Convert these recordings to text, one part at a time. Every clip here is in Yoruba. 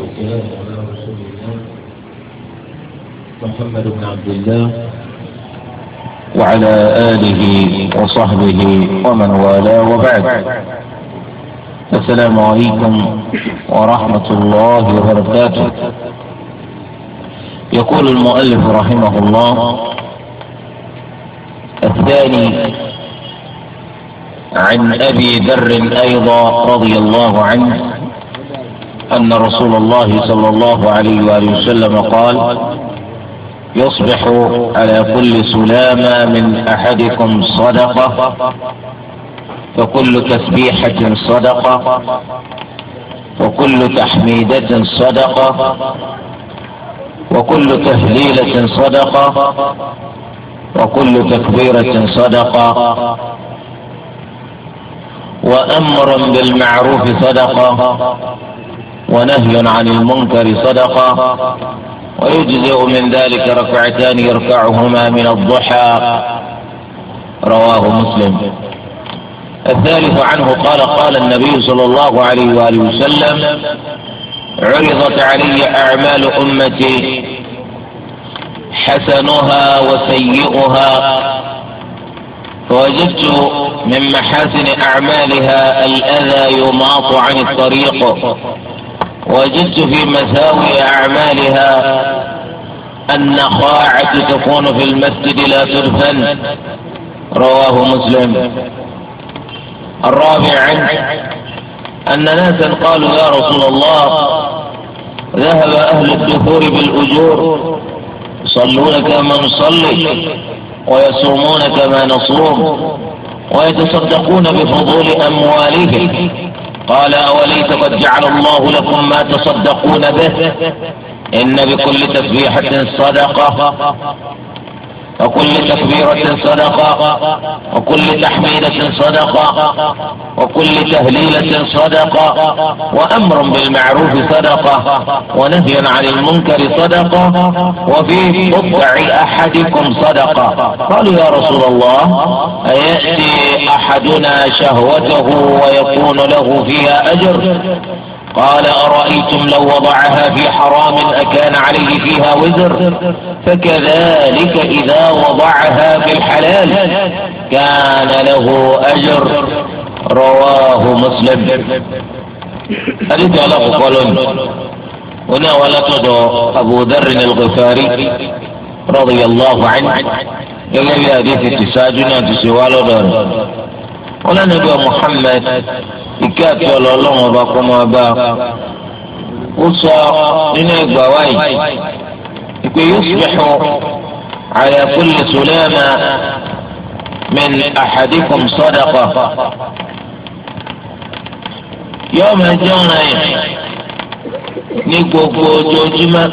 والسلام على رسول الله محمد بن عبد الله وعلى آله وصحبه ومن والاه وبعد السلام عليكم ورحمة الله وبركاته يقول المؤلف رحمه الله الثاني عن أبي ذر أيضا رضي الله عنه أن رسول الله صلى الله عليه وآله وسلم قال يصبح على كل سلامة من أحدكم صدقة وكل تسبيحة صدقة وكل تحميدة صدقة وكل تهليلة صدقة وكل تكبيرة صدقة وأمر بالمعروف صدقة ونهي عن المنكر صدقة ويجزئ من ذلك ركعتان يرفعهما من الضحى رواه مسلم الثالث عنه قال قال النبي صلى الله عليه وآله وسلم عرضت علي أعمال أمتي حسنها وسيئها فوجدت من محاسن أعمالها الأذى يماط عن الطريق وجدت في مساوي أعمالها أن خاعة تكون في المسجد لا تدفن رواه مسلم الرابع أن ناسا قالوا يا رسول الله ذهب أهل الدخول بالأجور يصلون كما نصلي ويصومون كما نصوم ويتصدقون بفضول أموالهم قال أوليس قد جعل الله لكم ما تصدقون به إن بكل تسبيحة صدقة وكل تكبيرة صدقة وكل تحميدة صدقة وكل تهليلة صدقة وأمر بالمعروف صدقة ونهي عن المنكر صدقة وفي قطع أحدكم صدقة قالوا يا رسول الله أيأتي أحدنا شهوته ويكون له فيها أجر قال أرأيتم لو وضعها في حرام أكان عليه فيها وزر فكذلك إذا وضعها في الحلال كان له أجر رواه مسلم حديث على قول هنا ولد أبو ذر الغفاري رضي الله عنه قال حديث التساجن أنت سوال دار ولا نبي محمد ìkẹ́ àti ọlọ́ọ̀lọ́run ọba kọ́ máa bá ó sọ nínú ẹgbàá wáyé ìpè yusbihu ala kulli sulama min ahadikum sadaqa yóò máa jẹ́ yìí ní gbogbo ojoojúmọ́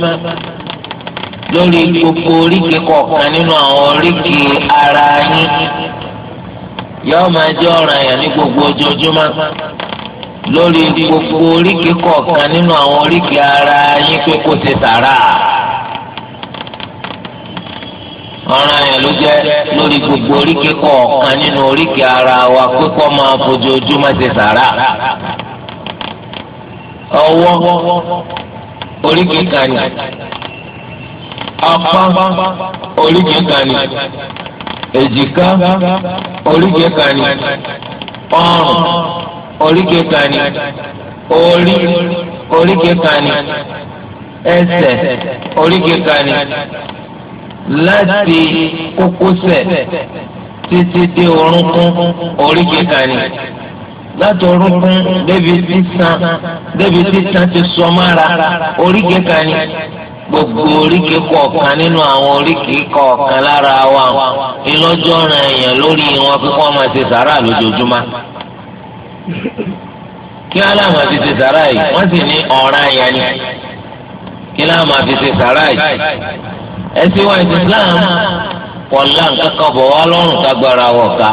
lórí gbogbo oríkèé kọ̀ọ̀kan nínú àwọn oríkèé ara yín. yọọ máa jẹ́ ọ̀ràn yẹn ní gbogbo ojoojúmọ́ lórí gbogbo oríkèé kọ̀ọ̀kan nínú àwọn oríkèé ara yín pé kó ṣe sàrà ọ̀ràn yẹn ló jẹ́ lórí gbogbo oríkèé kọ̀ọ̀kan nínú ara wa pé máa ṣe apá oríkèé kan ni èjìká oríkèé kan ni ọrùn oríkèé kan ni orí oríkèé kan ni ẹsẹ̀ oríkèé kan ni láti kókósẹ̀ títí dé orúnkún oríkèé kan láti orúnkún débi sísan débi sísan ti sọ mára oríkèé gbogbo oríkèé kọ̀ọ̀kan nínú àwọn oríkèé kọ̀ọ̀kan lára wa ìlọ́jọ́ ran èèyàn lórí wọn kí wọ́n máa ṣe sàárà lójoojúmọ́. kí aláàmà fi ṣe sàárà yìí wọ́n sì ní ọ̀ràn àyà ni kí aláàmà fi ṣe sàárà yìí. ẹ̀sìn wa ìsìn Islam kọ̀ọ̀lá nǹkan kan bọ̀ wá lọ́rùn kágbára wọ̀ ká.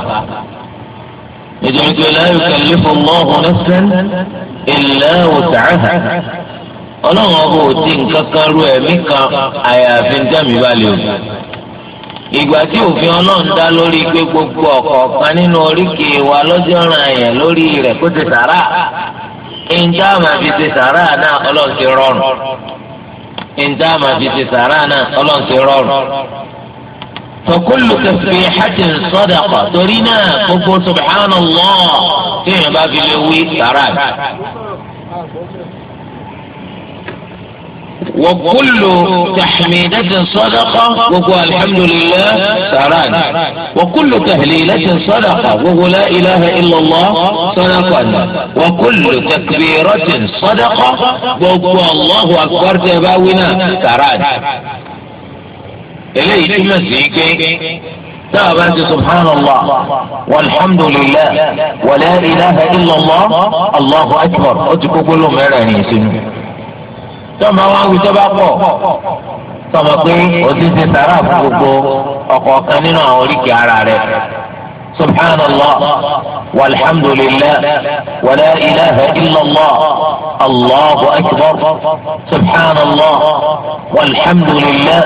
nítorí pé la yukallifu Allahu nafsan illa ọlọ́run ọba ò ti nǹkan kan ru ẹ̀mí kan àyàfi ntẹ́mi bá lè wù. ìgbà tí òfin ọlọ́run dá gbogbo ọ̀kọ̀ọ̀kan nínú oríkèé wa lọ́jọ́ ràn yẹn lórí rẹ̀ kó ti sàrà ìjà máa fi ti sàrà náà ọlọ́run ti rọrùn ìjà máa fi ti sàrà náà ọlọ́run ti rọrùn. وكل تحميدة صدقة وهو الحمد لله سران وكل تهليلة صدقة وهو لا إله إلا الله صدقا وكل تكبيرة صدقة وهو الله أكبر تباونا سران إليه تمسيكي تابعت سبحان الله والحمد لله ولا إله إلا الله الله أكبر أتكو كل مرانيسين tọ́mọ wọn wí tọ́ bá pọ̀ tọ́mọ pé o ti ṣe sàrà fún gbogbo ọ̀kọ̀ọ̀kan nínú àwọn oríkèé ara rẹ̀ سبحان الله والحمد لله ولا إله إلا الله الله أكبر سبحان الله والحمد لله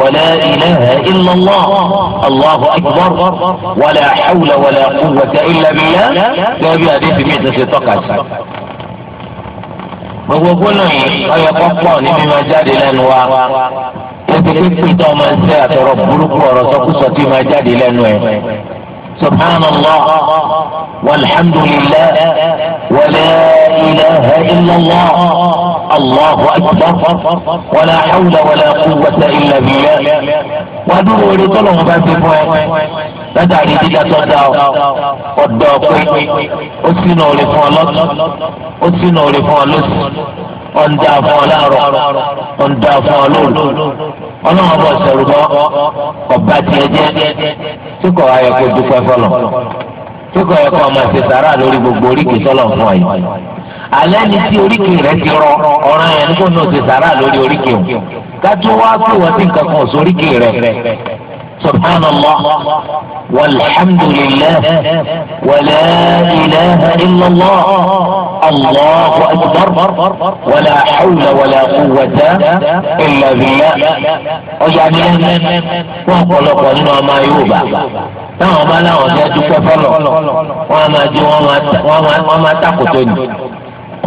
ولا إله إلا الله الله أكبر ولا حول ولا قوة إلا بالله لا بيها دي في مئة gbogbo gbólóhùn ọyọ pọpọ níbi máa jáde lẹ́nu wa tètè pípé tó ọmọ ẹsẹ àtọ̀rọ̀ burúkú ọ̀rọ̀ sọkúsọ tí máa jáde lẹ́nu ẹ. سبحان الله والحمد لله ولا اله الا الله الله اكبر ولا حول ولا قوه الا بالله وادعو الى الله بعد لداري جدا تدا ودا كوي اسمنا لفالك اسمنا لفالك اندا فالارو اندا فالون ọlọ́run bọ̀ sẹ́rù bọ́ ọba tiẹ̀ jẹ́ tí kò ayọ̀ kó dúpẹ́ fọlọ̀ tí kò ayọ̀ kó ọmọ ẹ̀sẹ̀ sàrà lórí gbogbo oríkì sọ́lọ̀ fún ọ̀yìn. alẹ́ ni tí oríkì rẹ̀ ti rọ ọ̀ràn yẹn nígbò náà ṣe sàrà lórí oríkì o ká tó wá pè wọ́n sí nǹkan kan sóríkì rẹ̀ سبحان الله والحمد لله ولا اله الا الله الله اكبر ولا حول ولا قوه الا بالله اجعل وقل قل ما يوبا وما ọba láwọn ti وما pẹ fọlọ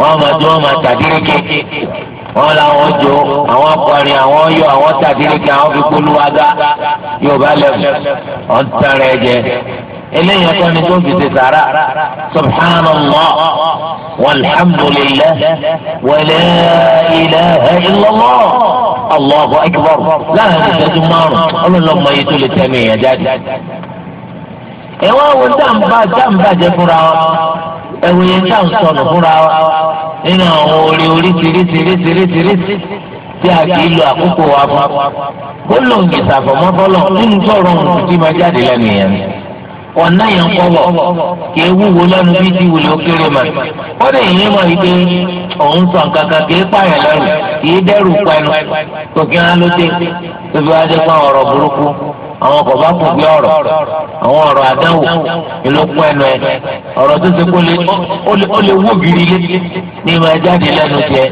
wọn a máa di wọn wọn làwọn jó àwọn akọrin àwọn yọ àwọn tàbílẹ̀kì àwọn fi polúwaga yóò bá lẹ́bù ọ̀n tẹ̀rẹ̀ ẹ̀jẹ̀ eléyìí ọkọ ni tó ń fi ṣe sàrà subhanallah walhamdulillah wala ilaha illallah allahu akbar láàrin ìṣẹ́jú márùn-ún ọlọ́lọ́mọ yìí tó lè tẹ̀mí ìyẹn jáde. ẹ wá wo jàǹbá jàǹbá jẹ fúnra wa ẹwù yẹn tá à sọnù fúnra wa nínú àwọn orí oríṣiríṣiríṣiríṣi tí a kì í lo àkókò wa fún ó lò gbèsè àfọmọ́ bọ́lọ̀ nínú tọrọ ohun tí ma jáde lẹ́nu yẹn ọ̀nà yẹn kì í wúwo lẹ́nu bí ti wùlé mà mọ̀ òun sọ kì í lẹ́rù kì í dẹ́rù pẹ́nu àwọn kò bá kún bí ọ̀rọ̀ àwọn ọ̀rọ̀ àdáwò ìlókun ẹnu ẹ ọ̀rọ̀ tó ṣe kó lè wó gírí lé ní ìmọ̀ ẹjáde lẹ́nu tiẹ̀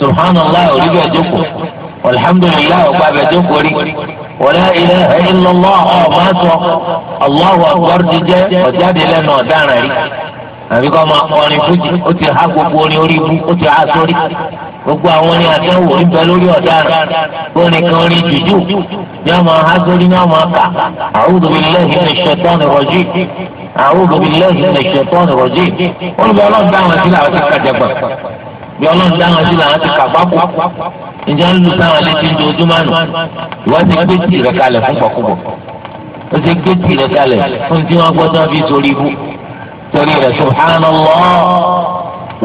subhanallah orí bẹ́ẹ̀ jókòó alhamdulillah ọgbà bẹ́ẹ̀ jókòó rí wala ilaha illallah ọ̀ máa sọ allahu akbar ti ọ̀jáde lẹ́nu ọ̀daràn rí àbí kọ́ máa kọrin fújì ó ti há gbogbo orin orí ibú ó ti há sórí gbogbo àwọn orin àtẹ̀wò ń bẹ lórí ọ̀daràn orin kan orin jùjú ní ọmọ há sórí ní ọmọ kà a'udhu billahi minash shaitani rajim a'udhu billahi minash shaitani rajim wọ́n lọ ọlọ́run dáhùn sí làwọn ti kàjàgbà bí ọlọ́run dáhùn sí làwọn ti kàgbákò ǹjẹ́ ń lu táwọn létí ń dojúmọ́ ìwọ́n ti gbé tì torí rẹ̀ subhanallah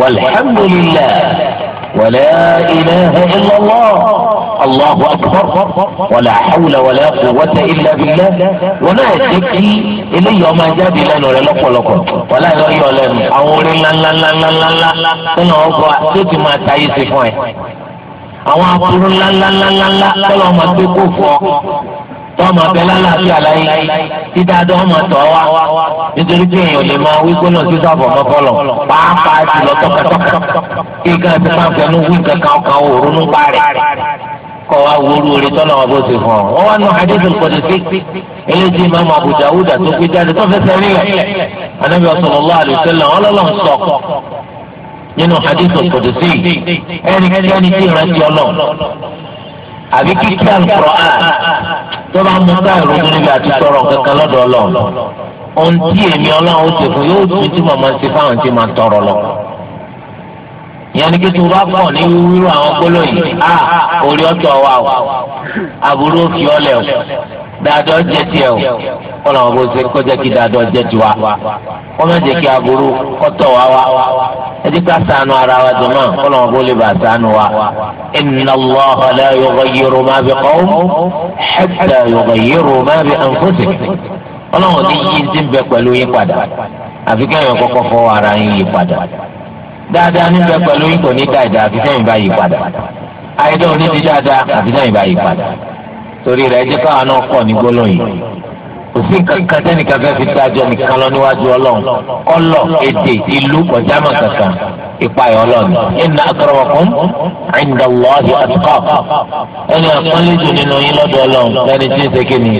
walhamdulillah wala ilaha illallah allahu akbar wala hawla wala quwwata illa billah wọn náà ṣe kí eléyìí ọmọ ajáde lẹ́nu rẹ̀ lọ́pọ̀lọpọ̀ wọn náà yọ ọ lẹ́nu àwọn orin ńláńláńláńláńlá sínú ọgbà tó ti máa ta yìí sí fún ẹ àwọn aburú ńláńláńláńlá tọ́lọ́ ọmọ tó kó fún ọ wọ́n máa bẹ lálàáfíà láyé dídáadọ́ wọ́n máa tọ́ wa nítorí pé èèyàn lè máa wí gbóná sí sábọ̀ mọ́kànlọ́ pàápàá jùlọ tọkàtọkà kí nǹkan ti máa fẹnu wí kankan kan òru ń bá rẹ̀ kọ́ wa wúru orí tọ́lọ̀ wọn bó ti fún ọ. wọ́n wá nù hadithul qudsi eléjì ìmáàmù Abu Dawud tó gbé jáde tó fẹsẹ̀ rílẹ̀ anábì sallallahu alaihi wasallam ọlọ́lọ́n sọ nínú hadithul qudsi ẹnikẹ́ni tí ìrántí ọlọ́ọ̀ àbí kíkí alukur'an tó bá mú ká ìrònú níbi àti sọ̀rọ̀ kankan lọ́dọ̀ ọlọ́run ohun tí èmi ọlọ́run ó ṣe fún yóò tún tí màmá ṣe fáwọn tí tọrọ lọ. ìyẹn ni kí tó bá pọ̀ ní a ah, orí wa o àbúrò dáadọ́ jẹ tiẹ̀ o wọ́n làwọn bó ṣe kọjá kí dáadọ́ jẹ tiwa wọ́n má jẹ́ kí aburú kọ́tọ̀ wá wá ẹtí ká ṣàánú ara wa jọ̀mọ́ wọ́n làwọn bó lè bá ṣàánú wa. inna Allaha la yughayyiru ma bi qawmin hatta yughayyiru ma bi anfusihim wọ́n làwọn ti yí ti bẹ pẹ̀lú yín padà àfi kẹ́yìn kọ́kọ́ fọ́ ara yín yí padà dáadáa níbẹ̀ pẹ̀lú yín kò ní dáadáa àfi kẹ́yìn bá yí padà àìdá òní ti dáadáa àfi kẹ́yìn bá yí padà torí rẹ̀ jẹ́ káwọn náà kọ̀ ní gbólóyìn òfin kankan tẹnìkan fẹ́ fi dájọ́ nìkan lọ níwájú ọlọ́run ọlọ́ èdè ìlú kọjá mọ̀ kankan ìpayọ̀ ọlọ́run inna akramakum inda Allahi atqakum ẹni àpọ́nlẹ́jù nínú yín lọ́dọ̀ ọlọ́run lẹ́ni tí ń ṣe kí ni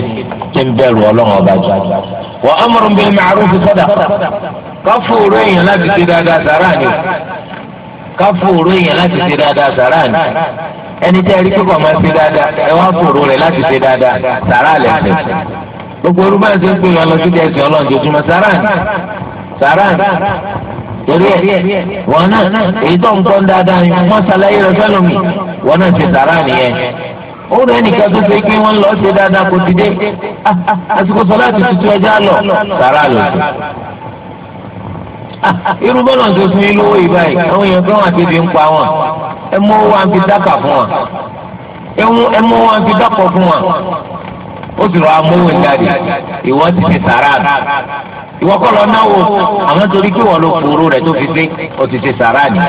tí ń bẹ̀rù ọlọ́run ọba jù. wa amrun bil ma'ruf sadaqa káfóòrò èèyàn láti ṣe dáadáa sàrà ni káfóòrò èèyàn láti ṣe dáadáa sàrà ni ẹni a ẹ̀rí kíkọ́ máa ṣe dáadáa ẹ wá fòrò rẹ̀ láti ṣe dáadáa sàrà lẹ̀ ṣe. gbogbo orúkọ àti ṣe ń pè yàn lọ sí ẹ̀sìn ọlọ́run jòjúmọ́ sàrà ni sàrà ni torí ẹ wọn náà èyí tó ń gbọ́n dáadáa ni wọ́n ṣàlàyé rẹ̀ fẹ́lómi wọn náà ṣe sàrà nìyẹn ó rẹ nìkan tó ṣe pé wọ́n lọ ṣe dáadáa kò ti dé àsìkò sọ láti tuntun ẹja lọ sàrà lọ sí irú bọ́lọ̀ ń ṣe fún ilé owó ìbáyìí àwọn èèyàn fẹ́ràn àti ibi ń pa wọn. ẹ mú wa fi dáka fún wa ẹ mú wa fi dákọ̀ fún wa ó sì rọ amówó jáde ìwọ ti ti sàrà ìwọ kọ́ lọ náwó àmọ́ torí pé wọ́n lo kúrú rẹ̀ tó fi dé ó ti ti sàrà ni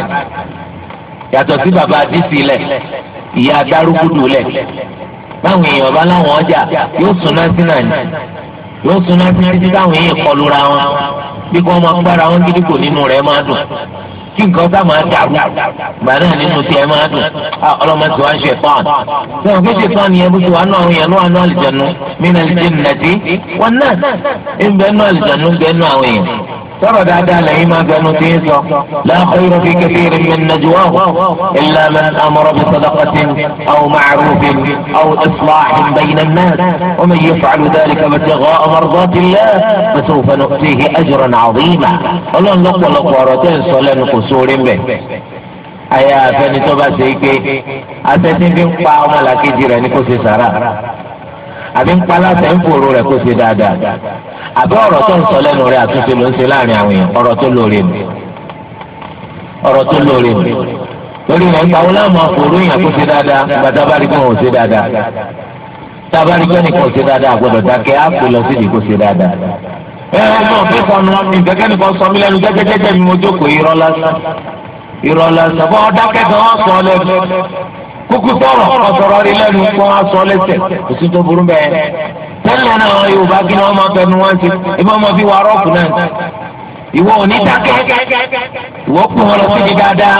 yàtọ̀ sí bàbá àdìsí lẹ̀ ìyá adarúgbùdù lẹ̀ báwọn èèyàn bá láwọn ọjà yóò súná sí náà yóò súná sí títí táwọn kí nǹkan sá máa dà wù gbà náà nínú tí ẹ máa dùn ọlọ́mọ tí wàá ṣe pọ́n. sọ̀rọ̀ kí ṣe pọ́n nìyẹn bó ṣe wà nù àwọn èèyàn ló wà nù àlùjànnú mí nà lè ṣe nìyẹn tí náà ń bẹ́ẹ̀ nù àlùjànnú ń bẹ́ẹ̀ àwọn èèyàn. فقد عدا لعماد نتيسا لا خير في كثير من نجواه إلا من أمر بصدقة أو معروف أو إصلاح بين الناس ومن يفعل ذلك ابتغاء مرضات الله فسوف نؤتيه أجرا عظيما ولن نقل قارتين صلى قصور به أيا فنتو باسيكي أتتين بمقاومة لكي جيراني كسي سارا àbí ń pa aláṣẹ ń fòrò rẹ̀ kó ṣe dáadáa àbí ọ̀rọ̀ tó ń sọ lẹ́nu rẹ̀ àtúnṣe ló ń ṣe láàrin àwọn èèyàn ọ̀rọ̀ tó lóore mi ọ̀rọ̀ tó lóore mi lórí rẹ̀ nípa wọn láwọn àfòrò yẹn kó ṣe dáadáa bàtà bá rí pé wọn ò ṣe dáadáa tábà rí pé nìkan ò ṣe dáadáa àgbọ̀dọ̀ dákẹ́ á lọ sí ìdí kó ṣe dáadáa. ẹ ẹ mọ fífọ nu ìfẹkẹ nìkan sọ mí lẹ́nu jẹjẹjẹjẹ mi mo jókòó irọ́ lásán irọ́ sọ lẹ́nu kúkú sọ̀rọ̀ ọ̀sọ̀rọ̀ rí lẹ́nu kó wá sọ lẹ́sẹ̀ kò tó burú bẹ́ẹ̀. ọrụ náà yorùbá kí ni wọ́n máa fẹnu wọn sí ìbọn máa fi wà rọ́ọ̀kù náà. ìwọ ò ní ìwọ wọn lọ síbi dáadáa.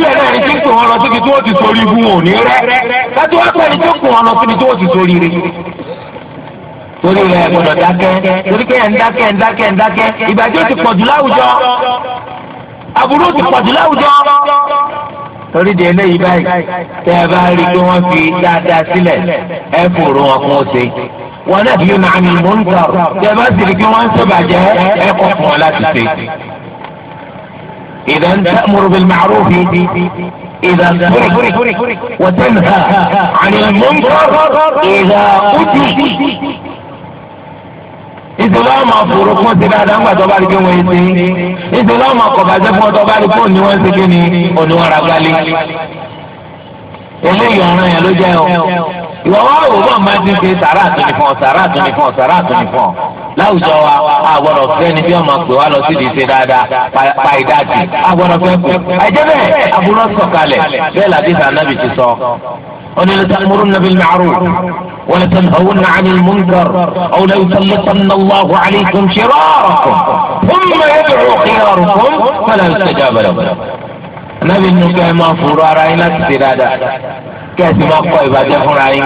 náà ní kí n wọn lọ síbi tí ti sori wọn pẹ̀lú tó wọn lọ síbi tí torí di eléyìí báyìí tẹ́ ẹ bá rí i pé wọ́n fi dáadáa sílẹ̀ ẹ fòrò wọn fún ọ̀sẹ̀. wọn náà fi yóò nàní mò ń tà tẹ́ ẹ bá sì rí i pé wọ́n ń sọ̀bàjẹ́ ẹ kọ́ fún wọn láti ṣe. إذا تأمر بالمعروف إذا تفرق وتنهى عن المنكر إذا أتي ìsìláàmù àfòrò fún ti dáadáa ńgbà tó bá rí pé wọ́n ń sin ìsìláàmù àkọ̀bàjẹ́ fún tó bá rí pé òní wọ́n ń sin kí ni òní wọn ra gbalẹ̀. eléyìí ọ̀ràn yẹn ló jẹ́ o ìwọ wá wò bọ́ máa ti ṣe sàrà àtúnì fún ọ sàrà àtúnì fún ọ sàrà àtúnì láwùjọ wa àgbọ̀dọ̀ fẹ́ ni bí ọmọ pè wá lọ sí di dáadáa pa ìdájì àgbọ̀dọ̀ fẹ́ kú àìjẹ́ bẹ́ẹ̀ àbúrò sọ̀kalẹ̀ bẹ́ẹ̀ làdí sànàbì ti sọ. onílẹ̀ sàmúrú nàbí màrú ولتنهون عن المنكر أو ليسلطن الله عليكم شراركم ثم يدعو خياركم فلا يستجاب لكم النبي إنه كما فرارا إلى استرادة kẹ́sì máa kọ ìbàjẹ́ fúnra yín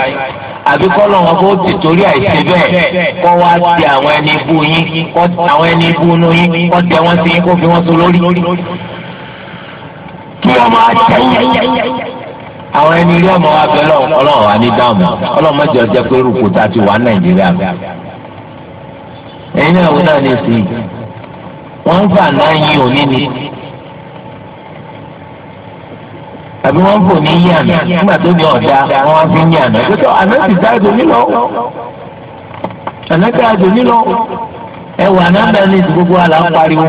àbí kọ́ lọ́wọ́ bó ti torí àìsè bẹ́ẹ̀ kọ́ wá ti àwọn ẹni ibú yín kọ́ àwọn ẹni ibú inú yín kọ́ tẹ wọ́n sí yín kó fi wọ́n so lórí. kí wọ́n máa tẹ̀yìn àwọn ẹni rí ọmọ wa bẹ ọlọ́run wa ní dáhùn ọlọ́run mọ̀jọ jẹ́ pé rúkú a ti wà nàìjíríà bẹ́ẹ̀. ẹ̀yin náà wọ́n náà lè sè é fà náà yín òní ni àbí wọ́n ń fò ní yín àná nígbà tó ní ọ̀dà wọ́n á fi yín àná tó àná ti dá ètò nílọ àná ti dá ètò nílọ ẹwà náà bẹ́ẹ̀ ní gbogbo àlà ń pariwo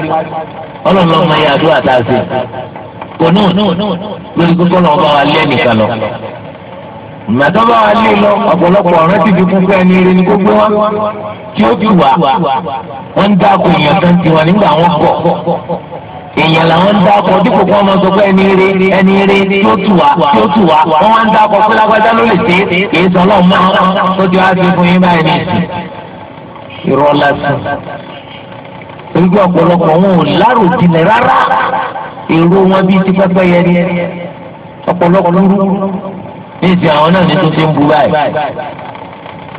ọlọ́run lọ́mọ yẹn kọ̀nù lórí kókó náà bá wa lé nìkan lọ. Ìgbàdàn bá wa lé lọ ọ̀pọ̀lọpọ̀ ọ̀rẹ́ ti di kúkú ẹni eré ní gbogbo wa tí ó ti wà wọ́n ń dáko èèyàn kan tiwọn nígbà wọn kọ̀ èèyàn làwọn ń dáko dípò kí wọ́n máa sọ pé ẹni eré ẹni eré tí ó tù wá tí ó tù wá wọ́n wá ń dáko pé lágbájá ló lè ṣe é kì í sọ ọlọ́run máa tó ti wá sí fún yín báyìí ní ìsìn ìrọ̀ lásán. Orí ọ̀pọ̀lọpọ̀ wọn ò lárò èrò wọn bíi ti pẹ́pẹ́ yẹ ni ọ̀pọ̀lọpọ̀ lóru ní ìsìn àwọn náà ní tó ti ń bu báyìí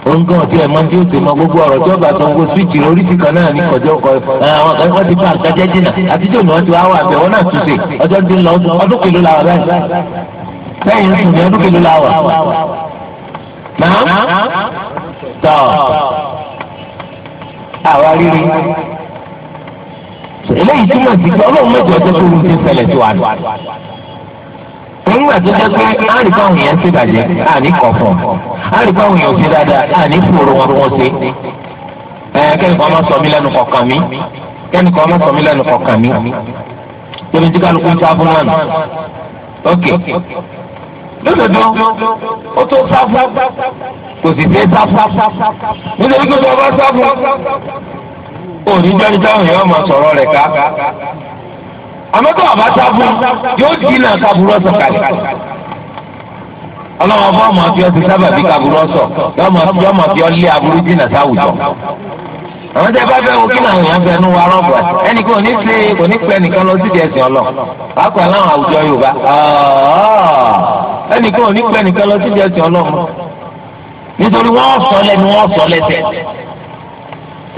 oúnjẹ ọtí ẹ máa ń tí ó ti mọ gbogbo ọ̀rọ̀ tí ọba tó ń wo swíìtì oríṣi kan náà ní kọjọ kọ àwọn kan ti bá àtàjẹ jìnnà àtijọ́ ni wọ́n ti wá wà bẹ̀ wọ́n náà tún ṣe ọjọ́ ti ń lọ ọdún kìlú làwà báyìí bẹ́ẹ̀ ń sùn ní ọdún kìlú làwà. náà tọ́ àwa rírì eléyìí túmọ̀ sí pé ọlọ́run mẹ́jọ tó kó ohun tí ń ṣẹlẹ̀ sí wa nù. wọ́n gbà tó jẹ́ pé àríkà àwọn èèyàn ti bàjẹ́ àní kọ̀ọ̀kan àríkà àwọn èèyàn ti dáadáa àní fòrò wọn wọn ṣe. kẹ́nìkan máa sọ mí lẹ́nu kọ̀ọ̀kan mi kẹ́nìkan máa sọ mí lẹ́nu kọ̀ọ̀kan mi. tóbi tí kálukú sá fún wọn. ok lódodo ó tó sá fún kò sì fẹ́ sá fún nítorí pé bọ́ òní jọ́ni táwọn máa sọ̀rọ̀ rẹ̀ ká. àmọ́tọ́ àbá sábú yóò dín náà kábúrò sọ kalẹ̀. ọlọ́wọ́n bá ọmọ àfi ọtí sábà bí kábúrò sọ yọ ọmọ àfi ọlé aburú dín sáwùjọ. àwọn tẹ́ bá fẹ́ wo kí làwọn èèyàn wa rọ́ọ̀bù ẹ̀ ẹnì kò ní ṣe kò ní pẹ́ nìkan lọ sí ìdẹ́sìn ọlọ́ nítorí wọ́n sọ wọ́n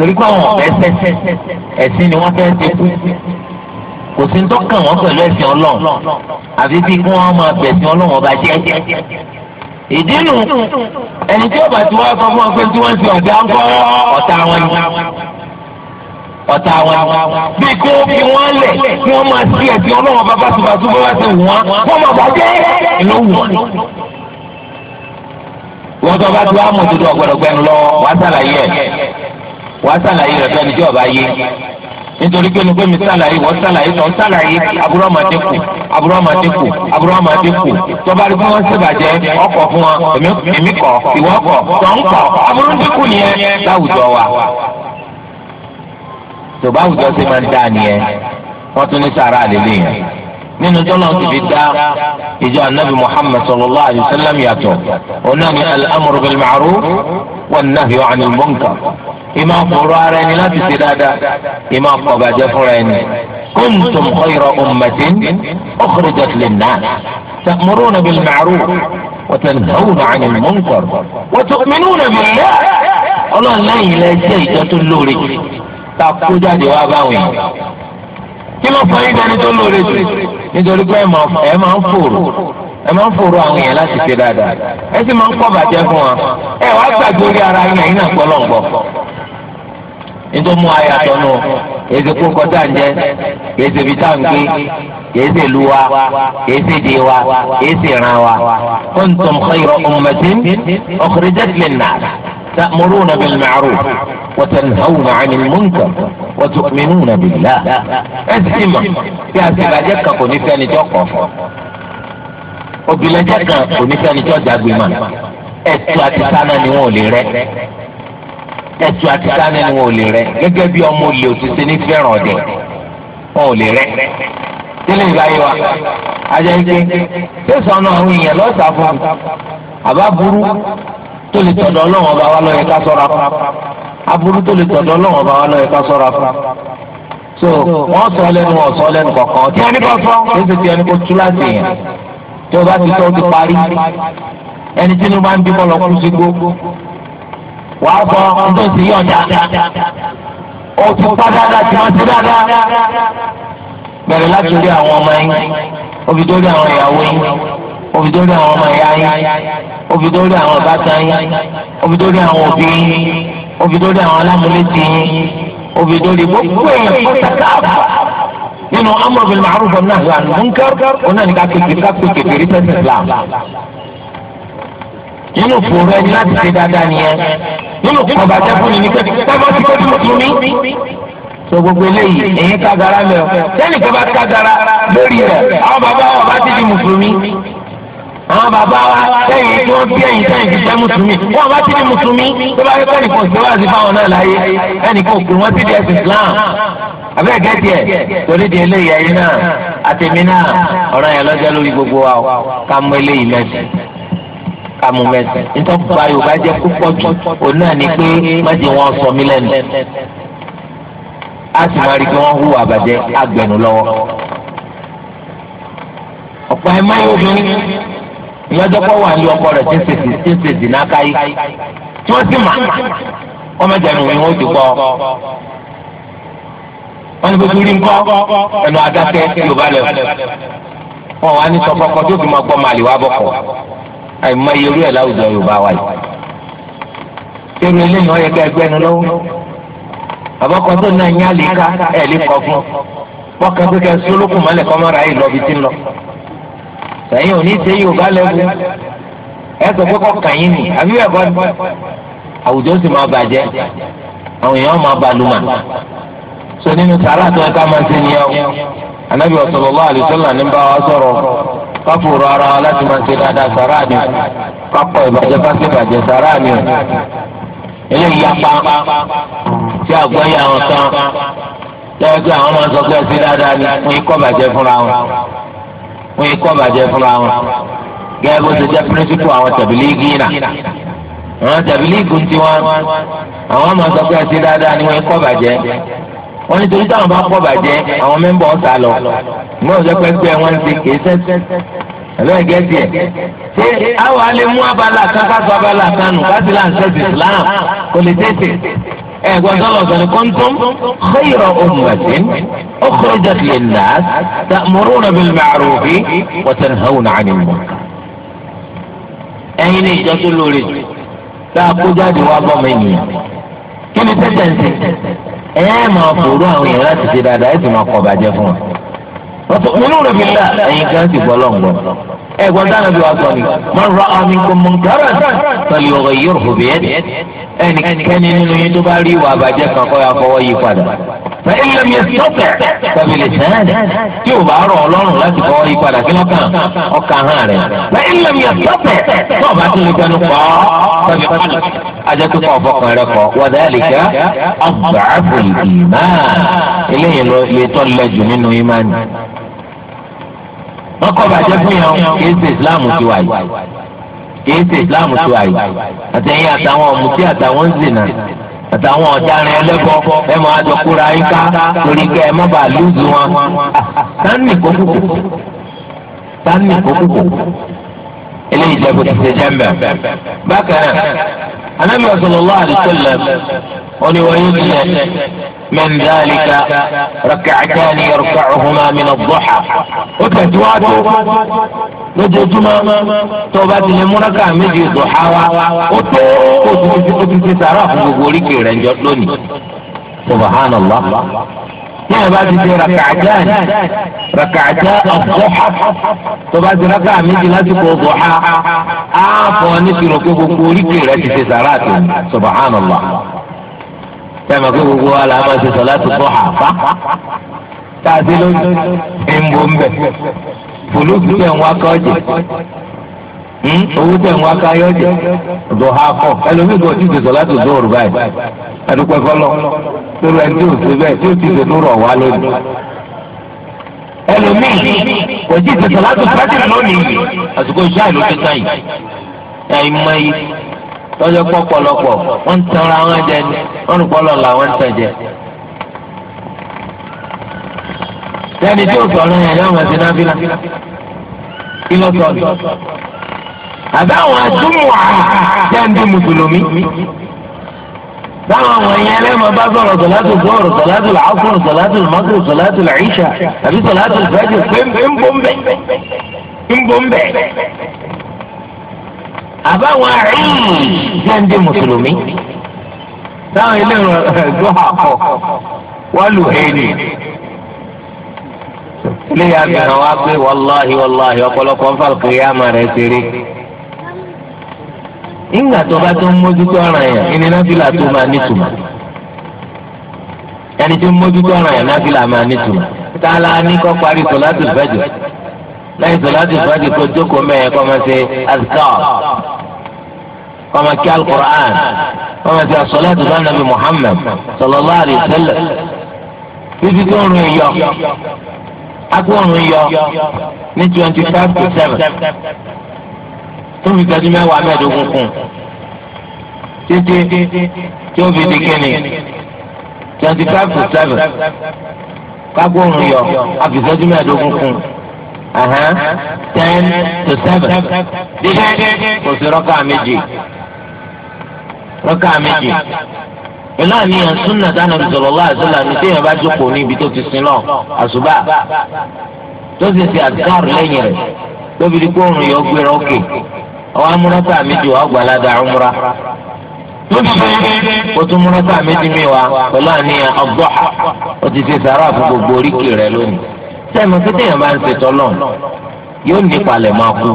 torí pé àwọn ọ̀fẹ́ sẹ́sẹ́ ẹ̀sìn ni wọ́n fẹ́ẹ́ dínkù kò sí ntọ́kàn wọn pẹ̀lú ẹ̀sìn ọlọ́run àfi bí kí wọ́n máa bẹ̀sìn ọlọ́run ọba jẹ́jẹ́ ìdí nù ẹni tí ọba tí wọ́n sọ fún ọ pé tí wọ́n ń fi ọ̀gá ń kọ́ ọ̀tá wọn ni ọ̀tá wọn bí kí wọ́n fi wọ́n lẹ̀ kí wọ́n máa sí ẹ̀sìn ọlọ́run bàbá tùbàtù bàbá tẹ̀ wọ́n wọ́n máa bàjẹ́ ìlú wọn wọ́n tó bá ti wá mọ̀ tó dùn ọ̀gbọ̀dọ̀gbẹ́nu lọ wàá sàlàyé ẹ̀ wàá sàlàyé rẹ̀ fẹ́ni tí ọba yé nítorí pé nígbà mi sàlàyé wọ́n sàlàyé tó ń sàlàyé aburú ọmọ àdínkù aburú ọmọ àdínkù aburú ọmọ àdínkù tọ́ba rí fún wọn ṣèbàjẹ́ ọkọ̀ fún wọn èmi kọ̀ ìwọ kọ̀ tọ̀ ń kọ̀ aburú dínkù nìyẹn láwùjọ wa tòbá àwùjọ ṣe máa ń dá nìyẹn wọ́n tún ní sàrà àlélẹ́yìn nínú tọ́lọ̀ ti fi dá ìjọ anabi muhammad sallallahu alayhi wa sallam yàtọ̀ onáni al-amru bil ma'ruf wan nahyu anil munkar ìmọ̀ àkùrọ̀ ara ẹni láti ṣe dáadáa ìmọ̀ àkọ̀bàjẹ́ fúnra ẹni kuntum khayra ummatin ukhrijat lin-nas ta'muruna bil ma'ruf wa tanhawna anil munkar wa tu'minuna billah ọlọ́run lẹ́yìn lẹ́sẹ̀ ìjọ tó lóore ta kó jáde wá kí ló fọ yín dání tó lóore jù nítorí ẹ máa ń ẹ máa ń fòrò àwọn láti ṣe dáadáa ẹ sì máa ń kọ́ bàjẹ́ fún wa ẹ wá gbàgbé orí ara yín náà nítorí mú èsì kó kọjá ń jẹ èsì lu wa èsì wa wa تأمرون بالمعروف وتنهون عن المنكر وتؤمنون بالله اسمع يا سباجك كوني ثاني توقف obìnrinjẹ kan kò ní sẹ́ni tí ọjà gbé ma ẹtù àti sáná ni wọn ò lè rẹ ẹtù àti sáná ni wọn ò lè rẹ gẹ́gẹ́ bí ọmọ olè òtítí ní fẹ́ràn ọdẹ wọn ò lè rẹ tẹ́lẹ̀ ìbáyé wa ajẹ́ ń gbé tẹ̀sán náà àwọn èèyàn lọ́sàá fún mi àbá burú tó lè tọ̀dọ̀ ọlọ́run ọba wa lọ́yẹ ká sọ́ra fún aburú tó lè tọ̀dọ̀ ọlọ́run ọba wa lọ́yẹ ká sọ́ra fún so wọ́n sọ lẹ́nu wọ́n sọ lẹ́nu kọ̀ọ̀kan tí wọ́n ní kọ́ sọ ó sì ti ẹni kó tú láti yẹn tí o bá ti sọ ó ti parí ẹni tí inú bá ń bí kọ́ lọ kú sí gbó wàá sọ ohun tó sì ó ti pa dáadáa tí wọ́n ti dáadáa bẹ̀rẹ̀ láti rí àwọn ọmọ yín ó fi dórí àwọn ìyàwó yín òbí dórí àwọn ọmọ ìyá yín òbí dórí àwọn bàtà yín òbí dórí àwọn òbí yín òbí dórí àwọn alámúlétì yín òbí dórí gbogbo èèyàn pátákà nínú amru bil ma'ruf wa nahy anil munkar òun náà ní ká kékeré ká kékeré rí tẹ́sí islam nínú fòrò ẹni láti ṣe dáadáa nìyẹn nínú kọba tẹfúnni ní kẹfì kọba tí kò tún tún mí. sọ gbogbo eléyìí èyí ká gara lẹ o sẹ́ni kọba ká gara lórí rẹ̀ àwọn bàbá wa bá ti di mùsùlùmí àwọn bàbá wa lẹ́yìn tí wọ́n bí ẹ̀yìn sẹ́yìn ti jẹ́ mùsùlùmí wọ́n bá ti di mùsùlùmí tó bá yẹ kọ́ nìkan ìgbé wá sí fáwọn náà láyé ẹnìkan òkú wọn ti di ẹ̀sìn Islam abẹ́ gẹ́tì ẹ̀ torí di eléyìí ẹ̀yìn náà àtẹ̀mí náà ọ̀rọ̀ yẹn lọ́jọ́ lórí gbogbo wa o ká mú eléyìí mẹ́sì ká mú mẹ́sì nítorí bá Yorùbá jẹ́ púpọ̀ jù òun náà ni pé mẹ́sì wọn sọ mí lẹ́nu a sì máa rí i pé wọ́n hùwà àbàjẹ́ agbẹ̀nu lọ́wọ́ ọ̀pọ̀ ẹ̀ máa ìyájọ́pọ̀ wà ní ọkọ rẹ̀ tí ń ṣe dì káyé tí wọ́n sì mà wọ́n mẹ́jẹ̀ nù ìwọ́n ti gbọ́ wọ́n ní gbogbo rí nǹkan ẹnu adákẹ́ yorùbá lẹ̀ wọ́n wà ní sọ́kọ́kọ́ tó fi máa gbọ́ màlì wá bọ̀kọ̀ àìmọ iye orí ẹ̀ láwùjọ yorùbá wa yìí irú eléyìí wọ́n yẹ ká ẹgbẹ́ nu lọ́wọ́ àbọ̀kọ́ tó náà nyálè ká ẹ̀ lè kọ́ fún wọ́n kàn pé sólókùn mọ́lẹ̀ kọ́ mọ́ra yìí lọ́bi tí ń lọ. ẹ̀yin ò ní ṣe yorùbá lẹ́wọ̀ ẹ sọ pé kọkàn yín ni àbí bẹ́ẹ̀ kọ́ ni àwùjọ sì máa bàjẹ́ àwọn èèyàn máa balùmà so nínú sàrà tó ẹ ká máa ṣe nìyẹn o anabi sallallahu alaihi wasallam ní wa sọ̀rọ̀ káfòrò ara wa láti máa ṣe dáadáa sàrà ni o kápọ̀ ìbàjẹ́ fásitì sàrà ni o eléyìí apá tí àgbáyé àwọn kan lẹ́yìn tí àwọn máa sọ pé ẹ ṣe dáadáa ni wọn yìí kọ́ bàjẹ́ fúnra wọn gẹ́gẹ́ bó ṣe jẹ́ píríncípù àwọn tàbílíìgì náà àwọn tàbílíìgì ń tiwọn àwọn máa sọ pé ẹ ti dáadáa ni wọn yìí kọ́ bàjẹ́ wọn nítorí táwọn bá kọ́ bàjẹ́ àwọn mẹ́mbà ọ̀sà lọ ìmọ̀ ìjọba ẹgbẹ́ wọn ti kè é sẹ́sẹ́ ẹlẹ́yìn gẹ́tì ẹ̀ ṣé àwọn alẹ́ mú abala kan ká sọ abala kan nù ká sì láǹṣẹ́ sí Islam kò lè tètè ẹ̀gbọ́n sọ̀rọ̀ sọ̀rọ̀ kọ́ńtọ́m khayra ummatin ukhrijat lin-nas ta'muruna bil-ma'rufi wa tanhawna 'anil munkar. ẹ̀yin ní ìjọ tó lóore tá a kó jáde wá bọ́ mi nìyẹn kí ni tẹ́tẹ̀ ń sè é ẹ̀ máa fòrò àwọn èèyàn láti ṣe dáadáa ẹ̀ sì máa kọ̀ bàjẹ́ fún wa nínú rẹ̀ fi là ẹ̀yin kan sì gbọ́ lọ́ngbọ́n ẹ̀gbọ́n dáná bí wàá gbọ́ ni man ra'a minkum munkaran falyughayyirhu biyadihi ẹnikẹ́ni nínú yín tó bá rí ìwà àbàjẹ́ kan kọ́ ya fọwọ́ yí padà fa in lam yastati' fa bilisanihi tí o bá rọ̀ ọlọ́run láti fọwọ́ yí padà kí lọ́kàn ọkàn hàn rẹ̀ fa in lam yastati' tí o bá tún lè fẹnu kọ́ fa bi qalbi ajẹ́kùkọ̀ ọ̀fọ̀kàn rẹ̀ kọ́ wa dhalika wọn kọ bàjẹ́ fún yàn kìí ṣe islam ti wà yìí kìí ṣe islam ti wà yìí àtẹ̀yìn àtàwọn ọ̀mùtí àtàwọn zìnà àtàwọn ọ̀daràn ẹlẹ́bọ ẹ máa jọ kóra yín ká torí kẹ ẹ má bàa lùzù wọn tani kókòkò tani kókòkò eléyìí jẹ́ bó ti ṣe jẹ́ mbẹ́ bákan náà anábìyàn sallallahu alaihi wasallam. أني ويمنى من ذلك ركعتان يركعهما من الضحى وكتوات lójoojúmọ́ tó bá ti lè múnáká méjì dùhá wa ó tó ó ti ti sàrà fún gbogbo oríkè rẹ̀ jọ lónìí. subhanallah ní ìbá ti di rakàján rakàján ọ̀dọ́há tó bá ti rákà méjì lásìkò dùhá á fọ ní sùrọ̀ pé gbogbo oríkè rẹ̀ ti ti sàrà tó subhanallah sẹ́mi pé gbogbo wa la máa ṣe sọ láti kọ́ àbá tá a ti ló ń bọ̀ ń bẹ̀ fòlùkù tẹ̀ ń wá kọ́ jẹ hmm? owó tẹ̀ ń wá ká yọ ọ̀dọ̀ ha kọ̀ ẹlòmíì kò tí ì láti dùn òrùba yìí ẹ̀dùpẹ́ kọ́lọ́ lórí ẹni tí ò sí bẹ́ẹ̀ tí ò tí ì sọ lórí lónìí ẹlòmíì kò tí ì láti fẹ́ẹ́ lónìí àsìkò ìṣáà ló lọ́jọ́ pọ̀ pọ̀lọpọ̀ wọ́n ń tanra wọn jẹ ni wọ́n ń pọ́lọ̀ làwọn ń tàn jẹ. sẹ́ni tí òsọ̀ ló yẹn yọ̀ọ́ mọ̀sí náà bílà kí ló sọ ọ́ àbẹ́ àwọn àtúmọ̀ jẹ́ ń bí mùsùlùmí dáhùn àwọn ẹ̀yìn ẹlẹ́mọ̀ bá sọ̀rọ̀ sọ̀látù gbọ́ọ̀rọ̀ sọ̀látù làásùn sọ̀látù mọ́tò sọ̀látù làíṣà tàbí sọ̀látù fẹ́jì pé ń bọ́ ń bẹ́ ń bọ́ ń bẹ́. àbáwọn ẹ̀ẹ́n jẹ́ ń mùsùlùmí táwọn ilé ìrọ̀lẹ́dọ́ àkọ́ wọ́n lù hẹ́ẹ̀lì ya wá pé wàláhi wàláhi ọ̀pọ̀lọpọ̀ ń fàlùkù yá àmà rẹ̀ ṣeré ìgbà tó bá tó ń mójútó ọ̀ràn yẹn ìní náfìlà tó máa nítumọ̀ ẹni tó ń mójútó ọ̀ràn yẹn na máa nítumọ̀ tá a la ní kọ́ parí lẹ́yìn sọláàtì fàájì kó jókòó mẹ́ẹ̀ kọ́ máa ṣe azkar kọ́ máa kí alukur'an kọ́ máa ṣe asọ́láàtì bá nàbì Muhammad sallallahu alaihi wasallam títí tó ń rìn yọ agbóhùn yọ ní twenty five to seven tó fi tẹ́tí mẹ́wàá mẹ́ẹ̀ẹ́dógún kún títí tí ó fi di kíni twenty five to seven kágbóhùn yọ àfìsẹ́jú mẹ́ẹ̀ẹ́dógún kún. Uh-huh. ten to seven dídé kò sí rọ́kà méjì rọ́kà méjì pẹ̀lú àníyàn súnà dáná bisalòlá àṣọlá ní téèyàn bá jókòó ní tó ti sin lọ àṣùbà tó sì ṣe àtìkáàrù lẹ́yìn rẹ̀ tóbi di kó òrùn gbéra méjì wà gbàládà ọmúra tún méjì mi wá pẹ̀lú àníyàn ti sàrà fún gbogbo oríkì lónìí. sẹ́nu títí èèyàn bá ń ṣe tọ́lọ̀ yóò ní palẹ̀ máa kú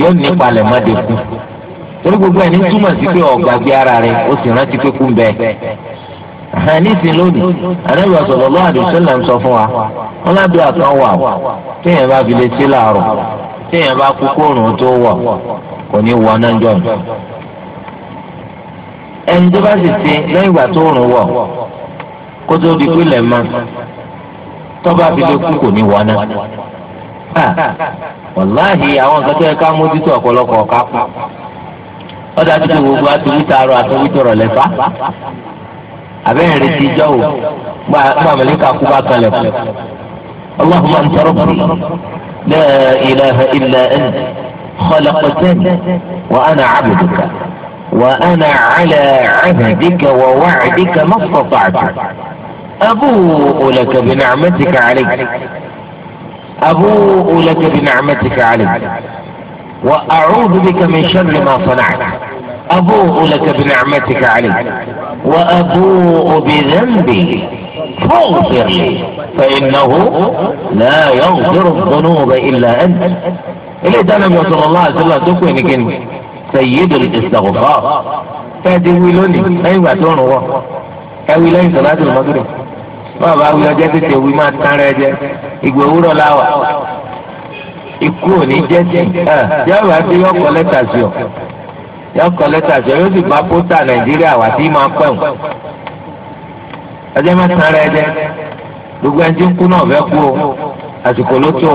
yóò ní palẹ̀ máa dé gbogbo ẹni túmọ̀ sí pé ọ̀gbàgbé ara rẹ̀ ó sì rántí pé kú ń bẹ àníṣe lónìí ànábì sallallahu alaihi wasallam ń sọ fún wa wọn lábẹ́ àkàn wà ó téèyàn bá fi lè sí làárọ̀ téèyàn bá kú kóòrùn tó wọ̀ kò ní wọ ẹni tó bá sì ṣe lẹ́yìn ìgbà tó rùn wọ̀ kó tó di pé lẹ́ẹ̀ tọ́ba abilé kú kò ní wọná. wàláhì àwọn nǹkan tó yẹ ká mójútó ọ̀pọ̀lọpọ̀ ọ̀ká kú. ọ̀dà tó ti gbogbo àtúwítà rọ àtúwítà rọ̀ lẹ́fà. àbẹ́rẹ́ rẹ̀ ti jọ́ o gba àmàlẹ́kà kú bá kalẹ̀ kú. اللهم انت ربي لا اله الا انت خلقتني وانا عبدك وانا على عهدك ووعدك ما استطعت أبوء لك بنعمتك عليك أبوء لك بنعمتك عليك وأعوذ بك من شر ما صنعت أبوء لك بنعمتك عليك وأبوء بذنبي فاغفر لي فإنه لا يغفر الذنوب إلا أنت إليه دانم رسول الله صلى الله عليه وسلم سيد الاستغفار فهدي ويلوني أيوة تونو أولين أيوة، صلاة المغرب báwa bá wí ọjọ́ tètè wí máa tán rẹ jẹ ikú òní jẹ́ sí ẹ yọ̀ọ́ bá fi yọ̀ọ́ lẹ́tà sí ọ yọ̀ọ́ kọ lẹ́tà sí ọ yóò sì pósítà wà sí máa pẹ̀ ọjọ́ máa tán rẹ gbogbo ẹni tí ń kú náà kú o àsìkò ló tó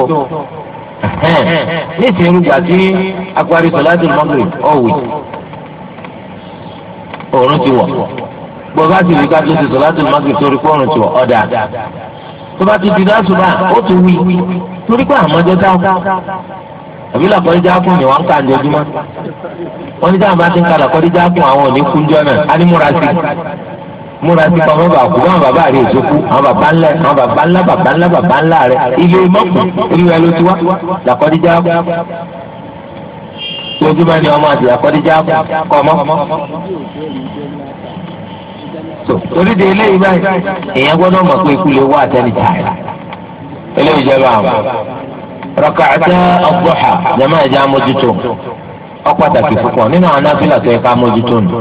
o tí sọlá bó bá sì rí ká tó ti sọ láti má fi torí pọ́nrún tiwọ̀ ọ̀dà tó bá ti di láṣù bá ó tún wí torí pé àmọ́jọ́ dá kú àbí làkọ́rí já kún ni wọ́n ń ka àjọjúmọ́ wọ́n ní táwọn bá ti ń ka làkọ́rí já kún àwọn òní kúnjọ́ náà á ní múra sí múra sí kọ́ mọ́ba kú báwọn bàbá rẹ̀ èso kú àwọn bàbá ńlá àwọn bàbá ńlá bàbá ńlá bàbá ńlá rẹ̀ ilé mọ́kù ìrìwẹ̀ ló ti wá làkọ́rí já kú lójúmọ́ ni ọmọ àti làkọ́rí já kú kọ́ mọ́. torí de eléyìí báyìí èèyàn gbọ́dọ̀ mọ̀ pé ikú lè wá àtẹni tààrà eléyìí jẹ́ báwọn. raka'ata ad jama ẹ̀jẹ̀ amójútó ọ pàtàkì púpọ̀ nínú àwọn anáfíìlà tó yẹ ká amójútó nù.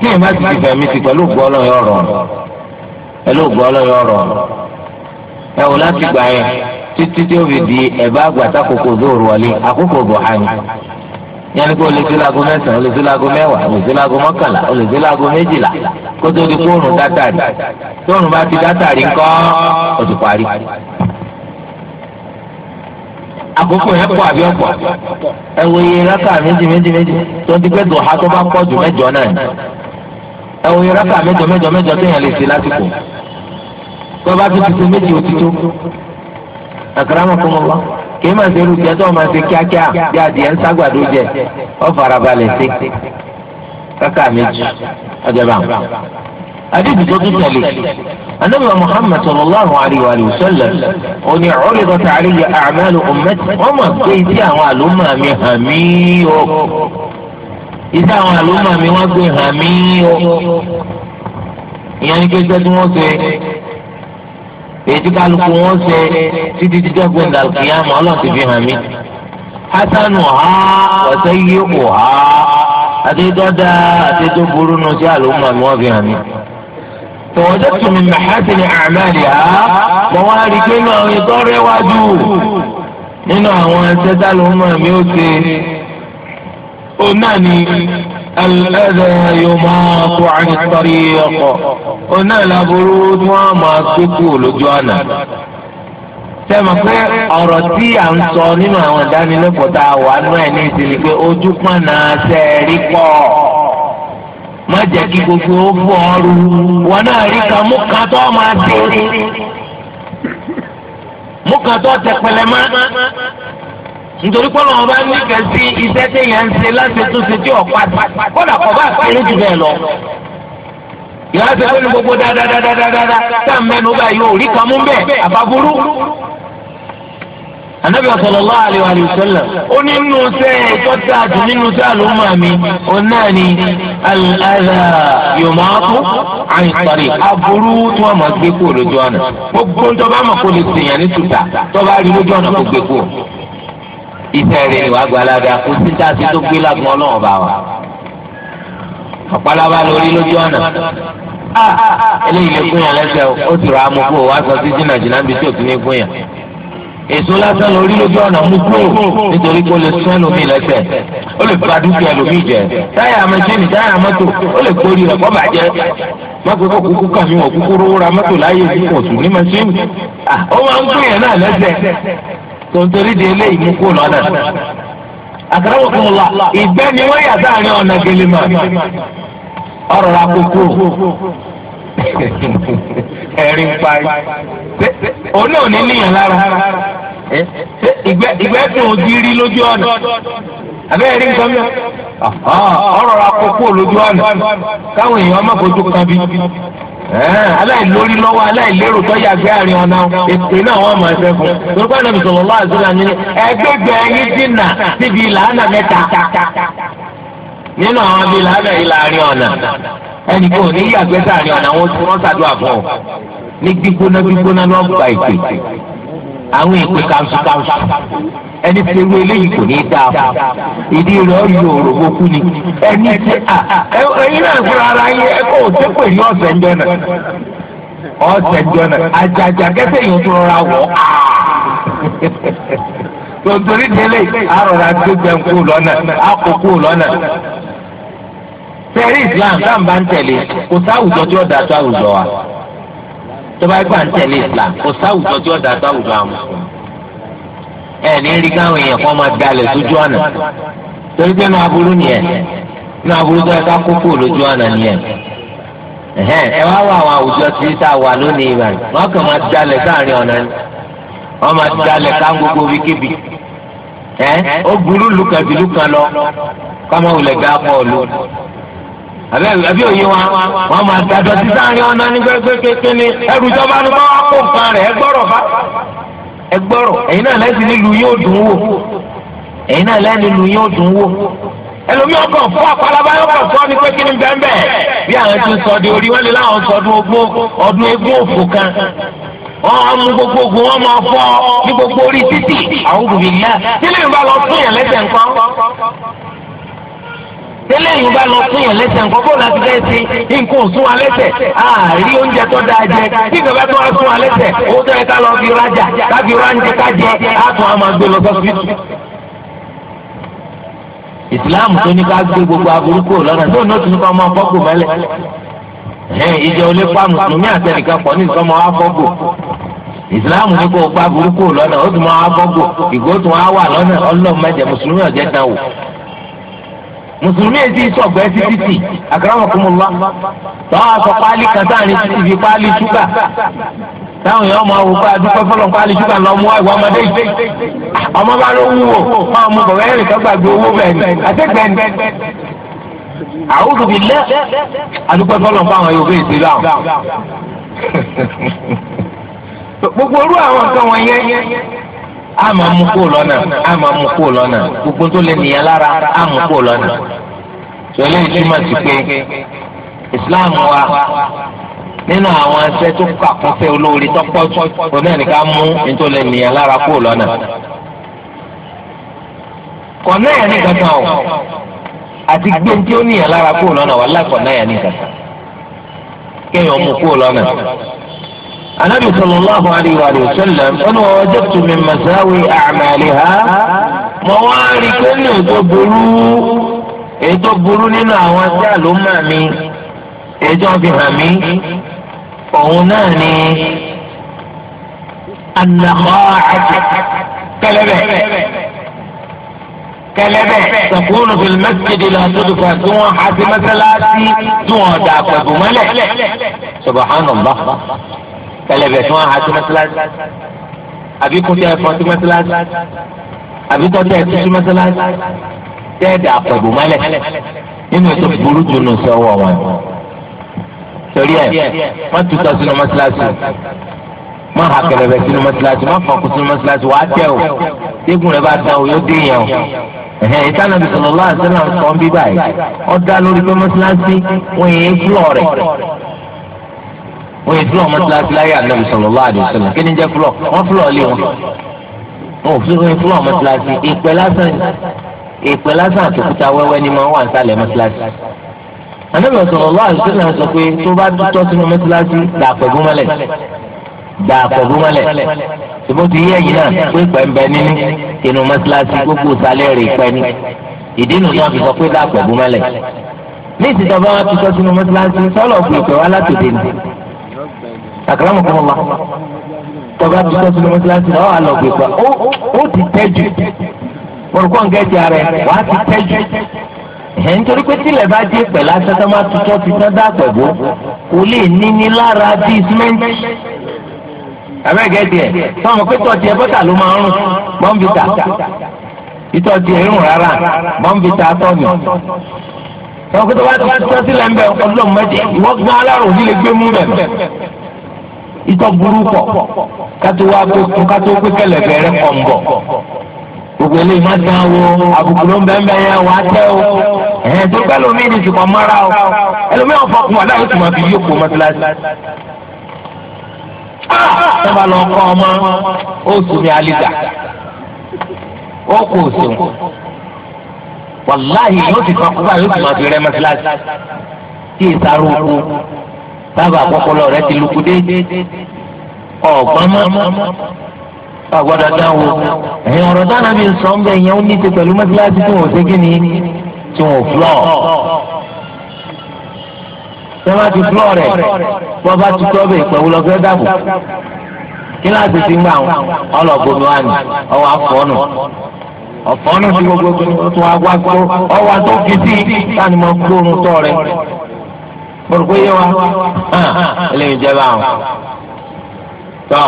kí ti ti ògbó ògbó ẹ wò láti gbà yẹn títí tí ó fi di wọlé àkókò yẹn kó o lè fi láago mẹ́sàn-án o lè fi láago mẹ́wàá o lè fi láago mọ́kànlá o lè fi láago méjìlá kó tó di fóònù dátàrí fóònù bá ti dátàrí ńkọ́ o ti parí. àkókò yẹn pọ̀ àbí ọ̀pọ̀ ẹ wo iye rákà méjì méjì méjì tó ń di pé dùhà tó bá pọ̀ jù mẹ́jọ náà ni ẹ wo iye rákà mẹ́jọ mẹ́jọ mẹ́jọ tó yẹn lè ṣe lásìkò tó bá ti ti ṣe méjì òtítọ́ àkàrà mọ̀ fún mi wá kì í máa ṣe irú jẹ tó o máa ṣe kíákíá bí adìẹ ń ságbàdo jẹ ọ farabalẹ̀ sí káká méjì ọjọba adébí tó tún tẹ̀lé anabi wa muhammad sallallahu alayhi wa sallam oní ọ̀rẹ́dọ̀ tààrí yẹ àmàlù ummati wọ́n mọ̀ pé tí àwọn àlùmọ̀ mi hàn mí o iṣẹ́ àwọn àlùmọ̀ mi wọ́n gbé hàn mí o ìyẹn ní kí ó tí wọ́n ṣe èyí tí kálukú wọn ṣe títí dídọ́ gbẹ̀ndà àlùkìyàmọ̀ ọlọ́ọ̀tì fi hàn mí. hasanu ha ọ̀sẹ̀ yí kò ha àtẹ̀tọ́dá àtẹ̀tọ́ burú nu sí àlùmọ̀ ni wọ́n fi hàn mí. tọ̀wọ́dẹ́ tùmí màhásì ni àmàlì ha mọ̀ wọ́n rí pé náà ètò ọ̀rẹ́ wájú nínú àwọn ẹsẹ̀ tálùmọ̀ mi ó ṣe. ó náà ni الأذى يماط عن الطريق قلنا لبرود وما تقول جوانا sẹ́mi pé ọ̀rọ̀ tí à ń sọ nínú àwọn ìdánilẹ́kọ̀ọ́ tá a wà nú ẹ̀ ní ìsinmi pé ojú pọ̀nà ṣe é rí pọ̀ má jẹ́ kí gbogbo ó bọ̀ ọ́ ru wọn náà rí ka mú máa nítorí pọ́lọ́ wọn bá nífẹ̀ẹ́ sí iṣẹ́ téèyàn ń ṣe láti tún ṣe tí ọ̀pá kódà kọ́ bá kéré jù bẹ́ẹ̀ lọ. ìyá ṣe fún mi gbogbo dáadáadáadáa tá a mẹ́nu bá yóò rí kan mú bẹ́ẹ̀ àbábúrú. Ànábì sallallahu alaihi wa sallam ó nínú sẹ́ ìtọ́ta àti nínú sẹ́ àlùmọ́ mi òun náà ni al-adha yumatu an tariq aburú tí wọ́n máa gbé kúrò lójú ọ̀nà gbogbo ń tọ́ bá mọ̀ kó lè sèyàn ní tùtà tọ́ iṣẹ́ rẹ̀ ni wàá gbalada kò sí tá a ti tó gbé lágbọ́n náà bá wa. ọ̀pálábá lórí lójú ọ̀nà ah, ah, ah. eléyìí lè gúnyàn lẹ́sẹ̀ ó sì ra amú kúrò wá sọ sí jìnnà jìnnà níbi tí ò ti ní gúnyàn. èso lásán lórí lójú ọ̀nà mú kúrò nítorí kó lè sún ẹlòmíì lẹ́sẹ̀ ó lè fa dúkìá ẹlòmíì jẹ táyà mẹsìnì táyà mọ́tò ó lè kórìí rẹ̀ bàjẹ́ mọ́tòkò kúkú kàmí wọ̀ kúkúrú ra mọ́tò láyé ìdíkọ̀ tòǹtòrí di eléyìí mú kó lọ́nà. àkàràwọ̀ kan wà ìgbẹ́ ni wọ́n yà sáàrin ọ̀nà gẹlẹ́mà ọ̀rọ̀ la kókó ẹ̀rí ń parí. òun náà ní níyàn lára ìgbẹ́ tó ń lójú ọ̀nà àbẹ́ nǹkan ọ̀rọ̀ la kókó lójú ọ̀nà káwọn èèyàn ọmọ kan bí. aláìlórí lọ́wọ́ aláìlérò tó yàgbé àárín ọ̀nà ètò náà wọ́n máa ṣe fún un torípé àná bìsọ̀rọ̀ lọ́wọ́ egbegbe ìlànà ẹgbẹ́gbẹ́ yín dínà síbi ìlànà mẹ́ta nínú àwọn abẹ́ ìlànà yìí ọ̀nà ẹnì kò ní yàgbé sáàrin ọ̀nà wọn tí wọ́n ṣàdúrà fún ọ ní gbígbóná gbígbóná àwọn èpè kanṣukanṣu ẹni tí ewé eléyìí kò ní í dáa ìdí rẹ̀ ọ yọ òrògbò kú ni ẹni tí a ẹyin náà fúnra ara yín ẹkọ kó pè ní ọ̀sẹ̀ ńjọ náà ọ̀sẹ̀ ńjọ náà àjàjà tó rọra tontori délé arọra nkú akókó Islam sáà ń bá ń kò sáwùjọ tí tó bá gbà ń tẹ̀lé islam kò sáwùjọ tí ọ̀dà sáwùjọ àwọn mùsùlùmí. ẹ ní rí káwọn èèyàn kan máa dalẹ̀ sójú ọ̀nà torí pé náà aburú nìyẹn náà aburú tó yẹ ká kókó lójú ọ̀nà nìyẹn. ẹ wá wá àwọn àwùjọ tí tá a wà lónìí ìbàdàn wọn kàn máa dalẹ̀ sáàrin ọ̀nà ni wọn máa dalẹ̀ ká gbogbo wíkíbi. ẹ ó burú lùkàbí lùkàn lọ ká máa wulẹ̀ dá bọ́ọ̀lù àbí òye wa wọn máa gbàdọ̀ sí sáárín ọ̀nà ní gbẹgbẹ kékeré ni ẹrù ìjọba ni wọn kó nǹkan rẹ̀ ẹ gbọ́rọ̀ bá ẹ gbọ́rọ̀ ẹ̀yin náà lẹ́sìn nílùú yóò dùn wò ẹ̀yin náà lẹ́sìn nílùú yóò dùn wò ẹlòmí ọkàn fún àpálábá yọkàn fún ọmọ ìpẹ́kí ní bẹ́ẹ̀ bí àwọn ti sọ di orí wọn lè láwọn sọ ọdún ogún ọdún egún òfò kan wọn mú gbogbo ogun wọn máa fọ ní gbogbo orí títì àwọn òbí yá nílẹ̀ ìbá lọ fún yàn lẹ́sẹ̀ nǹkan tẹ́lẹ̀ yìí bá lọ fún yàn lẹ́sẹ̀ nǹkan bó láti fẹ́ ṣe nǹkan ò wa lẹ́sẹ̀ àárí oúnjẹ tó dáa jẹ bí tó wá sún wa lẹ́sẹ̀ owó tó yẹ ká lọ fi rajà ká ránjẹ ká jẹ lọ ìsìláàmù tó ní ká gbé gbogbo aburú kúrò lọ́nà tó ní mẹ́lẹ̀ o pa lọ́nà mùsùlùmí èsì sọ̀gbẹ́ sí títì akramakumullah tọ́wọ́ sọ páálí kan sáàrin títì fi páálí ṣúgà táwọn èèyàn máa wò pé adúpẹ́ fọlọ́ páálí ṣúgà lọ mú ìwà ọmọdé yìí ọmọ bá ló wúwo máa mú bọ̀wẹ́ ẹ̀rìn kan gbàgbé owó bẹ́ẹ̀ ni àtẹ́gbẹ́ ni a'udhu billah adúpẹ́ fọlọ́ fáwọn yóò bẹ́ẹ̀ sí láwọn gbogbo orú àwọn nǹkan wọ̀nyẹn á máa mú kó lọ́nà á máa mú kó lọ́nà gbogbo tó lè nìyẹn lára á mú kó lọ́nà. sọlá ìtumọ̀ sí pé Islam wa nínú àwọn ẹsẹ̀ tó kà kún fẹ́ olóore tó pọ̀ tó òun náà nìkan mú nítorí lè nìyẹn lára kó lọ́nà. kọ̀nà yẹn nìkan kan o àti gbé tí lára kó lọ́nà wà lákọ̀ọ́nà yẹn nìkan kéèyàn mú kó lọ́nà anabi sallallahu alayhi wa sallam ọ̀nà wajadtu min masawi a'maliha mọ̀ wá rí kẹ́ni ètò burú ètò burú nínú àwọn tí àlùmọ̀ mi ètò fi hàn mí òun náà ni annakhaa'ati kẹlẹ́bẹ̀ kẹlẹ́bẹ̀ takunu fil masjid la tudfa tí wọ́n há sí mẹ́sálásí tí wọ́n dà pẹ̀lú mọ́lẹ̀ subhanallah pẹlẹbẹ tí wọn ha sí mọ́sálásí àbí kún tẹ ẹfọn sí mọ́sálásí àbí tọ́ tẹ ẹtú sí mọ́sálásí tẹ ẹdà pẹ̀lú mọ́lẹ̀ nínú ètò burú jù nù sọ́wọ́ wọn. torí ẹ wọn tún tọ́ sínú mọ́sálásí má ha pẹlẹbẹ sínú mọ́sálásí má fọkù sínú mọ́sálásí wàá tẹ o dégùn rẹ bá tán o yóò dé yẹn o ẹ̀hẹ́n ìtàn àti sẹ́nà sọ ń bí báyìí lórí pé mọ́sálásí wọ́n yẹn ń fúlọ̀ wọn yìí fúlọ̀ mọ́tíláṣí láyé ànábì sallallahu alaihi wasallam kí ni jẹ́ fúlọ̀ wọ́n fúlọ̀ lé wọn. wọn ò fi wọn fúlọ̀ mọ́tíláṣí ìpè lásán ìpè lásán àtòkúta wẹ́wẹ́ ni máa wà nísàlẹ̀ mọ́tíláṣí. ànábì sallallahu alaihi wasallam sọ pé tó bá tọ́ sínú mọ́tíláṣí dàpọ̀ bú mọ́lẹ̀ dàpọ̀ bú mọ́lẹ̀ ṣùgbọ́n ti yé ẹ̀yìn náà pé pẹ̀mbẹ́ nínú inú mọ́tíláṣí gbogbo sálẹ̀ rè pẹ́ ni ìdí nù náà fi sọ pé dàpọ̀ bú mọ́lẹ̀ ní ìsìtọ́ bá wọn ti sọ sínú mọ́tíláṣí sọ́lọ̀ fún ìpè wá látòdè nù àkàràmọ̀kọ́ mọ̀ ma tọ́ba tó tọ́jú lọ́mọ kíláàsì náà wà lọ pa ó ti tẹ́jú mọ̀rùkọ́ ngẹ́jì ara ẹ̀ ti tẹ́jú ẹ̀ pé tílẹ̀ bá dé pẹ̀lú máa tutọ́ ti tán kò lè níní lára bí símẹ́ǹtì ẹ bọ́tà ló máa ń bọ́ǹbìtà ń rárá bọ́ǹbìtà tọ́nù itọ́ buru pọ̀ kátó wá kó kátó pé kẹlẹ̀kẹ̀ rẹ kọ̀ ń bọ̀ gbogbo eléyìí má dán wo àbùkù ló yẹn wà á tẹ́ o ẹ̀hẹ́n tó pẹ́ lómi ní ìsìnkàn mọ́ra o ẹlòmíì ọ̀fọ̀ kùn wà láyé tùmọ̀ fi yí òkú mọ́tíláṣí. ẹ ah! bá lọ kọ́ ọmọ oṣù ní alìgbà ó kò sùn wàláhì yóò ti kọ́ kúbà yóò ti máa fi rẹ́ mọ́tíláṣí kí ìsarò kú sábà kọkọlọ rẹ ti lukude ọgbọn mọ ọgbọ́dọ̀ dáwọ ẹ̀yin ọ̀rọ̀ dáná bíi sọ ń bẹ yẹn ó ní ti pẹ̀lú mọ́tíláṣí tí wọn ò ségé ni tí wọn ò fúlọ tí wọn ti fúlọ rẹ wọn bá ti tọ́ bẹ́ẹ̀ pẹ̀lú lọ́fẹ́ dàbò kíláàsì ti ń gbà wọn ọlọ́gbọ̀n wa ni ọwọ́ afọ́nù ọ̀fọ́nù ti gbogbo tó wá gbàgbọ́ ọwọ́ àtọ́kìtì táwọn gbóòórùn tọ́ rẹ mọ̀rùkú yé wa ah, ah, ah, eléyìí jẹ́ báwọn. tọ́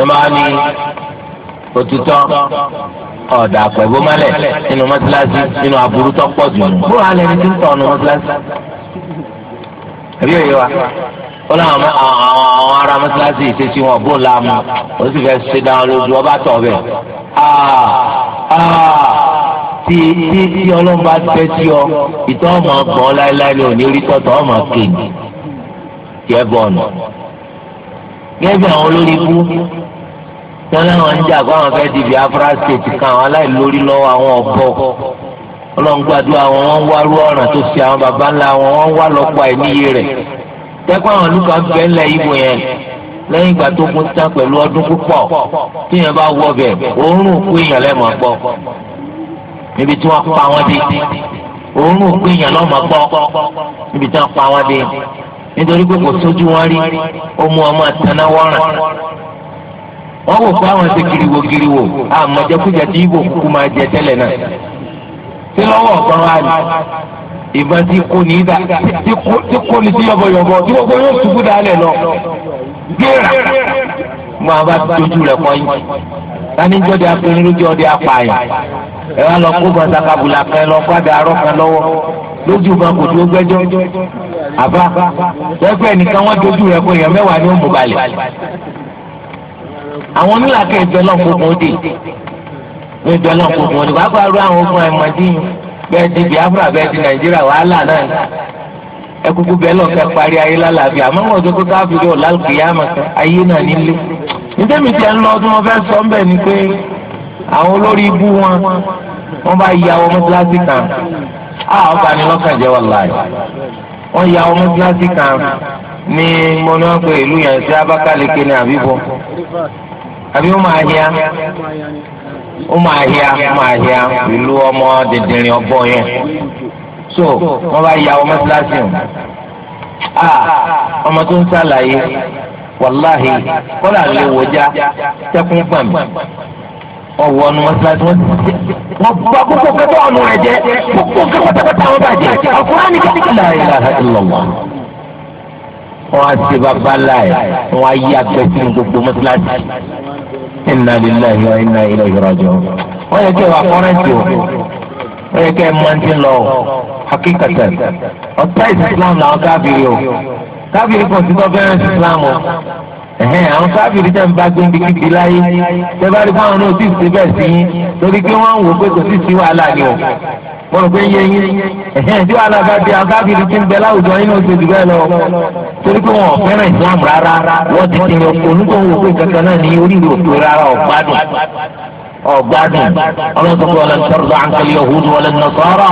ẹ máa ní òtítọ́ ọ̀dà pẹ̀lú mọ́lẹ̀ nínú mọ́sálásí nínú aburú tó pọ̀ jù nù. bóra lẹni tí ń tọ̀ nù mọ́sálásí. ẹ̀rí òye wa ó láwọn àwọn ará mọ́sálásí ìṣesí wọn bó la mu ó sì fẹ́ ṣe dáhùn lójú ọba tọ̀ bẹ́ẹ̀ tí tí tí ọlọ́run bá fẹ́ sí ọ ìtọ́ ọmọ ọgbọ́n láéláé ni òní rí tọ́tọ́ ọmọ kéènì tiẹ́ bọ́ọ̀nù. gẹ́gẹ́ bí àwọn olórí ikú tí wọ́n láwọn ń jà kó àwọn fẹ́ di Biafra state kan àwọn aláìlórí lọ́wọ́ àwọn ọ̀bọ ọlọ́run gbàdúrà wọn wọ́n wá rú ọ̀ràn tó fi àwọn baba ńlá wọn wọ́n wá lọ́pọ̀ àìníye rẹ̀ tẹ́kọ̀ àwọn olùkọ́ bẹ́ẹ̀ ńlẹ̀ ibo yẹn lẹ́yìn ìgbà tó kún tán pẹ̀lú ọdún púpọ̀ tíyẹn bá wọ bẹ̀ òórùn òkú èèyàn lẹ́mọ̀ gbọ́ níbi tí wọ́n pa wọn dé òórùn òpin èèyàn lọ́mọ gbọ́ níbi tí wọ́n pa wọn dé nítorí pé kò sójú wọn rí ó mú ọmọ àtàná wọ́ràn wọ́n wò pé àwọn ṣe kiriwo kiriwo àmọ̀jẹkújẹ tí ibo kúkú máa jẹ tẹ́lẹ̀ náà tí lọ́wọ́ ọ̀gbọ́n wa ni ìbọn tí kò ní dá tí kò ní sí yọ̀bọ̀yọ̀bọ̀ tí gbogbo yóò ṣubú dálẹ̀ lọ gbéra mo àbá dojú rẹ̀ kọ́ yín tanijọ́ di apẹ̀rin lójú ọdẹ apààyàn ẹ wá lọ kó bàtà kabula kan lọ fàdà arọ kan lọ́wọ́ lójú kan kò tó gbẹ́jọ́ àbá lẹ́gbẹ̀ẹ́ nìkan wọ́n dojú rẹ̀ kó èèyàn mẹ́wàá ni ó mú balẹ̀ àwọn onílàkẹ́ ìjọlọ́ gbogbo dé ìjọlọ́ gbogbo dé wàá gbàrú àwọn ogun àìmọ̀dínyìn bẹ́ẹ̀ di Biafra bẹ́ẹ̀ di Nàìjíríà wàhálà náà ẹkùkù bẹ́ẹ̀ lọ́ọ́ kẹ́ parí ayé lálàbí àmọ́ wọ́n tó kó káfíńdì ọ̀làlùkìyàmọ̀ ayé náà nílé tẹ́mi tẹ́ ń lọ tí wọ́n fẹ́ sọ ńbẹ̀ ni pé àwọn olórí ibú wọn wọ́n bá ya ọmọ mọ́tíláṣí kan àwọn bá ní lọ́kàn jẹ́ wà láàyè wọ́n ya ọmọ mọ́tíláṣí kan ní mọ́nàpẹ̀ ìlú yẹn sí Abakaliki ní àbíbọ̀ àbí wọ́n máa hìá wọ́n máa hìá wọ́n máa hìá ìlú ọmọ dìndìnrín ọgbọ yẹn so wọ́n bá ya ọmọ mọ́tíláṣí wọn ọmọ tó ń sàlàyé wàláhì kọ́lá ń lé wọjá tẹ́kùn gbà mí ọwọ́ ọ̀nù mọ́sálásí wọn ti wọ́n bá gbogbo kẹ́kọ̀ọ́ ọ̀nù rẹ̀ jẹ́ gbogbo kẹ́kọ̀ọ́ pátápátá wọn bàjẹ́ ọkùnrin ní kẹ́kẹ́ la ilaha illallah wọn á ti bàbá láì wọn á yí agbẹ́ sínú gbogbo mọ́sálásí inna lillahi wa inna ilayhi raji'un wọ́n yẹ kí ẹ wà kọ́rẹ́ǹtì o wọ́n yẹ kí ẹ mọ́ntì lọ ọ̀tá ìsìlámù làwọn káfíìrì o kábìrì kan ti tọ́ fẹ́ràn islam o ẹ̀hẹ́n àwọn kábìrì tẹ̀ ń bá gbéńdé kíkiri láyé tẹ́bárí fáwọn náà sì ṣe bẹ́ẹ̀ sí yín torí pé wọ́n ń wò pé kò sì sí wàhálà ni o mo rò pé yé yín ẹ̀hẹ́n tí wàhálà bá di àwọn kábìrì ti ń bẹ láwùjọ yín náà ṣe jù bẹ́ẹ̀ lọ torí pé wọn ò fẹ́ràn islam rárá wọ́n ti ti yan onítọ̀hún wò pé kankan náà ní oríire òkú rárá ọ̀gbádùn ọgbádùn ọlọ́sọ̀kọ̀ ọ̀la sọ̀rọ̀ àǹkàlẹ̀ yahudu wala nasara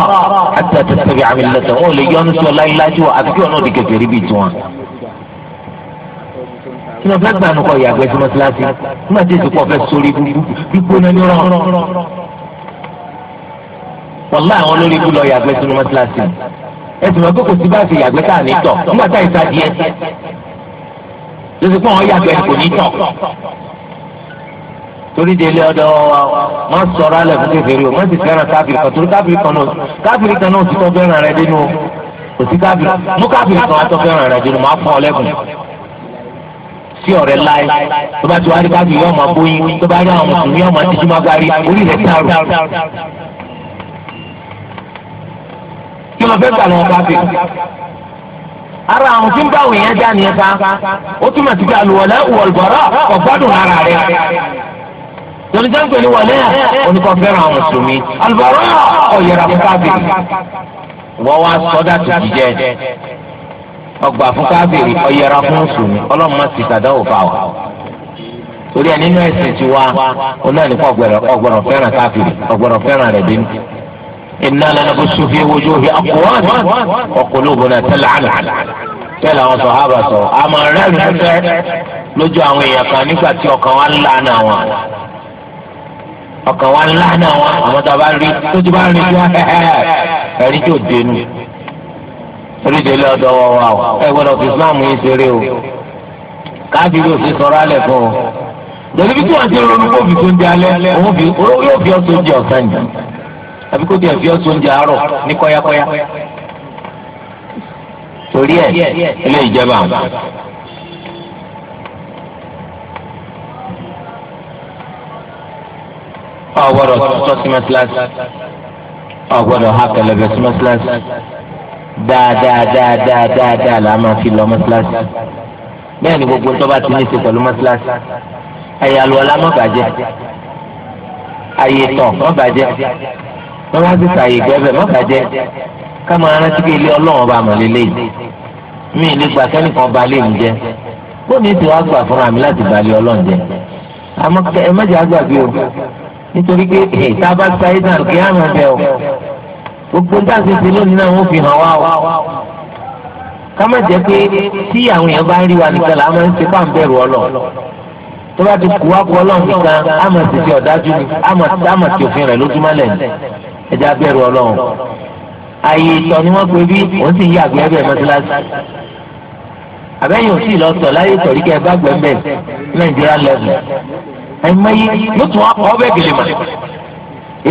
àti àtẹ̀tẹ̀bí àmìlẹ̀tẹ̀ wọn ò lè yọ ọ́nùsọ̀ láíláájú àti kí ọ̀nà òdìkẹ̀ fèrè bíi tiwọn. kí ló fẹ́ gbà nù kọ ìyàgbẹ́ sí mọ́síláṣí nígbà tí èsì pọ̀ fẹ́ sórí gbígbóná ní rán. wàlá àwọn olórí ibú lọ ìyàgbẹ́ sí mọ́síláṣí ẹ̀sìn mọ́ pé kò sí bá ṣe ìyàgbẹ́ tá à ní tọ̀ nígbà tá torí délé ọ̀dọ̀ wa má sọ̀rọ̀ alẹ fún kékeré o má sì fẹ́ràn káfíìrì kan torí káfíìrì kan náà káfíìrì kan náà òtítọ́ fẹ́ràn rẹ dénú o òtí káfíìrì mú káfíìrì kan àtọ fẹ́ràn rẹ dénú máa fún ọ lẹ́bùn sí ọ̀rẹ́ láì tó bá ti wá rí káfíìrì yọọ máa bóyin tó bá rí àwọn mùsùlùmí yọọ máa tìjú máa gbárí orí rẹ sáró kí ló fẹ́ gbà lọ́wọ́ káfíìrì ara àwọn tí ń bá òyìn ẹja nìyẹn ká ó túmọ̀ sí pé àlùwọ̀lẹ́ ìwọ̀lùbọ̀rọ̀ ọ̀gbọ́dún ara rẹ̀ tòlítẹ́ǹtò ni wàlẹ́yà oníkọ́ fẹ́ràn àwọn mùsùlùmí alùpàrọ̀ ọ̀yẹ̀rà fún kábìrì wọ́n wá sọ́dá tìtì jẹ́ ọgbà fún kábìrì ọ̀yẹ̀rà fún mùsùlùmí ọlọ́run má ti sàdáwò torí ẹ nínú fẹ́ràn kábìrì fẹ́ràn rẹ̀ ló ọkàn wa ńlá náà wọn àwọn tó a bá rí tó ti bá rí tó ẹrí tó dénú oríṣiríṣi ọ̀dọ̀ wọn wà o ẹ gbọ́dọ̀ fi islam yìí ṣeré o káfíìrì òfin sọ̀rọ̀ alẹ́ fún o lórí bí tí wọ́n ti ronú kó fi tó ń di alẹ́ òun fi yóò fi ọsùn oúnjẹ ọ̀sán yìí àbí kó tiẹ̀ fi ọsùn oúnjẹ àárọ̀ ní kọ́yákọ́yá torí ẹ̀ ilé ìjẹba àwọn. ọ̀gbọ́dọ̀ tuntun sí mẹ́tíláṣí ọ̀gbọ́dọ̀ ha pẹlẹbẹ sí mẹ́tíláṣí dáadáa dáadáa dáadáa là á máa fi lọ mẹ́tíláṣí bẹ́ẹ̀ ni gbogbo tó bá ti ní í ṣe pẹ̀lú mẹ́tíláṣí ẹ̀yà lọ la má bàjẹ́ àyè tọ̀ má bàjẹ́ wọ́n wá sí sàyè gbẹ́bẹ̀ má bàjẹ́ ká máa rántí pé ilé ọlọ́run bá mọ̀ lélẹ́yìí mi ìlú gbà kẹ́nìkan ba lé mi jẹ́ bóun ní ti wá gbà fúnra mi láti balẹ̀ ọlọ́run jẹ́ àmọ́ ẹ má jẹ́ àgbàgbé o nítorí pé ìtaba eh, sáyé náà kí á máa bẹ o gbogbo nígbà tó ti lónìí náà wọ́n fi hàn wá o ká má jẹ́ pé tí àwọn èèyàn bá ń rí wa nìkan là á máa ń ṣe pàǹbẹ̀rù ọlọ tó bá ti kú wákú ọlọ́run nìkan á máa ti fi ọ̀dájú ni á máa ti òfin rẹ̀ lójúmọ́ lẹ̀ ní ẹja bẹ̀rù ààyè ìtọ̀ ni wọ́n pe bí òun sì ń yí àgbẹ̀ ẹ̀bẹ̀ mọ́tíláṣí àbẹ́yìn ò sì lọ sọ láyé ìtọ̀rí kẹ́ ẹ bá Nàìjíríà lẹ́vù àìmọye yóò tún wá kọ́ ọ́ bẹ́ẹ̀ gèlè mọ́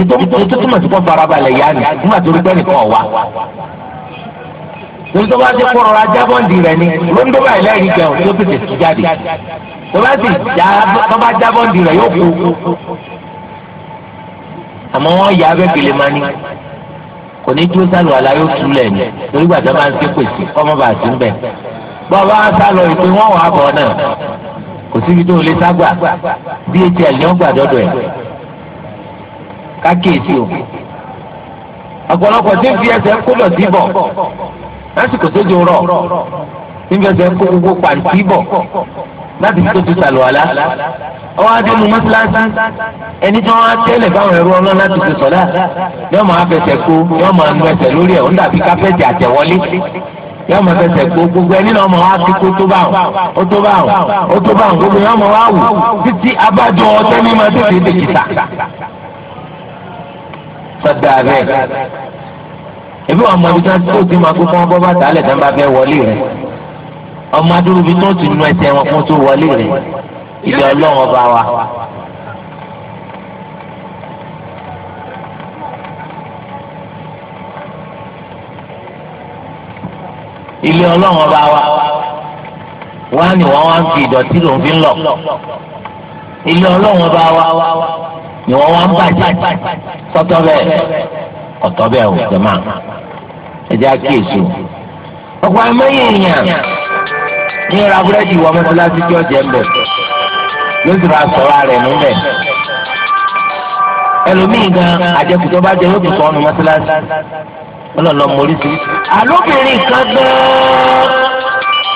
ètò ètò túmọ̀ sí kó farabalẹ̀ yá ni nígbà tó rí pẹ́ nìkan ọ̀wá. torí tó bá ti kọ́ ọ̀rọ̀ ajá bọ́ǹdì rẹ̀ ni lóńdó báyìí lẹ́yìn gẹ̀ọ́ tó tètè tú jáde. tó bá sì já tó bá já bọ́ǹdì rẹ̀ yóò kú. àmọ́ wọ́n yà abẹ́ gèlè máa ní. kò ní dúró sálọ àlá yóò tú lẹ̀ ni torí gbàdá máa ń ké pèsè ọmọ bàtí ń bẹ̀. bọ́ọ̀ bá sálọ ìpín wọ́n wà bọ̀ náà kò síbi tó lè ságbà dhl ni ó gbà dọ́dọ̀ ẹ̀ kákèésì o ọ̀pọ̀lọpọ̀ tí ń fi ẹsẹ̀ kó lọ sí bọ̀ lásìkò tó jò rọ̀ tí ń fi ẹsẹ̀ kó gbogbo pàǹtí bọ̀ láti fi tó ti sàlùwàlá ọwọ́ adéhùn mọ́sálásí ẹni tí wọ́n á tẹ́lẹ̀ báwọn ẹrú ọlọ́run láti fi sọ̀dá yọ́ọ́ máa fẹsẹ̀ kó yọ́ọ́ máa nu ẹsẹ̀ lórí ẹ̀ ó ń dàbí kápẹ́ẹ̀tì àtẹ̀wọlé yóò máa fẹsẹ̀ kó gbogbo ẹni náà máa wá sí kó tó bá wọn ó tó bá wọn ó tó bá wọn gbogbo yóò máa wá wù títí abájọ ọtẹ ní máa tètè dèkìtà. sọdọ abẹ ebi wọn mọ ibi tí wọn tó ti máa kó fún ọgbọ bàtà alẹ tán bá fẹ́ wọlé rẹ ọmọ adúlóbi tó ti nu ẹsẹ̀ wọn fún tó wọlé rẹ ilé Ọlọ́run ọba wa. ilé ọlọ́run ọba wa wá ní wọ́n wá ń fi ìdọ̀tí lòún fi ń lọ ilé ọlọ́run ọba wa ni wọ́n wá ń bàjẹ́ sọ́tọ́ bẹ́ẹ̀ ọ̀tọ́ bẹ́ẹ̀ ò jẹ́ máa ẹ̀jẹ̀ àkíyèsí ọ̀pọ̀ àmọ́yé èèyàn ní ra búrẹ́dì wọ mọ́tíláṣí tí ọ̀jẹ̀ ń bẹ̀ yóò sì ra sọ̀rọ̀ rẹ̀ nù ẹlòmíì gan àjẹkùtọ́ bá jẹ yóò tún sọ ọ́nù mọ́tíláṣí ọlọ́nà mọ̀lísìí. àlóbìnrin kan gan-an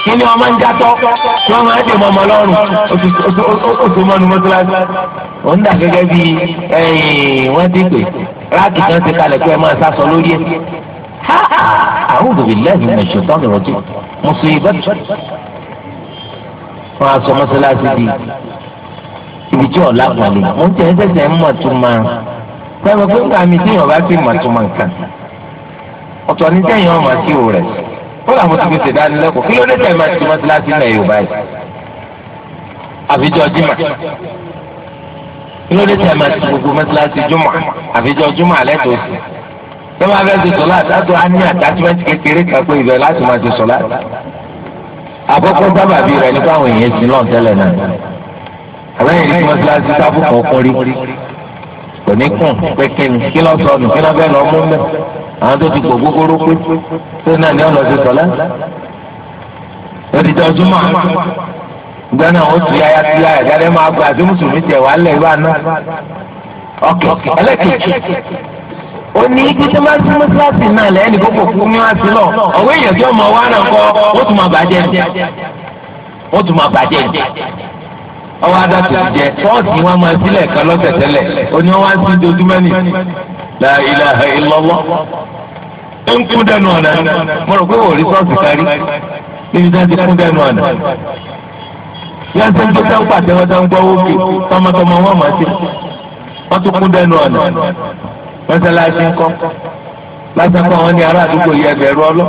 kí ni ọmọ ń jatọ́ tí wọ́n máa ń dèbọ̀ ọmọ lọ́rùn oṣù mọ́nu mọ́tíláṣí. ó ń dà gẹ́gẹ́ bí wọ́n ti pè ráàkì kan ti kalẹ̀ pé ẹ máa sásọ lórí ẹ̀. a'udhu billahi minash shaitani rajim musibatu. wọ́n á sọ mọ́tíláṣí di ibi tí ọ̀la kan lè. mo ń tẹ̀ ẹ́ sẹ́sẹ̀ ń mọ̀ tó máa. sọ́yìn pé nǹkan mi tí yàn bá fi mọ̀ tó máa nǹkan ọ̀tọ̀ ní sẹ́yìn ọmọ kí o rẹ̀ kódà mo ti fi ṣèdánilẹ́kọ̀ọ́ kí ló dé tẹ̀ máa ti mọ́tíláṣí ilẹ̀ yorùbá yìí àfijọ́ jimá kí ló dé tẹ̀ máa ti gbogbo mọ́tíláṣí jumá àfijọ́ jumá alẹ́ tó sì tọ́ba fẹ́ ti sọ̀lá àtàtọ́ á ní àtàtúmẹ́ntì kékeré kan pé ibẹ̀ láti máa ti sọ̀lá àkọ́kọ́ sábàbí rẹ̀ nípa àwọn èèyàn sí náà tẹ́lẹ̀ náà àbẹ́yìn ní mọ́tíláṣí sábùkọ̀ kún rí kò ní kùn pé kí ni kí lọ́ sọnù kí lọ́ fẹ́ lọ́ mú mẹ́ àwọn tó gbogbo gbògbógbóró pé pé náà ni ọlọ́ọ̀dẹ sọ̀lá lọ́dìjà ọjọ́mọ́ ìgbà náà ó ya yáya sí yáya jáde máa gba àti mùsùlùmí ìwà náà ó ní náà lẹ́yìn fún mi wá sí lọ ọ̀wé èèyàn tí ọmọ wa náà kọ́ ó tún máa bàjẹ́ ó tún máa bàjẹ́ ọwọ́ adá tó ti jẹ fọ́ọ̀sì wọn máa sílẹ̀ kan lọ́sẹ̀ tẹ́lẹ̀ wá sí la ilaha illallah ó ń kú dẹnu ọ̀nà mo pé wò rí kárí níbi tí wọ́n ti kú dẹnu ọ̀nà yá ṣe ń tó sáńpà tẹ́wọ́tẹ́ ń gbọ́ wókè tọmọtọmọ wọn wọ́n tún kú dẹnu ọ̀nà mọ́sálásí ń kọ́ lásán kọ́ wọn ní ará àdúgbò yẹ ọlọ́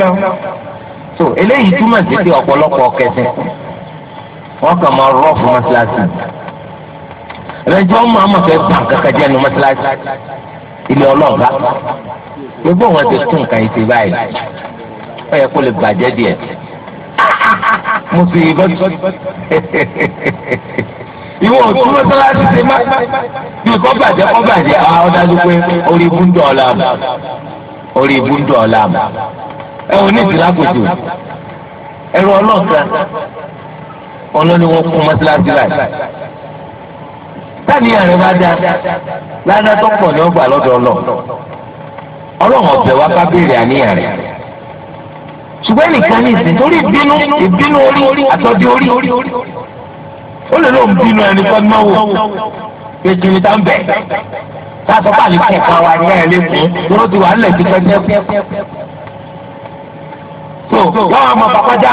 mọ́sálásí so eléyìí túmọ̀ sí pé ọ̀pọ̀lọpọ̀ kẹsẹ̀ wọ́n kàn máa rọ́ fún mọ́ṣáláṣí ẹ̀rẹ́jọ́ máa mọ̀ fẹ́ bá nǹkan kan jẹ́ nu mọ́ṣáláṣí ilé ọlọ́ọ̀gá gbogbo wọn ti tún nǹkan ìṣe báyìí ó yẹ kó lè bàjẹ́ díẹ̀ mo sì yí bọ́tù ìwọ òtún mọ́sálásí ṣe má bí kò bàjẹ́ kò bàjẹ́ àwọn ọ̀dájú pé orí ibú ń dọ̀ọ́lá mu orí ibú ń dọ̀ọ́lá mu ẹ ò ní ìdílé àgòjò ẹ̀rọ ọlọ́ọ̀kan ọlọ́ni wọn kún mọ́tíláṣí láì táni àrẹ bá dá ládàá tó pọ̀ ní ọgbà lọ́dọ̀ ọlọ́ ọlọ́run ọ̀bẹ wa ká béèrè àníyàn rẹ̀ ṣùgbọ́n nìkan ní ìsìn torí ìbínú ìbínú orí àtọ́jú orí ó lè lóun bínú ẹni kọ́ náà wò kékeré tá ń bẹ̀ tá a sọ pé àlékún kan wà ní ẹ̀ lẹ́kùn tó ti wà á lẹ̀ tipẹ́tẹ́ wọ́n á mọ pàpàjá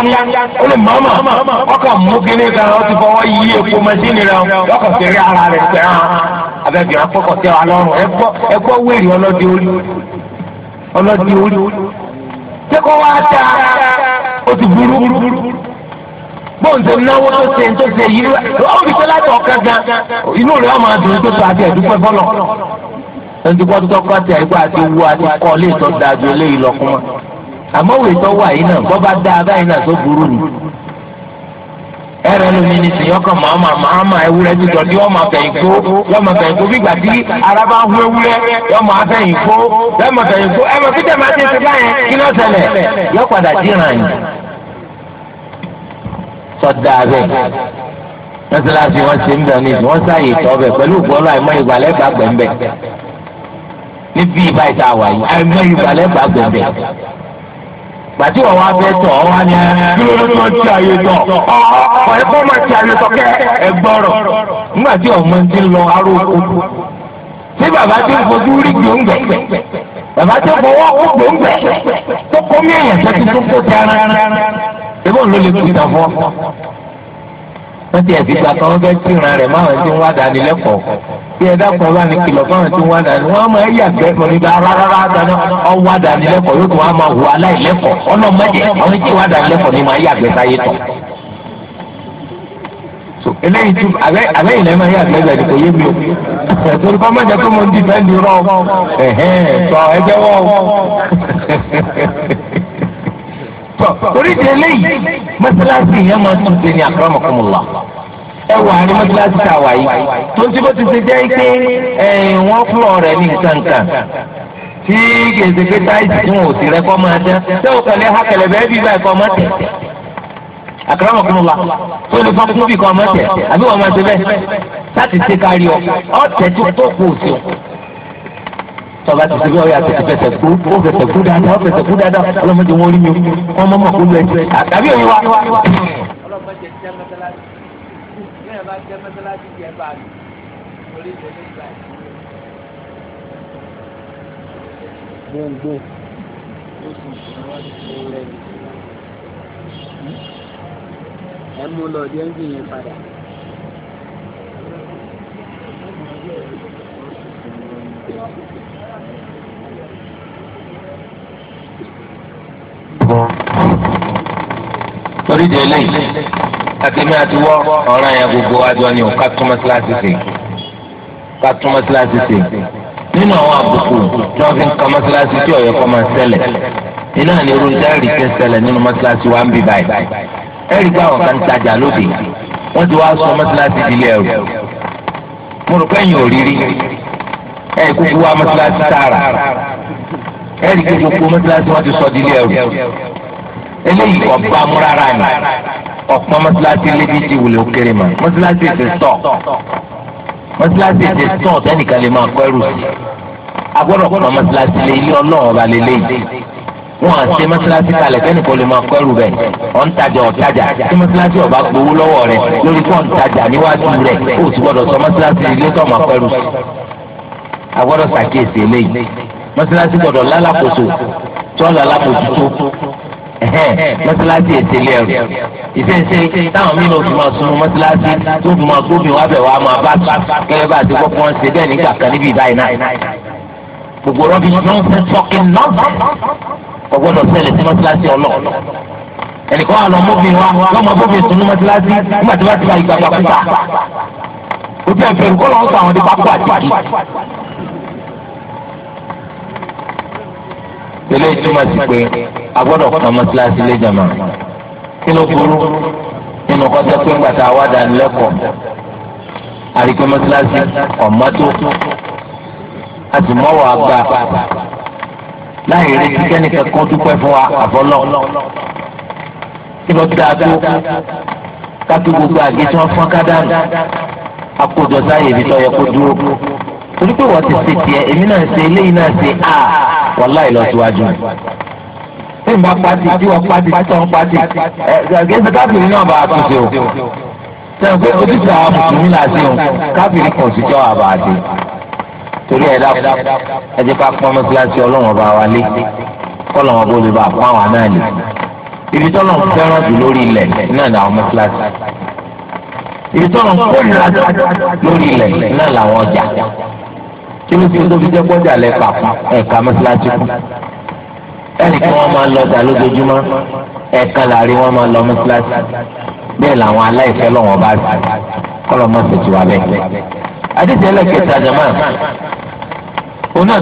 ó lè mọ̀ọ́mọ̀ ọkọ̀ mú kíní kan ó ti fọwọ́ yí epo mẹ́sìnì rẹ̀ ọkọ̀ fèrè ara rẹ̀ fẹ́ràn abẹ́bí wọn kọ́kọ́ tẹ́ wa lọ́rùn ẹgbọ́ wéèrè ọlọ́dẹ orí ọlọ́dẹ orí tẹ́kọ̀ wá ta ó ti burú bóńdé náwó tó ṣe tó ṣe yìí ó fi tẹ́lá tó ọ̀kan gan inú rẹ̀ ọmọ àdùn tó tó àti ẹ̀dúpẹ́ fọlọ́ ẹni tó kọ́ tó kọ́ àti àìgbọ́ àti owó àti kọ́ lè tó dáa ju eléyìí lọ fún wa àmọ́ òwe tó wà yìí náà bọ́ bá dá a báyìí náà tó burú ni ẹrẹ lómi ni sìn yọkàn màmá màmá ewúrẹ́ dídọ ní ọmọ abẹyìn kó yọmọ abẹyìn kó bí gbàdí ara bá hu ewúrẹ́ yọmọ abẹyìn kó yọmọ abẹyìn kó ẹmọ pété máa dé ti báyẹn kí ló ṣẹlẹ̀ yọ padà díran yìí sọdá abẹ mọ́sálásí wọn ṣe ń bẹ ní ìsìn wọn sáàyè tọ ọbẹ pẹ̀lú ìgbọlọ àìmọ̀ ìgbàlẹ gbàgbẹ ńbẹ níbi ìbá ìta wà yìí àìmọ̀ ìgbàlẹ gbàgbẹ ńbẹ gbàtí wọn wá fẹ́ tọ̀ wá ní dúró ló tán tí ayé tọ̀ ọ̀ ẹ kọ́ máa ti ayé tọ̀ kẹ́ ẹ gbọ́rọ̀ nígbà tí ọmọ ti lọ aró oko tí bàbá ti ń fojú rí gbòǹgbẹ̀ bàbá ti ń fọwọ́ kó gbòǹgbẹ̀ tó kọ́ mí èèyàn sẹ́kì tó kó tẹ́ ara ẹ ló lè kú ìtàn fún ọ. wọ́n ti ẹ̀sìn gbà kan wọ́n fẹ́ tí ìran rẹ̀ máwọn tí ń wá dání lẹ́kọ̀ọ́ bí ẹ bá ní kìlọ̀ fáwọn tí ń wá dání wọ́n máa yà gbẹ́ mọ̀ níbi rárá dáná ọ̀n wá dání lẹ́kọ̀ọ́ yóò tún wá tọ torí di eléyìí mọ́sálásí yẹn máa tún ṣe ní akramakumullah ẹ wà ní mọ́sálásí tá a wà yìí tó ń tí bó ti ṣe jẹ́ pé wọ́n fúlọ̀ rẹ̀ ní nǹkankan tí gèzèké táìsì tí wọn ò sì rẹ kọ́ máa dán tẹ́ o kẹlẹ́ ha kẹlẹ́ bẹ́ẹ̀ bí báyìí kọ́ máa tẹ̀ akramakumullah tó lè fọ́n kúbì kọ́ máa tẹ̀ àbí wọ́n máa ṣe bẹ́ẹ̀ láti ṣe kárí ọ tọba ti sẹbi ọyà tètè fẹsẹ̀ kú ó fẹsẹ̀ kú dáadáa ó fẹsẹ̀ kú dáadáa ọlọmọdé wọn rí mi wọn mọ mọ kó lọ ẹsẹ̀ àtàbí òye wa. gbogbo ẹ mú lọ díẹ̀ ń gbìyànjú padà. Thank you. torí di eléyìí àtẹ̀mí àti wọ́ ọ̀ràn yẹn gbogbo àjọ ni ò ká tún mọ́síláṣí sí ká tún mọ́síláṣí sí nínú àwọn àbùkù tí wọ́n fi ń ka mọ́síláṣí tí ọ̀yọ́ kọ́ máa ṣẹlẹ̀ iná ni irú dáàrí ti ń ṣẹlẹ̀ nínú mọ́síláṣí wa ń bì báyìí ẹ̀rí gbà wọ́n kan tajà lóde wọ́n ti wá sọ mọ́síláṣí di ilé ẹ̀rù mo rò pé ẹ̀yìn òrírí ẹ̀ kúkú wá mọ́síláṣí tààrà ẹ̀rí gbogbo mọ́síláṣí wọ́n ti sọ di ilé ẹ̀rù eléyìí ọba amúrara ni ọ̀pọ̀ mọ́sálásí lébi ti wùlé òkèrè mà mọ́sálásí ti sọ̀ mọ́sálásí ti sọ̀ tẹ́nìkan lè máa kọ́ ẹrù sí agbọ́dọ̀ pọ̀ mọ́sálásí lé ilé ọlọ́run ọba lélẹ́yìí wọn à ṣe mọ́sálásí kalẹ̀ kẹ́nìkan lè máa kọ́ ẹrù bẹ̀ ọ̀ntajà ọ̀tajà tí mọ́sálásí ọba gbowó lọ́wọ́ rẹ̀ lórí fún ọ̀ntajà níwájú rẹ̀ ó ti gbọ́dọ̀ sọ mọ́sálásí ilé tó máa kọ́ ẹrù sí agbọ́dọ̀ ṣàkíyèsí eléyìí mọ́sálásí gbọ́dọ̀ lálàkóso tí wọ́n lálàkóso tó mọ́sálásí ètè ilé ẹ̀rù ìfẹ́ǹsẹ́ táwọn mílíọ̀nù fi máa sun mọ́sálásí tó fi máa gbóbi wá bẹ̀ wá máa bá kẹ́kẹ́ bá ti gbọ́ fún wọn ṣe bẹ́ẹ̀ nígbà kan níbi ìdáyìí náà gbogbo rọ́bì náà fẹ́ fọ́kì náà ọgbọ́dọ̀ ṣẹlẹ̀ sí mọ́sálásí ọlọ́ọ̀ ẹnìkan wà lọ mọ́bìn wa lọ́mọ bóbi sunu mọ́sálásí nígbà tí wọ́n ti bá ìgbàgbà kúta ojú ẹ̀fẹ̀ ilé ìtumọ̀ sí pé a gbọ́dọ̀ kàn mọ́síláṣí lé jàmá kí ló burú nínú kọjá pé ń gbàtà wá dánilẹ́kọ̀ọ́ àríkè mọ́síláṣí ọ̀mọ́tò a sì mọ́wọ́ àgbà láì retí kẹ́nìkan kan dúpẹ́ fún wa àfọlọ́ kí ló dáa tó kápẹ́ gbogbo àgé tí wọ́n fọ́n ká dànù akójọ sáyè ibi tó yẹ kó dúró torí pé wọ́n ti ṣe tiẹ̀ èmi náà ṣe eléyìí náà ṣe a wàláì lọ síwájú mi. bí n bá pati tí wọ́n pati tí wọ́n pati ẹ̀ẹ́dẹ́gbẹ́sẹ̀ káfíìnì náà bá a tún ṣe o. sẹ́yìn pé ojúṣe àwọn mùsùlùmí là ṣe o káfíìnì kan sì jọ́ àbá àdé. torí ẹ̀ dákun ẹ jẹ́ ká pọ́n mọ́síláṣí ọlọ́run ọba wa lé kọ́lọ́run ọba olùbá fún àwọn náà lè. ibi tọ́lọ́run fẹ́ràn jù lórí ilẹ̀ náà làwọn mọ́síláṣí ibi tọ́lọ́run kórìíra lórí ilẹ̀ náà làwọn ọjà. kí ló fi tó fi jẹ́ kọjá lẹ́ka ẹ̀ka mọ́sálásí kù ẹnì kí wọ́n máa lọ ọjà lójoojúmọ́ ẹ̀ka láàrin wọ́n máa lọ mọ́sálásí bẹ́ẹ̀ làwọn aláìfẹ́ lọ́wọ́ bá sí kọ́lọ́ mọ́ sètì wà bẹ́ẹ̀. lẹ́kẹ̀ẹ́ta jama oní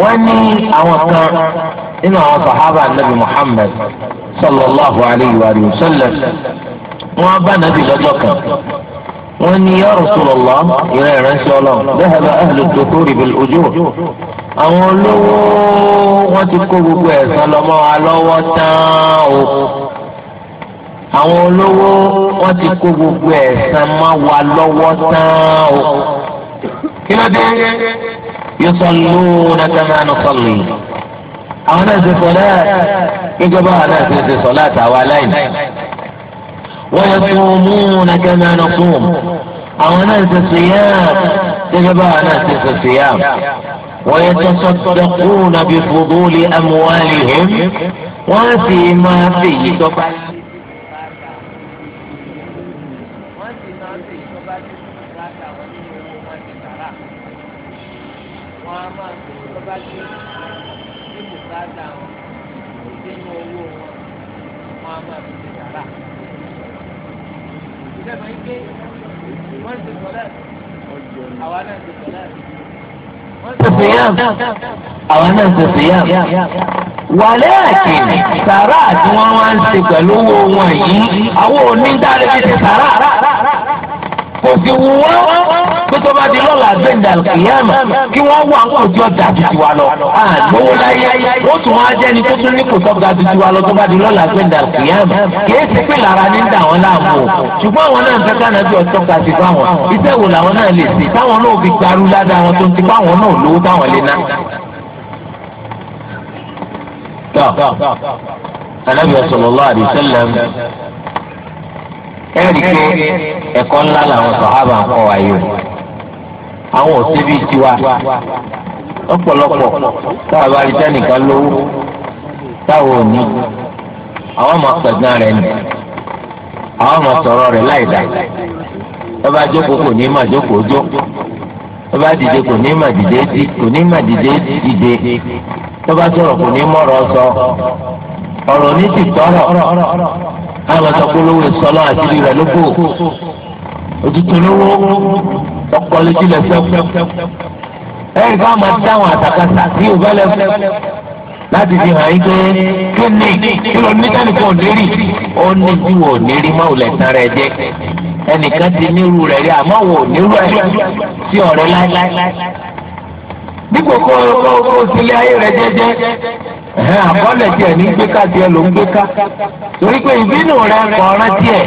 wọ́n ní àwọn kan nínú àwọn sàhábà nàbì sallallahu alayhi wọ́n ní ya Rasulullah ìrẹ́ ìránṣẹ́ ọlọ́run dhahaba ahlu dukuri bil ujur àwọn olówó wọ́n ti kó gbogbo ẹ̀san lọ́mọ́ wa lọ́wọ́ tán o àwọn olówó wọ́n ti kó gbogbo ẹ̀san mọ́ wa lọ́wọ́ tán o kí ló dé yusalluna kama nusalli àwọn náà ti sọ náà gbígbọ́ náà ti sọ láti àwa láì ويصومون كما نصوم أو ناس الصيام يا جماعة ننسى الصيام ويتصدقون بفضول أموالهم وفيما فيه تفعل siyam àwọn náà ṣe siyam wàlẹ́ àti sàrà tí wọ́n wá ń ṣe pẹ̀lú owó wọn yìí àwọn onídàárí ti sàrà kò fi wù wọ́n pé tó bá di lọ́la gbẹ̀ndà kìyàmà kí wọ́n wà ń kọjú ọ̀dà tuntun wa lọ. àlówó láyé ó tún wá jẹ́ ni tó tún ní kò tọ́ga tuntun wa lọ tó bá di lọ́la gbẹ̀ndà kìyàmà kìí ti pé lára ní dà wọ́n láàmú o. ṣùgbọ́n àwọn náà ń fẹ́ kánà bí ọ̀tọ́ ka ti fáwọn iṣẹ́ wo làwọn náà lè ṣe táwọn náà fi gbarú ládàá wọn tó ti fáwọn náà lówó táwọn lè ná. tọ́ anábìyẹ sọ̀rọ̀ lọ́ ẹ rí i pé ẹ̀kọ́ ńlá làwọn sọ̀hábà ń wa o àwọn tiwa ọpọlọpọ táwa rí sẹ́nìkan lówó táwa ò ní àwọn ọmọ pẹ̀gàn rẹ̀ nì àwọn ọmọ ọba jókòó kò ní mà jókòó ọba dìde kò ní dìde dì kò ní dìde ọba kò ní sọ ní ti àwọn sọ pé lówó ìsọlọ àti rẹ ló bò òtútù lówó ọpọlọ jùlọ fẹ ẹyìn ká máa dáhùn àtàkàtà tí ò bá lẹ fẹ láti fi hàn yín pé kí ni kí ló ní kẹ́nìkan ò nírì ó ní bí wò nírí máa wùlẹ̀ tán rẹ jẹ ẹnìkan ti nírú rẹ rí àmọ́ wò nírú ẹ sí ọ̀rẹ́ láéláé dípò kó o sílé ayé rẹ jẹ́jẹ́. àkọọ́lẹ̀ a ní gbéka tiẹ̀ ló ń gbéka torí pé ìbínú rẹ kọ̀ ọ̀ràn tiẹ̀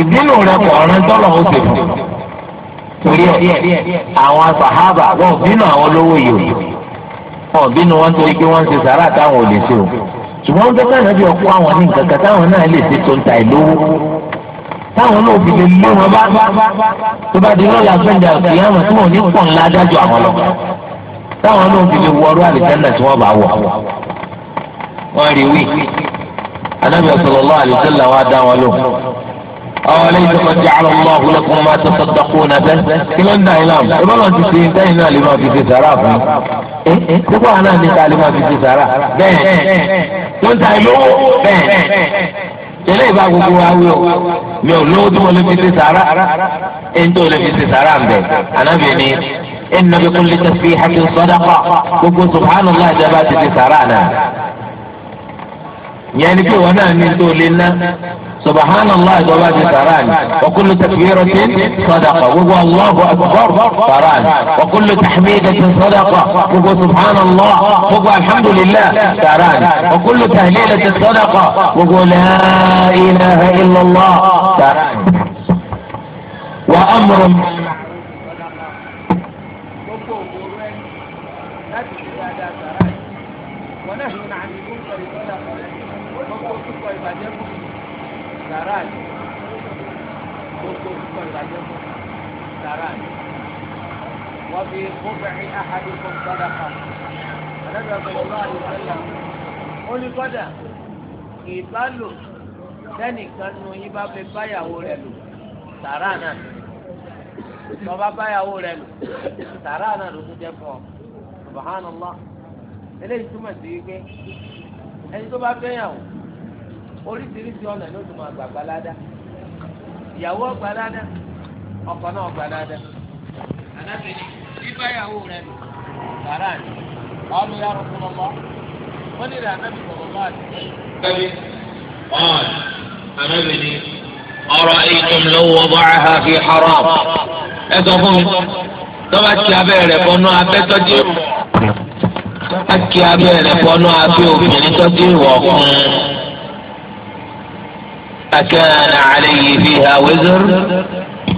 ìbínú rẹ kọ̀ ọ̀ràn tọ́lọ̀ ó fún torí ẹ̀ àwọn sàhábà wọn bínú àwọn olówó yìí wọn bínú wọn torí pé ṣe sàrà táwọn ò lè ṣe o ṣùgbọ́n bí ọkọ àwọn ní nǹkan ta ìlówó táwọn náà fi lè lé wọn bá tó bá di lọ́la táwọn náà fi lè wọrú àlìjáná tí wọ́n bá wọ̀ wọ́n rí wí anábì sallallahu alaihi wasallam wa dá wọn lò àwọn ọlẹ́yìn tó kọjá àlọ́ mọ́ ọ̀húnlẹ̀ kó máa tó sọ́dọ̀ kó náà kí ló ń dá yín ìbọn náà ti ìtẹ́yìn náà lè máa fi sàrà fún un púpọ̀ àná lè máa fi sàrà bẹ́ẹ̀ ta bẹ́ẹ̀ ìbá gbogbo wa wí o mi ò lówó ان بكل تسبيحه صدقه وقل سبحان الله جبات في سرانا يعني في وانا من دول سبحان الله جواب سران وكل تكبيرة صدقة وقل الله أكبر سران وكل تحميدة صدقة وقل سبحان الله وقل الحمد لله سران وكل تهليلة صدقة وقل لا إله إلا الله سران وأمر sàrà ni gbogbo nǹkan ìdájọ́ fún sàrà ni wọ́n fi kan ọ̀dọ́dọ̀ ó ní ìbálò lẹ́nìkan nu yín bá báyàwó rẹ̀ lò sàrà náà báyàwó rẹ̀ lò sàrà náà ló tún jẹ́ fún ọ subhanallah eléyìí túmọ̀ sí wípé ẹni tó bá oríṣiríṣi ọ̀nà ló tún máa gbà gbalada ìyàwó gbalada ọkọ náà gbalada. alábẹ́ni bíbáyàwó rẹ̀ nù sàrà ni ọmọ yàrá fún ọmọ wọn ní rẹ̀ anábì sọ̀rọ̀ bá àti. kẹ́mi ọ̀n anábì ni ọ̀rọ̀ ìtum lówó bọ́ọ̀hà fi haram ẹ sọ fún mi tọ́ba ti abẹ́ rẹ̀ bọ́nú tọ́ba ti abẹ́ bọ́nú abẹ́ obìnrin tọ́jú ìwọ̀ fún un akana alayhi fiha wizr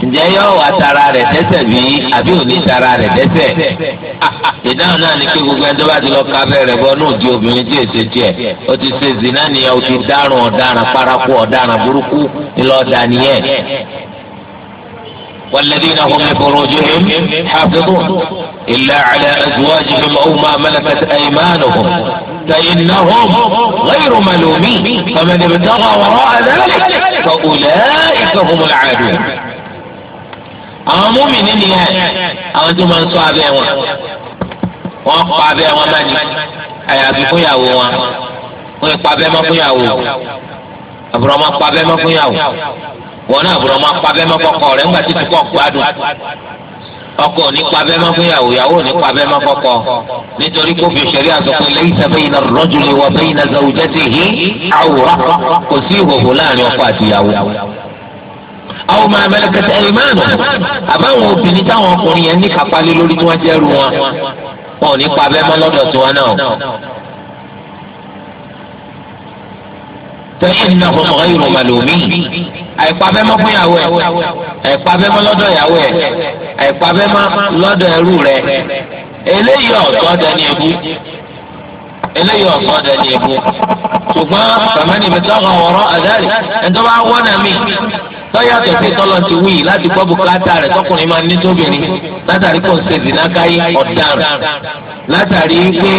ǹjẹ́ yóò wá tara rẹ̀ dẹ́ṣẹ̀ bí àbí ò ní tara rẹ̀ dẹ́ṣẹ̀ ìdáhùn náà ni pé gbogbo ẹni tó bá ti lọ ka bẹ́rẹ̀ bọ́ náà di obìnrin tí èsè tiẹ̀ ó ti ṣe zina nìyẹn ó ti dárùn ọ̀daràn paraku ọ̀daràn burúkú ńlọ́ọ̀dà nìyẹn. والذين هم لفروجهم حافظون إلا على أزواجهم أو ما ملكت أيمانهم فإنهم غير ملومين فمن ابتغى وراء ذلك فأولئك هم العادون àwọn múmìnì nìyẹn àwọn tó máa ń ṣọ́ abẹ́ wọn wọ́n pa abẹ́ wọn máa ní àyàfi fúnyàwó wọn wọ́n pa abẹ́ mọ́ fúnyàwó àbúrò máa pa abẹ́ mọ́ fúnyàwó wọn náà àbúrò máa pa abẹ́ mọ́ kọ́kọ́ rẹ̀ ńgbà títí kọ́ gbádùn ọkọ ò ní pa abẹ́ mọ́ fún yàwó yàwó ò ní pa abẹ́ mọ́ fọ́kọ nítorí kó fi ṣẹ̀rí àsọpọ̀ laysa bayna ar-rajuli wa bayna zawjatihi awra kò sí ìhòòhò láàrin ọkọ àti yàwó. àwọn ọmọ abẹ́lẹ́kẹsẹ̀ ẹ̀rìmánu àbáwọn obìnrin táwọn ọkùnrin yẹn ní kápálẹ́ lórí tí wọ́n jẹ́rù wọn wọn ò ní pa abẹ́ mọ́ tiwọn náà فإنهم غير ملومين àìpabẹ́ mọ́ fún ìyàwó ẹ̀ àìpabẹ́ mọ́ lọ́dọ̀ ìyàwó ẹ̀ àìpabẹ́ mọ́ lọ́dọ̀ ẹrú rẹ̀ eléyìí ọ̀tọ̀ dání ẹbú eléyìí ọ̀sán ọ̀dà ni èbú ṣùgbọ́n bàmánì mi tọ́kàn ọ̀rọ̀ àdáàlì ẹ̀dọ́ bá wọ́n náà mi tọ́yàtọ̀ sí tọ́lọ̀ ti wí láti gbọ́ bùkátà rẹ̀ tọkùnrin máa ní tóbìnrin látàrí kò ń ṣe ìdínákáyé ọ̀daràn látàrí pé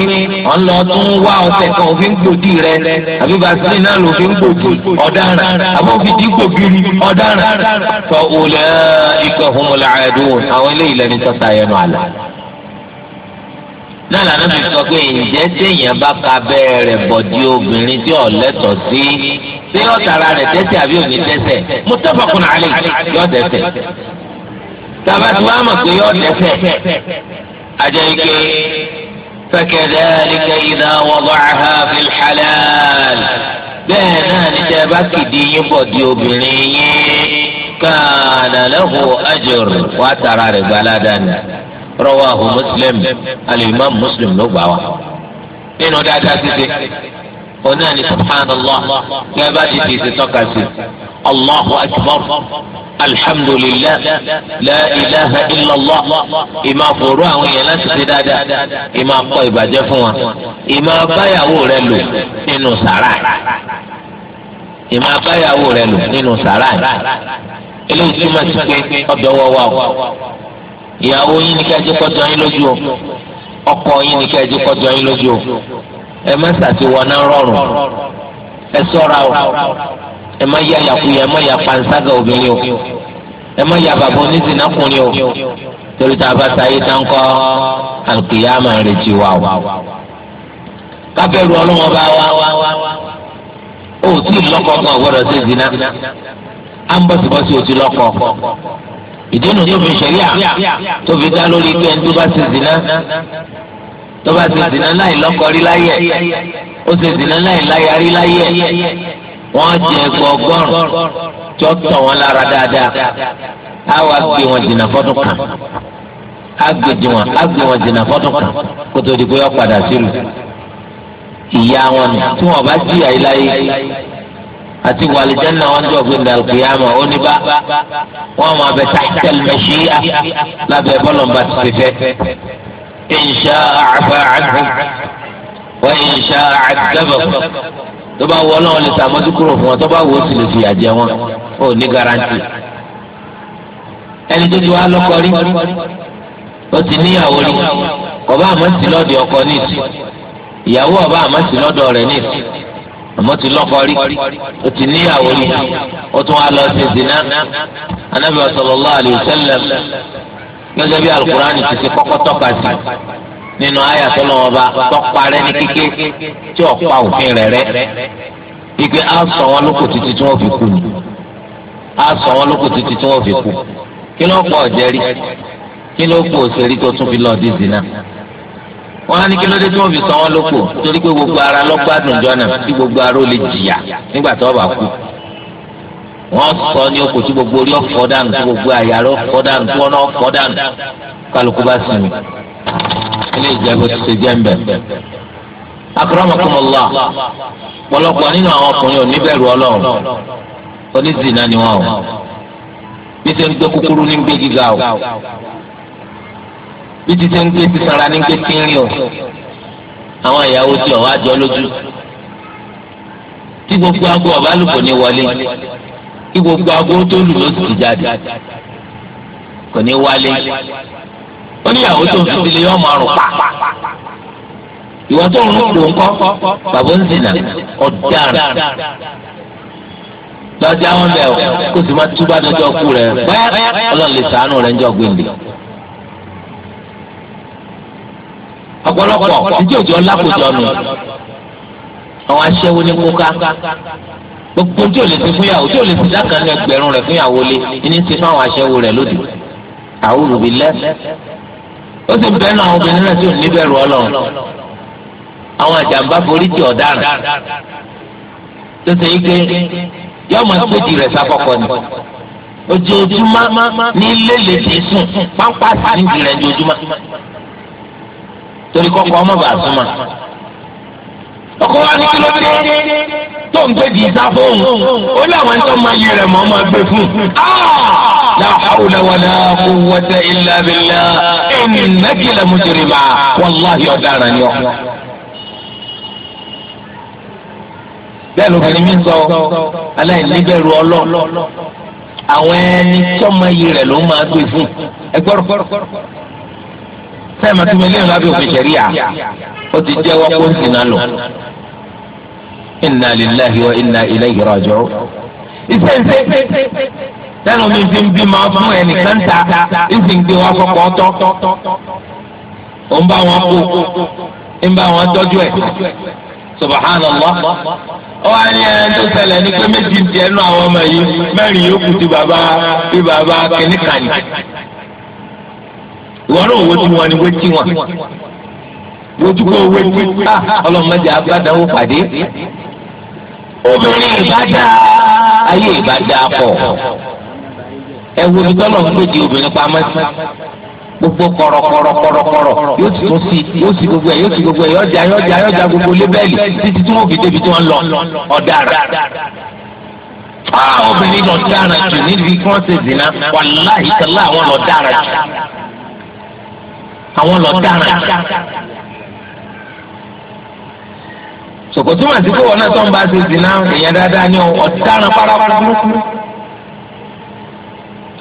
ọ̀nlọ tún wá ọ̀sẹ̀ kan òfin gbòdì rẹ àbí vaseline náà lòfin gbòdì ọ̀daràn àbọ̀ òfin dì gbòbìrì ọ̀daràn. fọ òòlù ikọ̀ fún mi làádùn àwọn eléyìí lẹ́ni tọ́ta yẹnu àlà náà lànà mi sọ pé ǹjẹ́ téèyàn bá ka bẹ́ẹ̀ rẹ̀ bọ̀ di obìnrin tí ò lẹ́tọ̀ọ́ sí ṣé yóò tara rẹ̀ tẹ́tẹ́ àbí òní tẹ́tẹ́ muttafaqun alayh yóò tẹ́tẹ́ tàbátì wàá mọ̀ pé yóò tẹ́tẹ́ àjẹ́ ike fakadhalika idha wada'aha fil halal bẹ́ẹ̀ náà ní bá kìdí yín bọ̀ di obìnrin yín kana lahu ajr wàá tara rẹ̀ gbaládàá náà rawahu muslim al-imam muslim ló gbà wá. nínú dáadáa títí oní àní subhanallah kí ẹ bá ti ti ti tọ́ka sí allahu akbar alhamdulillah la ilaha illallah ìmọ̀ àfòrò àwọn èèyàn láti ṣe dáadáa ìmọ̀ àpọ̀ ìbàjẹ́ fún wa ìmọ̀ abáyàwó rẹ lò nínú sàrà ìmọ̀ abáyàwó rẹ lò nínú sàrà eléyìí túmọ̀ sí pé ọ̀dọ́wọ́wọ́ ìyàwó yín ni kẹ́ẹ́ jẹ́ kọjọ yín lójú o ọkọ yín ni kẹ́ẹ́ jẹ́ kọjọ yín lójú o ẹ má ṣàtiwọ́ náà rọrùn ẹ sọ́ra o ẹ má ya yàkuyà ẹ má ya panṣágà obìnrin o ẹ má ya bàbá onídìínàkùnrin o torí tá a bá ta yìí tán kọ́ àlùkìyà máa ń retí wa o. kábẹ́rù ọlọ́wọ́n bá wa ó tí lọ́kọ̀ọ́kan ọ̀gbọ́dọ̀ sí ìdínà á ń bọ̀sibọ́sí òtí lọ́kọ̀ọ́ ìdínú tó fi ṣẹlẹ̀ tó fi dá lórí pé ẹni tó bá ti zina tó bá ti zina láì lọ́kọ rí láyé ó ti zina láì láya rí láyé wọ́n jẹ gbọgọrùn tí ó tọ̀ wọ́n lára dáadáa á wá gbé wọn jìnnà fọ́dún kan á gbé wọn á gbé wọn jìnnà fọ́dún kan kó tó di padà sílùú ìyá wọn ni tí wọ́n bá jìyà yìí àti wàlìjẹ́nà wọn jọ gbé ndàlù kìyàmà oníbà wọn máa bẹ tàìtẹ́l mẹ́ṣíà lábẹ́ bọ́lọ̀mbà ti ṣe fẹ́. ìnṣà àfà àdùn wọ́n ìnṣà àdùgbẹ́bọ̀ tó bá wọ ọlọ́run lè sàmójú kúrò fún wọn tó bá wọ ó sì lè fìyà jẹ wọn ó ní garanti. ẹni tó ti wá lọ́kọ rí ó ti níyàwó rí ọba àmọ́ sí ọkọ ní ìyàwó ọba àmọ́ lọ́dọ̀ rẹ̀ ní àmọ́ ti lọ́kọ rí o ti níyàwó rí o tún wá lọ sí zina anabi sallallahu alayhi wa sallam gẹ́gẹ́ bí alukurani ti ṣe kọ́kọ́ tọ́ka sí nínú àyà tọ́lọ́mọba tọ́pa rẹ ní kíké tí ò òfin rẹ̀ rẹ́ ike á sọ wọn lóko títí tí wọ́n fi kú ni á sọ wọn lóko títí tí wọ́n fi kú kí ló pọ̀ jẹ́rí kí ló pọ̀ òṣèré tó tún fi lọ́ọ́ di zina wọn á ní kí ló dé tí wọn fi sọ wọn lóko torí pé gbogbo ara lọ́gbàdùn jọ́nà tí gbogbo ara ó lè jìyà nígbà tó bá kú wọn sọ ní oko tí gbogbo orí ọ̀fọ́ dànù tí gbogbo àyà rẹ ọ̀fọ́ dànù tí wọn náà ọ̀fọ́ dànù kálukú bá sinmi ilé ìjẹ́bù ti ṣe jẹ́ mbẹ́. akramakumullah pọ̀lọpọ̀ nínú àwọn ọkùnrin oníbẹ̀rù Ọlọ́run onízìnnà ni wọn o bí sẹ ń gbé kúkúrú ní gbé gíga o bí títí ń ké ti sara ní ké ti ń rìn o àwọn ìyàwó tí ọ̀wá jọ lójú tí gbogbo aago ọ̀bá lùkò ní wọlé kí gbogbo aago tó lù ló sì jáde kò ní wálé ó ní ìyàwó tó ń fi sílé ọmọ àrùn pa ìwọ tó ń lò ń kọ́ bàbá ń zìnà ọ̀daràn lọ́jà wọn bẹ̀ kó sì má túbà lọ́jọ́ kú rẹ̀ bẹ́ẹ̀ ọlọ́run lè sàánú rẹ̀ ń jọ gbìndín. ọ̀pọ̀lọpọ̀ ǹjẹ́ òjò ọlákòjọ nù àwọn aṣẹ́wó ní kóká gbogbo tí o lè ti fúnyàwó tí o lè ti dákan ní ẹgbẹ̀rún rẹ̀ fúnyàwó lé ní ti fáwọn aṣẹ́wó rẹ̀ lódì àwòrán òbí lẹ́ ó sì bẹ́ẹ̀ náà àwọn obìnrin náà tí ò ní bẹ̀rù ọlọ́run àwọn àjàmbá forí ti ọ̀daràn tó ṣe ike yóò máa tóbi rẹ̀ sákọ̀kọ̀ ni ojoojúmọ́ ní ilé lè ti sùn pápá sí ìdí rẹ̀ ojoojúmọ́ torí kọ́kọ́ ọmọ bàá súnmọ́. ọkọ wa ní kí ló dé tó ń gbé di ìta fóun ó láwọn ẹni tó máa yẹ rẹ̀ mọ́ máa gbé fún un. la hawla wala quwwata illa billah innaka la mujrima wallahi ọ̀daràn ni ọ. bẹ́ẹ̀ lóbìnrin mi sọ aláìníbẹ̀rù ọlọ́ àwọn ẹni tó máa yẹ rẹ̀ ló máa gbé fún un. ẹ sẹ́yìn máa tún eléyìí lábẹ́ òfin ṣẹ̀ríà ó ti jẹ́wọ́ kó ń sìn náà lò inna lillahi wa inna ilayhi raji'un. iṣẹ́ ìṣe sẹ́nu mi fi ń bí máa fún ẹnìkan ta ìsì ń gbé tọ́ ó ń bá wọn kó ń bá wọn tọ́jú ẹ̀ subhanallah ó wá ní ẹni tó ṣẹlẹ̀ ní pé méjì ń tiẹ̀ nù àwọn ọmọ yìí mẹ́rin yóò kù bàbá bí bàbá kìnnìkan ni ìwọ náà owó tí wọn ni wé tí ah, wọn lójú kó owó tí ọlọ́mọdé abádàwó pàdé obìnrin ìbádá ayé ìbádá pọ̀ ẹ wo ní tọ́lọ̀ ń gbèdé obìnrin pamọ́ sí gbogbo kọ̀rọ̀kọ̀rọ̀ kọ̀rọ̀kọ̀rọ̀ yóò sì tún sí yóò sì gbogbo ẹ̀ yóò sì gbogbo ẹ̀ yọjà yọjà yọjà gbogbo lébẹ́lì títí tí wọ́n fi débi tí wọ́n lọ ọ̀daràn ah, obìnrin lọ dára jù níbi kí wọ́n ṣe zina wàláhìí kẹlẹ́ àwọn lọ dára jù àwọn lọ dáràn sòkòtò mà sí pé wọn náà tó ń bá ṣe dìnnà èèyàn dáadáa ní ọ̀daràn paraku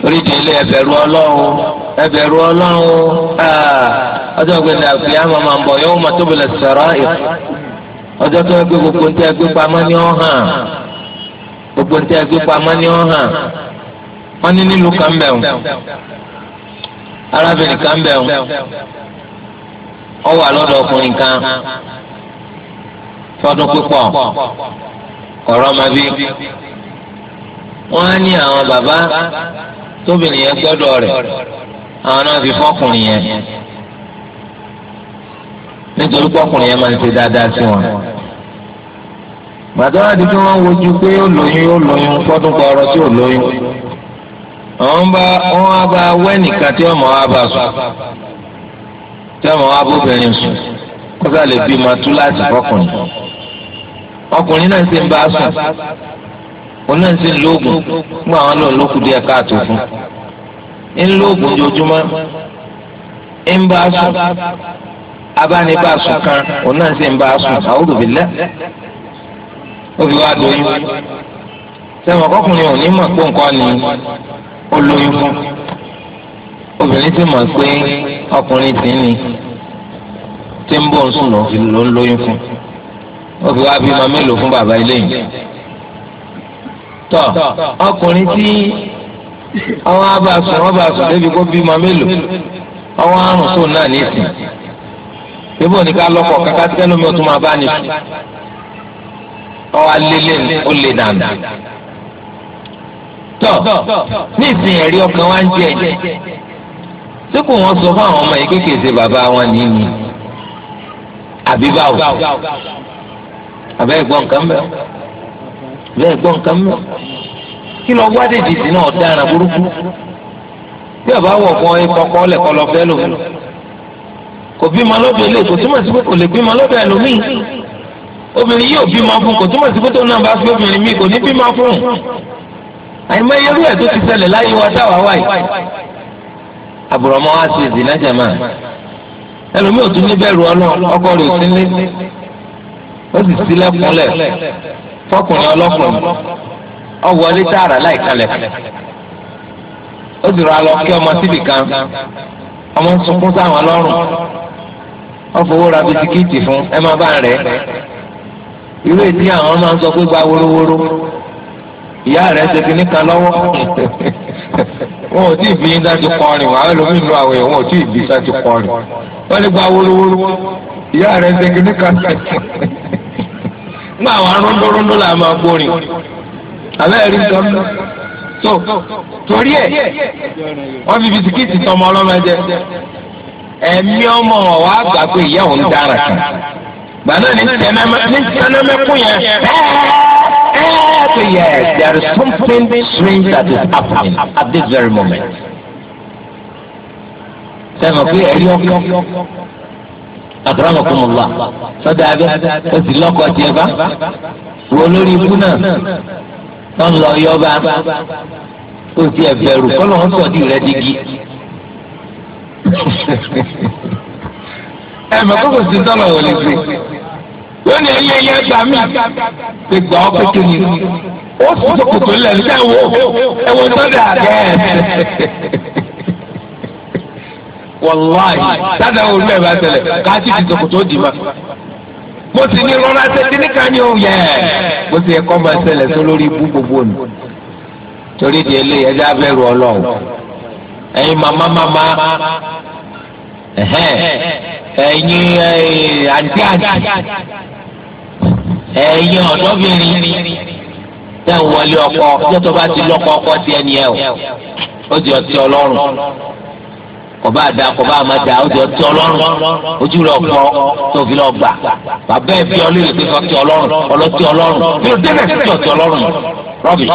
torí di ilé ẹbẹ̀rù ọlọ́run ẹbẹ̀rù ọlọ́run ah, ọjọ́ ìgbẹ́ni àfihàn àmọ́ máa ń bọ̀ yóò máa tóbi lè sọ̀rọ̀ ìfọ̀ ọjọ́ tó ń gbé gbogbo ń tẹ́ gbé pamọ́ ní ọ̀hàn gbogbo ń tẹ́ gbé pamọ́ ní ọ̀hàn wọ́n ní nílùú kan bẹ̀rù arábìnrin kan bẹ̀ ọ́n ọ wà lọ́dọ̀ ọkùnrin kan fọdún pípọ̀ kọ̀rọ̀ ma bí wọ́n á ní àwọn bàbá tóbìnrin yẹn gbọ́dọ̀ rẹ̀ àwọn náà fi fọ́kùnrin yẹn nítorí pọ́kùnrin yẹn máa ń ṣe dáadáa sí wọn gbàdúrà dídí wọn wojú pé ó lóyún ó lóyún fọdún kọ ọ̀rọ̀ tí ò lóyún àwọn bá wọn á bá wẹ́nìkan tí ọmọ wa bá sùn tí ọmọ wa bóbìnrin sùn kọ́sà lè bí ma tú láti fọkùnrin ọkùnrin náà sì ń bá sùn òun náà sì ń lóògùn fún àwọn náà lókùn díẹ̀ káàtó fún ń lóògùn ojoojúmọ́ ń bá sùn abánibásùn kan òun náà sì ń bá sùn àwùjọ bìlẹ̀ ó fi wá doyún sẹ́wọ̀n ọkùnrin ò ní mọ̀ pé nǹkan ni ó lóyún fún obìnrin sì mọ̀ pé ọkùnrin tì í ni tí ń bọ̀ ń sùn ló ń lóyún fún ó fi wá bímọ mélòó fún bàbá eléyìí tọ ọkùnrin tí àwọn abàsùn wọn bàsùn débi kó bímọ mélòó àwọn àrùn tó náà nísìn bíbọ̀ ní ká lọ́kọ̀ kàkà tẹ́lómi ó máa bá nìsú ọwọ́ alẹ́lẹ́ ó lè dànù tọ ní ìsìn ẹ̀rí ọkàn wa ń jẹ tí kò wọ́n sọ fún àwọn ọmọ yìí kékeré ṣe bàbá wọn nìyí àbí báwo àbẹ́ ìgbọ́n kan bẹ́ẹ̀ bẹ́ẹ̀ ìgbọ́n kan bẹ́ẹ̀ kí lọ wá dèjì sí náà dára burúkú bí ọba wọ̀ kan ìkọ̀kọ́ lẹ̀kọ́ lọ fẹ́ lòun kò bímọ lọ́dọ̀ ilé kò túmọ̀ sí pé kò lè bímọ lọ́dọ̀ ẹlòmíì obìnrin yóò bímọ fún kò túmọ̀ sí pé tó náà bá fi obìnrin mi kò ní bímọ fún àyìnbó irú ẹ̀ tó ti ṣẹlẹ̀ láyé wa táwa wáyé àbùrọ̀mọ́ wa sì zìnà jàmá ò tún ní bẹ̀rù ọlọ́run ọkọ rẹ̀ nri. O si ó sì sílẹ̀kùnlẹ̀ fọkùnrin ọlọ́kùnrin ọ̀wọ́lé tààrà láìkalẹ̀ ó sì rọ alọ kí ọmọ síbì kan ọmọ sunkún sáwọn ọlọ́run ra fún ẹ má bá rẹ̀ àwọn máa ń sọ pé gba ìyá rẹ̀ ṣe kínní kan lọ́wọ́ wọn ò tí ì bí dájú kọrin wàá lómi inú àwẹ̀ wọn ò tí ì bí dájú kọrin wọ́n lè gba wolowolo ìyá rẹ̀ ṣe kínní kan nígbà àwọn arúndúrúndú là máa gbórin àbẹ́ẹ̀ rí nǹkan mú so torí ẹ̀ wọ́n fi bisikíìtì tọmọ ọlọ́mọ jẹ ẹ̀mí ọmọ wa gbà pé ìyá òun dára kan gbà náà ní tẹnẹmẹkùn yẹn every year there is something strange that is happening at this very moment. sẹ́nu pé ẹ̀rí ọ̀kọ́ akramakumullah sọ́dọ̀ abẹ́ òsì lọ́kọ̀ tiẹ̀ bá wo lórí ikú náà wọ́n lọ yọba òsì ẹ̀bẹ̀rù kọ́ lọ́wọ́ sọ̀dí rẹ̀ digi. ẹ̀mẹ̀kọ́ kò sí sọ́nà òní sí yóò ní ẹyẹ ẹyẹ gbà mí ti gbà ọ́ pẹ́tù ni ó sì tó kòtò ńlẹ̀ ní ẹ̀wọ̀ ẹ̀wọ̀ sọ́dà gẹ́ẹ̀sì. wàláì dáadáa wo ló ẹ̀ bá tẹ̀lẹ̀ káàtì ti tòkòtò dì ma mo sì ní rọra tẹ́tí ní kányé o yẹ mo sì yẹ kọ́ máa ṣẹlẹ̀ tó lórí ibú gbogbo nù torí di eléyìí ẹjẹ abẹ́rù ọlọ́run ẹ̀yin màmá màmá ẹ̀yin àǹtí àǹtí ẹ̀yin ọ̀dọ́bìnrin tẹ́ ń wọlé ọkọ ọjọ́ tó bá ti lọ́kọ ọkọ ti ẹni ẹ o ó di ọtí ọlọ́run kò bá da kò bá má da ó di ọtí ọlọ́run ojú rẹ̀ ọ̀pọ̀ tó fi lọ gbà bàbá ẹ̀ fi ọlọ́run pé ọtí ọlọ́run ọlọ́tí ọlọ́run bí ó débẹ̀ sí ọtí ọlọ́run rọ́bì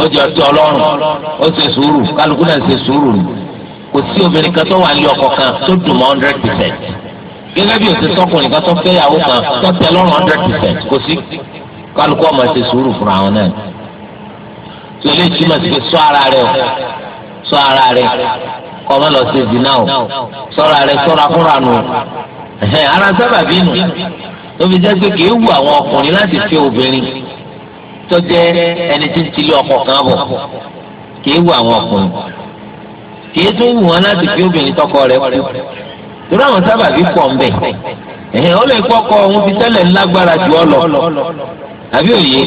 ó di ọtí ọlọ́run ó ṣe sùúrù kálukú náà ṣe sùúrù kò sí obìnrin kan tó wà ní ọkọ kan tó dùn mọ́ hundred percent gẹ́gẹ́ bí òsè sọ́kùnrin kan tó fẹ́ ìyàwó kan tó tẹ lọ́rùn hundred percent kò sí kálukú ọmọ ṣe sùúrù fún àwọn náà tó lè túmọ̀ sí pé sọ ara rẹ o sọ ara rẹ kọ́ ọmọ lọ sí ìdìnnà o sọ́ra rẹ sọ́ra fúnra nù ara sábà bí nù lóbi jẹ́ pé kì í wù àwọn ọkùnrin láti fẹ́ obìnrin tó jẹ́ ẹni tí ń tilé ọkọ kan bọ̀ kì í wù àwọn ọkùnrin kì í tún wù wọn láti fẹ́ obìnrin tọkọ rẹ̀ kú torí àwọn sábàbí pọ̀ ń bẹ̀ ẹ̀hìn ó lè kọ́kọ́ òun fi tẹ́lẹ̀ ńlágbára jù ọ lọ àbí òye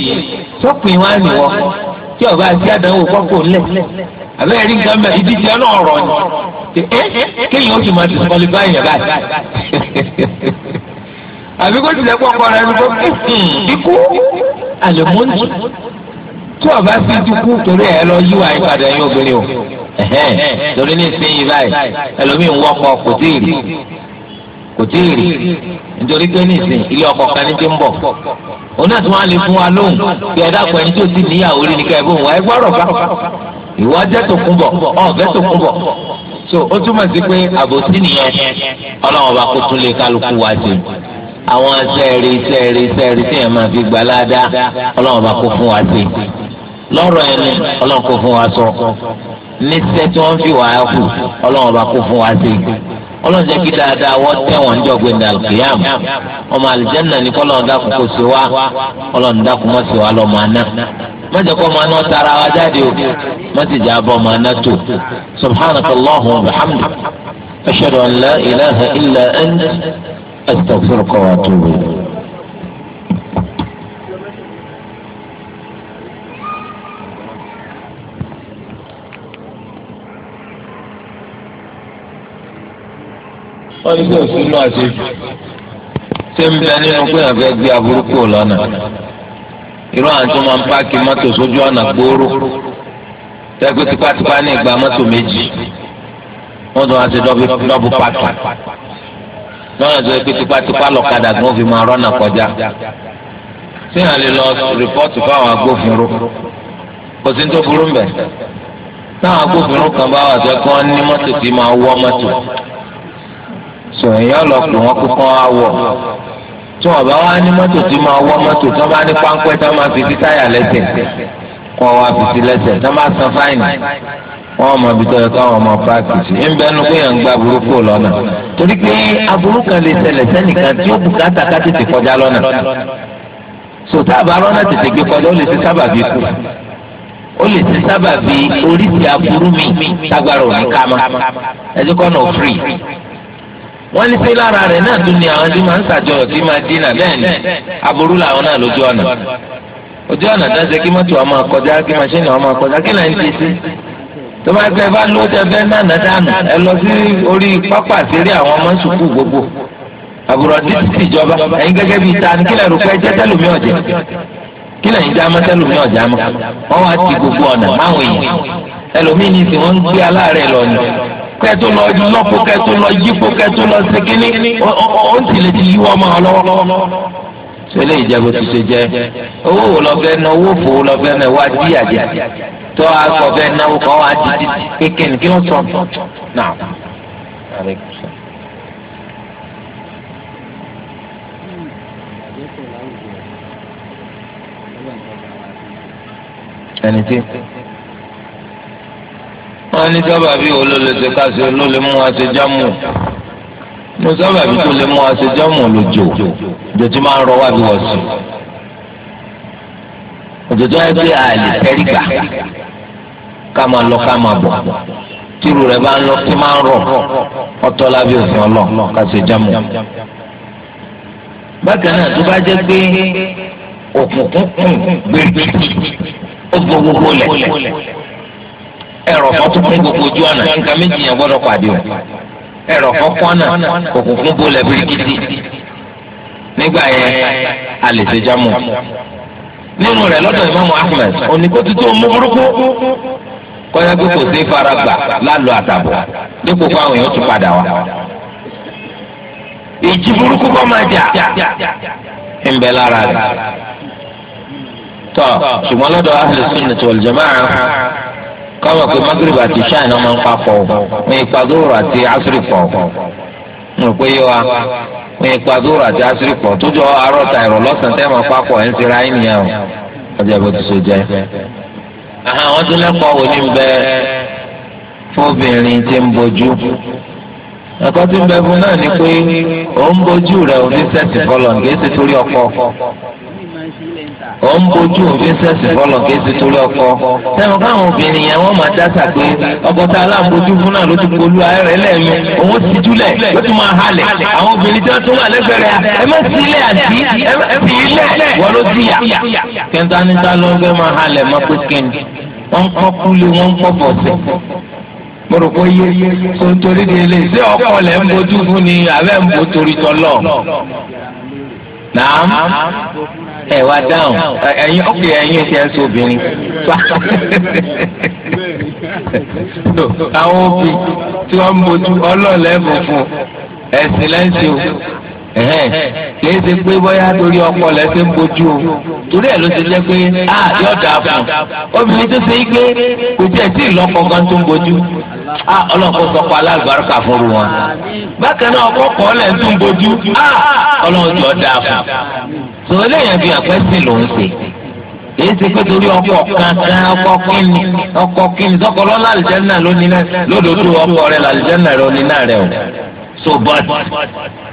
sọ́pìn wa nìwọ tí ọba àti àdánwò kọ́kọ́ ńlẹ̀ àbẹ́ ẹ̀rí nǹkan mẹ́ ibi tí ọlọ́run rọ ni kéèyàn ó sì máa tún kọ́lé báyìí yẹn báyìí àbí kó tilẹ̀ kọ́kọ́ rẹ ní kó ikú àlẹ́ mọ́ni tí ọba fi dúkú torí ẹ lọ yí wa ìpadà ẹyin obìnrin o torí ní ìsinyìí báyìí ẹlòmíì ń wọkọ kò tí ì rí kò tí ì rí nítorí pé ní ìsìn ilé ọkọ kan ní ti ń bọ̀ òun náà tí wọ́n á lè fún wa lóhùn bí ẹ̀dá pẹ̀ ní tí ó ti níyàwó rí ni ká ẹ̀bùn wa ẹ gbọ́rọ̀ bá ìwọ jẹ́ tó kún bọ̀ ọ̀bẹ tó kún bọ̀ so ó túmọ̀ sí pé àbòsí nìyẹn ọlọ́run ọba kó tún lè kálukú wa jẹ àwọn sẹ́ẹ̀rì sẹ́ẹ̀rì sẹ́ẹ̀rì tí yẹn máa fi gbà ládàá ọlọ́run ọba kó fún wa jẹ lọ́rọ̀ ẹni ọlọ́run kò fún wa sọ níṣẹ́ tí wọ́n fi wàá kù ọlọ́run ọba kò fún wa sí ọlọ́run jẹ́ kí dáadáa wọ́n tẹ̀wọ̀n ń jọ̀gbìn ní alùpùpù ọmọ àlìjẹ́nà ní kọ́lọ́run dákun kò sí wa ọlọ́run dákun mọ́ sí wa lọ́ máa ná kọ́ máa ná tara wa jáde o mọ́tò jà bọ́ ná tó subhanaka wa bihamdik ashhadu an la ilaha illa anta astaghfiruka wa atubu ilayk. wọ́n ní kí òsínú àṣejù ṣé ń bẹ nínú pé àfẹ́ gbé aburúkú lọ́nà irú àwọn tó máa ń páàkì mọ́tò sójú ọ̀nà gbòòrò tẹ́gbẹ́ tipátipá ní ìgbà mọ́tò méjì wọ́n tó máa ṣe dọ́bù pátá lọ́nà tó yẹ pé tipátipá lọ́kadà gan fi máa rọ́nà kọjá tí yàn lè lọ rìpọ́tù fáwọn agbófinró kò sí tó burú mbẹ̀ táwọn agbófinró kan bá wà sẹ́kọ́ ní mọ́tò tí máa wọ́ mọ́tò. sọ èèyàn lọ pè wọn kó kán wá tí wọn bá wá ní mọ́tò tí máa wọ mọ́tò tí wọn bá ní páńpẹ́ tí wọn máa fi táyà kọ wá san fáìnì wọn ibi tó ọmọ pàkìtì ń bẹnu pé yẹn ń gba burúkú torí pé aburú kan lè ṣẹlẹ̀ sẹ́nìkan tí ó bùkátà ká tètè kọjá tètè gbé kọjá ó lè kú ó lè oríṣi aburú mi tágbára òní ká wọ́n ní sí lára rẹ̀ náà tún ni àwọn tí máa ń ṣàjọyọ̀ tí máa dínà bẹ́ẹ̀ ni aburú làwọn náà lójú ọ̀nà ojú ọ̀nà dáńsẹ́ kí mọ́tò ọmọ akọjá kí máṣínì ọmọ akọjá kí náà ń ti sí tó bá gbẹ bá ló tẹ fẹ́ náà náà dànù ẹ lọ sí orí pápá àwọn ọmọ sùkú gbogbo gẹ́gẹ́ bíi ta ni ọ̀jẹ̀ kẹtù lọ lọpọ kẹtù lọ yípo kẹtù lọ segini ó sì lè ti yí wọn mọ lọ́wọ́lọ́wọ́ sọlẹ ìjẹbù ti ṣe jẹ owó wò lọfẹ náà owó fò wò lọfẹ náà wá dí àjẹ tó akọfẹ náà kọ wá di kékeré kí wọn sọ náà. anything wọn ní sábàbí wo ló lè ṣe káṣí ló lè mú wa ṣe jámù ní sábàbí tó lè mú wa ṣe jámù lójò jòtí máa ń rọ wá bí wọ́n sùn òjòjò ẹ gbé àlè tẹ́rígbà ká máa lọ ká máa bọ̀ tírù rẹ̀ bá ń lọ tí máa ń rọ̀ ọtọ́ lábẹ́ òfin ọlọ́ọ̀ ká ṣe jámù. bákan náà tó bá jẹ́ pé òkùnkùn kùn gbèrè ó gbogbo lẹ̀ ẹ̀rọ kan tún fún gbogbo ojú ọ̀nà nǹkan méjì yẹn gbọ́dọ̀ pàdé o ẹ̀rọ kan kọ́nà òkùnkùn bó lẹ́bìrì kìtì nígbà yẹn a lè ṣe jámù nínú rẹ̀ lọ́dọ̀ ìmọ̀mù Ahmed oníkótó tó mú burúkú kọ́yá pé kò sí faragbà lálọ́ àtàbọ̀ dípò fáwọn èèyàn tún padà wá ìjì burúkú kọ́ máa jà ń bẹ lára rẹ̀ tọ́ ṣùgbọ́n lọ́dọ̀ Ahlus Sunnah wal Jama'ah. káwọn pé magreth àti ṣáà náà máa ń papọ̀ wọn ipa dóòrò àti asiri pọ̀ mo pé yé wọn ipa dóòrò àti asiri pọ̀ tójọ arọ́ ẹ̀rọ lọ́sàn-án tẹ́ ẹ̀ ń ṣe ra so jẹ. àwọn tún lẹ́kọ̀ọ́ wò ní fóbìnrin ń bojú ẹ̀kọ́ tí ń bẹ fún náà ni pé òun bojú rẹ̀ sẹ́sì ọkọ ó ń bójú òfin sẹ́sì fọlọ̀ kí esi torí ọkọ sẹ́wọ̀n káwọn obìnrin yẹn wọ́n máa dásà pé ọkọ tá Polu fún náà ló ti polú ààrẹ lẹ́ẹ̀mí òun ti júlẹ̀ ló ti máa halẹ̀ àwọn obìnrin tí wọ́n tún wà ẹ má ilé ẹ fi wọ́n ló yà. kẹta ní ta ló ń fẹ́ máa halẹ̀ máa pé wọ́n ẹ wá dáhùn ẹ̀yin ọkẹ ẹ̀yin ti ẹ ń sọ obìnrin àwọn òbí tí wọ́n ń bójú ọlọ́ọ̀lẹ́bùn fún ẹ̀sìn lẹ́sìn o. kìí pé bóyá torí ọkọ lẹ ṣe ń bójú o torí ẹ ló ṣe jẹ pé a ah, yọ dà fún obìnrin tó ṣe é gbé kò tiẹ̀ tí ì gan tó ń bójú a ah, ọlọ́kọ sọkọ alágbàrúkà fún wọn bákan náà ọkọ tó ń bójú a ah, ọlọ́run yọ dà fún tòun eléyàn bí àpẹ́sìn lòún ṣe èyí ti ọkọ kankan ọkọ kínní ọkọ kínní lónìí náà lódodo ọkọ náà o so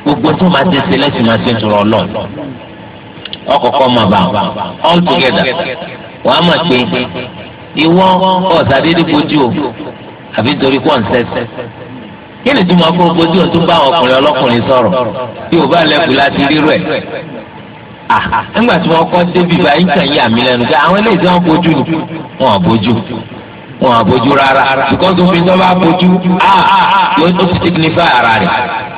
gbogbo tó máa ṣe ṣe lẹ́sìn máa ṣe tòrọ lọ ọkọ̀ọ̀kọ̀ máa bá all together wàá mà pé ìwọ ọ̀sàdédé bójú o àbí torí pọ̀ ń sẹ́sẹ́ kí ni tí mo fọ́ bójú o tó bá àwọn ọkùnrin ọlọ́kùnrin sọ̀rọ̀ bí o bá lẹ́kùn láti rírọ̀ ẹ̀ nígbà tí wọ́n kọ́ débi báyìí kàn yí àmì lẹ́nu pé àwọn eléyìí tí wọ́n bójú ni wọ́n á bójú wọn àbójú rárá because omi tó bá bójú ah yóò tó signify ara rẹ̀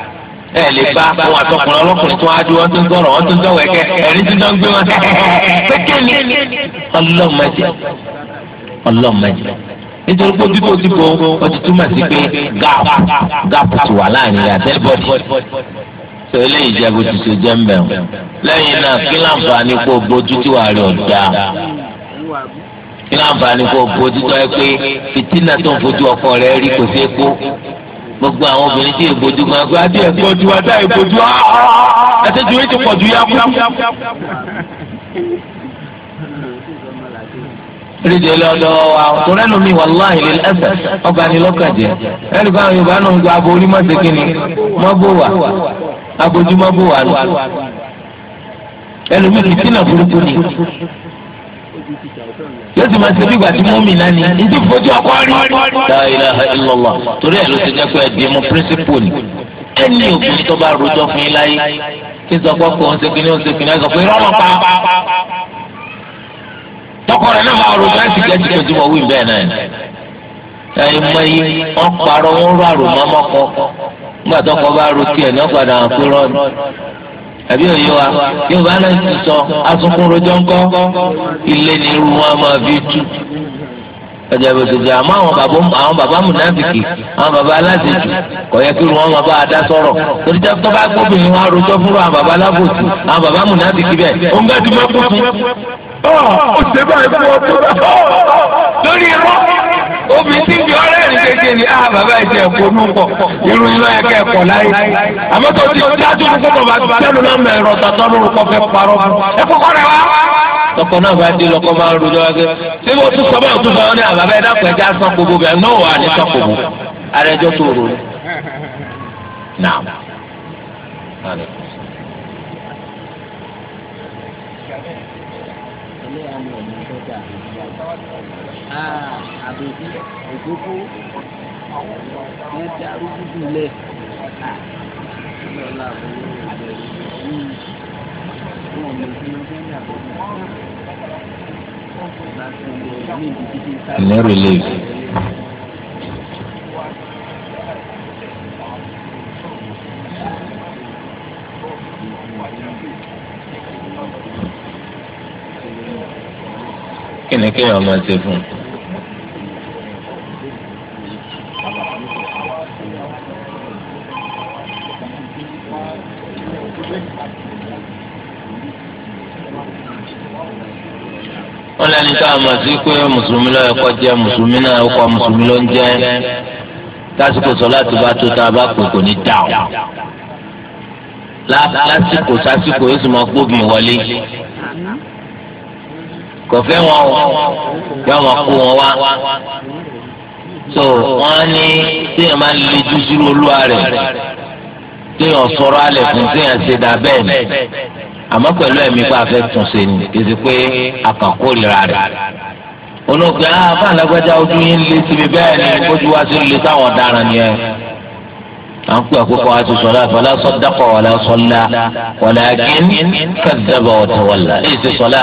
ẹ lè bá ohun àtọkùnrin ọlọ́kùnrin tó wájú wọn tó ń sọ̀rọ̀ wọn tó ń sọ̀wọ́ ẹ̀kẹ́ ẹ̀rí tí wọ́n gbé wọn pékèlè ọlọ́mọdé ọlọ́mọdé nítorí pé ojú tó ti bo ó ti túmọ̀ sí pé gáàpù gáàpù ti wà láàrin rẹ̀ àtẹ́bọ̀dì tó eléyìí jẹ́ bó ti ṣe jẹ́ ń bẹ̀rù lẹ́yìn náà kí láǹfààní kó bójú tí wàá rí ọ̀dà kí láǹfààní kó bójú tó ẹ pé fìtínà tó ń fojú ọkọ rẹ̀ rí kò sí kó gbogbo àwọn obìnrin tí ìbojú máa gbọ́ àti ẹ̀gbọ́jú àti àìbojú àtẹ̀jú rẹ̀ ti pọ̀jù yá kú. rídìí lọ́dọ̀ àwọn ẹlòmíì wàláhì lè ẹsẹ̀ ọba ni lọ́kàn jẹ́ ẹnì kan Yorùbá náà ń gba abo onímọ̀ọ́sẹ̀ kínní mọ́ bò wá abojú mọ́ bò wá lọ. ẹlòmíì kìtìnà burúkú ni yóò sì máa ṣe bí ìgbà tí mú mi náà ni ìdí ìfojú ọkọ rí. la ilaha illallah torí ẹ̀ ló ti jẹ́ pé ẹ̀ dìímú pírísípù ni ẹni obìnrin tó bá rojọ́ fún yín láyé kí n sọ pé ọkọ ń ṣe kí ni ó pé rọ́ọ̀mù pa tọkọ rẹ náà máa rojọ́ ẹ̀ sì jẹ́ ti kojú wọ̀ wí bẹ́ẹ̀ náà ni ẹ̀yin mọ iye wọ́n parọ́ wọ́n rọ àròmọ́mọ́kọ nígbà tọkọ bá ro tiẹ̀ ní ọ̀padà àbí òye wa yorùbá náà ti sọ asukunrojọ ńkọ ilé ni irú wọn máa fi tú ẹjẹ bó ti jẹ àmọ́ àwọn bàbá àwọn bàbá múnàfìkì àwọn bàbá aláṣejù kò yẹ kí irú wọn máa bá a dá sọ̀rọ̀ torí jẹ tó bá gbóbìnrin wọn arojọ́ fúnra àwọn bàbá alábòsí àwọn bàbá múnàfìkì bẹ́ẹ̀ òun bá ti máa kó fún. ó ṣe báyìí fún ọ tó rà lórí ẹ̀rọ obìnrin tí ń fi ọ̀rẹ́ rìn kékeré ni ah bàbá ìjẹ ẹ̀kọ́ ló ń kọ irun iná yẹ kẹ́ ẹ̀kọ́ láyé àmọ́ tó ti dájú ní kókò bá tẹ́lu náà mẹ́ ẹ̀rọ tọ́tọ́ lórúkọ fẹ́ parọ́ ẹ̀kọ́ kọ́ rẹ̀ wá. tọkọ náà bá dé lọkọ máa ń rojọ́ wá pé ṣé mo tún sọ báyìí tún sọ ní àbàbá ah, ẹ dákun ẹja sàn gbogbo bẹ́ẹ̀ náà wà ní sàn gbogbo àrẹjọ tó rò náà. àbèbí òjòkó mẹ́ta arúgbó lẹ̀ lọ́la àbúrò rẹ̀ yìí wọn lè fi ọjọ́ ní àbọ̀dé láti lè ní ìdíje kí ni kéèyàn máa fún un. tá a mọ̀ sí pé mùsùlùmí lọ́ọ́ ẹ̀kọ́ jẹ́ mùsùlùmí náà ó kọ́ mùsùlùmí ló ń jẹ́ lásìkò sọ láti bá tó tá a bá pè kò ní dà ó lásìkò sásìkò yóò sì máa gbógun wọlé kò fẹ́ wọn o yóò máa kó wọn wá so wọn ní téèyàn máa le jù sírú olúwa rẹ̀ téèyàn sọ̀rọ̀ alẹ̀ fún téèyàn ṣe dà bẹ́ẹ̀ ni àmọ́ pẹ̀lú ẹ̀mí pé a fẹ́ tún ṣe ni kì í ṣe pé a kàn kórìíra rẹ̀ olóògbé ah fún alágbájá ojú yín lé síbi bẹ́ẹ̀ ni ojú wa sí lé sáwọn ọ̀daràn ni ẹ à ń pè àkókò àti sọlá fọlá sọdákọ wàlá sọlá wàlá kín kẹsìdẹbà ọtọ wàlá èyí ti sọlá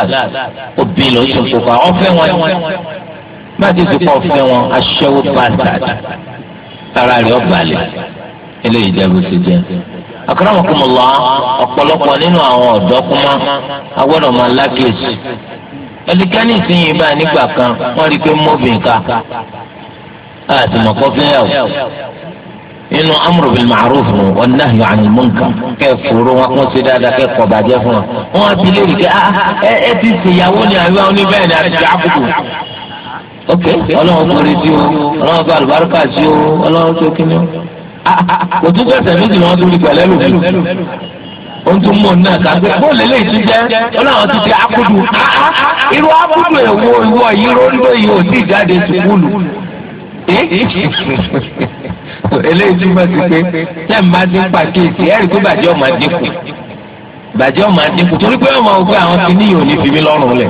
òbí ló ń sọ kókó àwọn fẹ́ wọn má ti ti kọ fẹ́ wọn aṣẹ́wó bá tàdá ara rẹ̀ ọ̀bàlẹ̀ eléyìí jẹ́ bó ti jẹ́. akramakumullah ọ̀pọ̀lọpọ̀ nínú àwọn ọ̀dọ́ kúmá agbọ́dọ̀ máa lákèsì ẹnikẹ́ni ìsinyìí báyìí nígbà kan wọ́n rí i pé mọ́bìn àti mọ̀kọ́ fẹ́yàwó nínú amúrò bíi màrúf nù wọn náà yọ àmì mọ́ǹkà kẹfùrú wọn kún sí dáadáa kẹkọọ bàjẹ́ fún wọn wọn ti léèrè kẹ ah, ẹ ẹ ti ni wọn bẹ́ẹ̀ ni àti àbùkù ok ọlọ́run kò rí sí o ọlọ́run kò sí o ọlọ́run tó o. kò tún sẹ̀sẹ̀ méjì wọn tún rí pẹ̀lẹ́ lòdì o tún mọ̀ náà sàgbé bóòlù eléyìí ti jẹ́ ọlọ́run ti fi akudu irú akudu èwo ìwọ yìí róńdó yìí ò tí ì jáde sùkúlù eléyìí túmọ̀ sí pé tẹ́ ń bá ní pàkíyèsí ẹ̀rí pé bàjẹ́ ọ̀ máa dínkù bàjẹ́ ọ̀ máa dínkù torí pé ọmọ ògbé àwọn kìíní yìí ò ní fi mí lọ́rùn lẹ̀.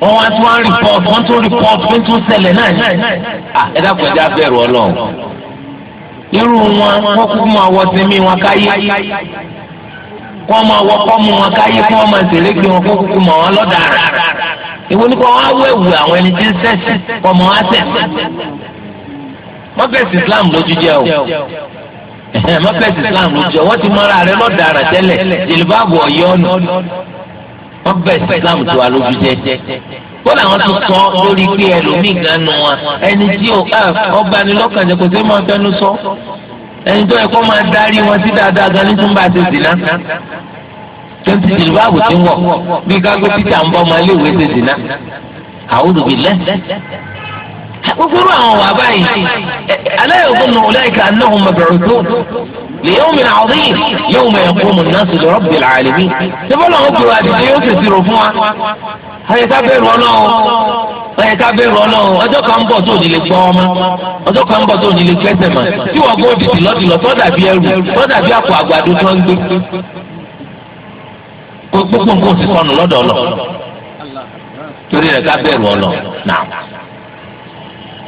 wọn wá tí wọn rìpọt wọn tún rìpọt wọn tún ṣẹlẹ̀ náà ni. ẹ dákun ẹjẹ abẹ̀rù Ọlọ́run irú wọn wọn kúkú máa wọ sinmi wọn káyé kọ́ máa wọ wọn káyé kí wọ́n máa gbé wọn kó kúkú wọn lọ́dàrà ìwọ ní kọ́ wọn awọ ẹ̀wù àwọn ẹni tí ń sẹ́sì kọ́ wọn Islam o mọ́kẹ́sì Islam jẹ́ wọ́n ti wọ́n bẹ̀ islam tó wa lójú jẹ́ bọ́lá àwọn tó sọ lórí pé ẹlòmíì ganu wa ẹni tí ọba ni lọ́kàn jẹ́ kò sí máa fẹ́nu sọ ẹni tó yẹ kó máa darí wọn sí dáadáa gan ní túnbà ti dìná tẹ́ǹtì tìlúbà àbò tí ń wọ̀ bí gágó títà ń bọ́ ọmọ iléèwé ti dìná àwòrán bíi lẹ́sẹ̀ gbogbo àwọn wà báyìí aláyọ̀gbọ́n náà ọ̀làyìká anáhùn mọ̀bẹ̀rẹ̀dọ́ lèyẹ́wò mi náà ọ̀dọ́ yìí yẹ́wò mi ẹ̀kọ́ mọ̀ náà sọ̀rọ̀ rọ́bì làálẹ́bí ṣẹ́fọ́ làwọn gbèrò àdìsẹ́ yóò ṣèṣì rò fún wa ayẹ ká bẹ̀rù ọlọ́run ayẹ ká bẹ̀rù ọlọ́run ọjọ́ kan ń bọ̀ tó nílé gbọ́ ọmọ ọjọ́ kan ń bọ̀ tó nílé gbẹ́sẹ̀ mọ́ tí wọ́n gbọ́ òdìdì lọ́dìlọ́ tọ́dà bí ẹrù tọ́dà bí àpò àgbàdo tó ń gbé gbogbo nǹkan ò sì sọnù lọ́dọ̀ ọlọ́ torí rẹ̀ ká bẹ̀rù ọlọ́run náà.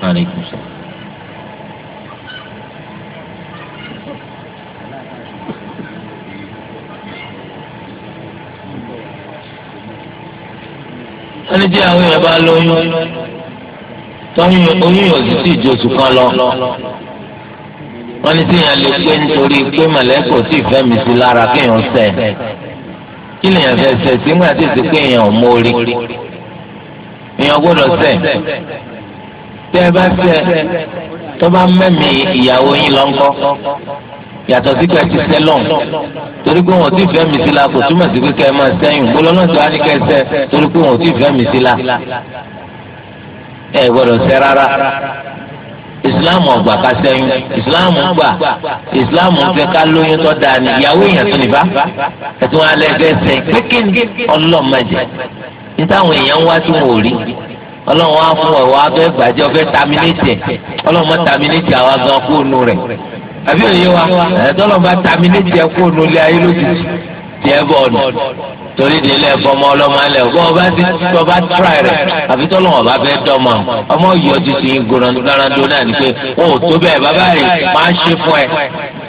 Aleykum salaam. wọ́n ní bí àwọn èèyàn bá lóyún tọ́yún oyún yóò sì sí ìjọsùn kan lọ wọ́n ní tí èèyàn lè pé nítorí pé mọ̀lẹ́kọ̀ọ́ sì fẹ́ mi sí lára kéèyàn sẹ̀ kí lèèyàn fẹ́ sẹ̀ sí nígbà tí èsì pé èèyàn ò mórí èèyàn gbọ́dọ̀ sẹ̀ tẹ́ ẹ bá fẹ́ tó bá mẹ́mí ìyàwó yín lọ ńkọ́ yàtọ̀ sí pé ti sẹ́ lọ́n torí pé wọn ò tí ì fẹ́ mi sí la kò túmọ̀ sí pé kẹ́ ẹ máa sẹ́yìn bó lọ́nà tó wá ní kẹ́ ẹ sẹ́ torí pé wọn ò tí ì fẹ́ mi sí la ẹ gbọ́dọ̀ sẹ́ rárá ìsìláàmù ọgbà ká sẹ́yìn ìsìláàmù gbà ìsìláàmù fẹ́ ká lóyún tó dáa ní ìyàwó èèyàn tó nìbá ẹ̀tún alẹ́ fẹ́ sẹ́yìn pékin ọlọ́mọdé ní táwọn èèyàn wá tí wọn ò rí ọlọ́run wa fún ọ̀wọ́ abẹ́ gbàjẹ́ ọ̀fẹ́ tàmínétì ẹ̀ ọlọ́run mọ́ tàmínétì àwa gan fóònù rẹ̀ àbí òye wa ẹ̀ẹ́dọ́lọ́run bá tàmínétì ẹ̀ ayé torí di ilé ẹ̀fọ́ ọmọ ọlọ́mọ alẹ́ ọ̀bọ ọba ti ọba tíráì rẹ̀ àfi tọ́lọ́ ọba fẹ́ dọ́mọ ọmọ yọ ti sin gbọ̀rọ̀ndó náà ni pé o tó bẹ́ẹ̀ bàbá rẹ̀ máa ń ṣe fún ẹ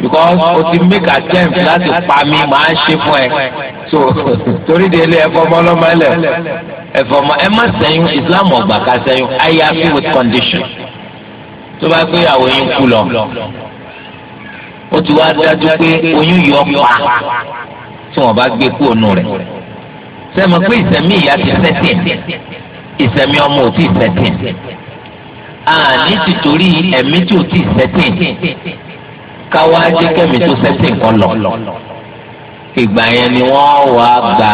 because o ti make attempt láti pa mí máa ń ṣe fún ẹ so torí di ilé ẹ̀fọ́ ọmọ ọlọ́mọ alẹ́ ẹ̀fọ́ ọmọ ẹ má sẹ́yìn Islam ọ̀gbà ká sẹ́yìn àyàfi with condition tó bá pé àwọn yín kú lọ ó ti wá dájú pé oyún yọ pa tí wọn bá gbé kúrò nù rẹ̀ sẹ́mi pé ìsẹ̀mí ìyá ti sẹ́tìn ìsẹ̀mí ọmọ ò tí ì sẹ́tìn àní ti torí ẹ̀mí tí ò tí ì sẹ́tìn káwá jẹ́ kẹ́mi tó sẹ́tìn kan lọ. ìgbà yẹn ni wọ́n wá gba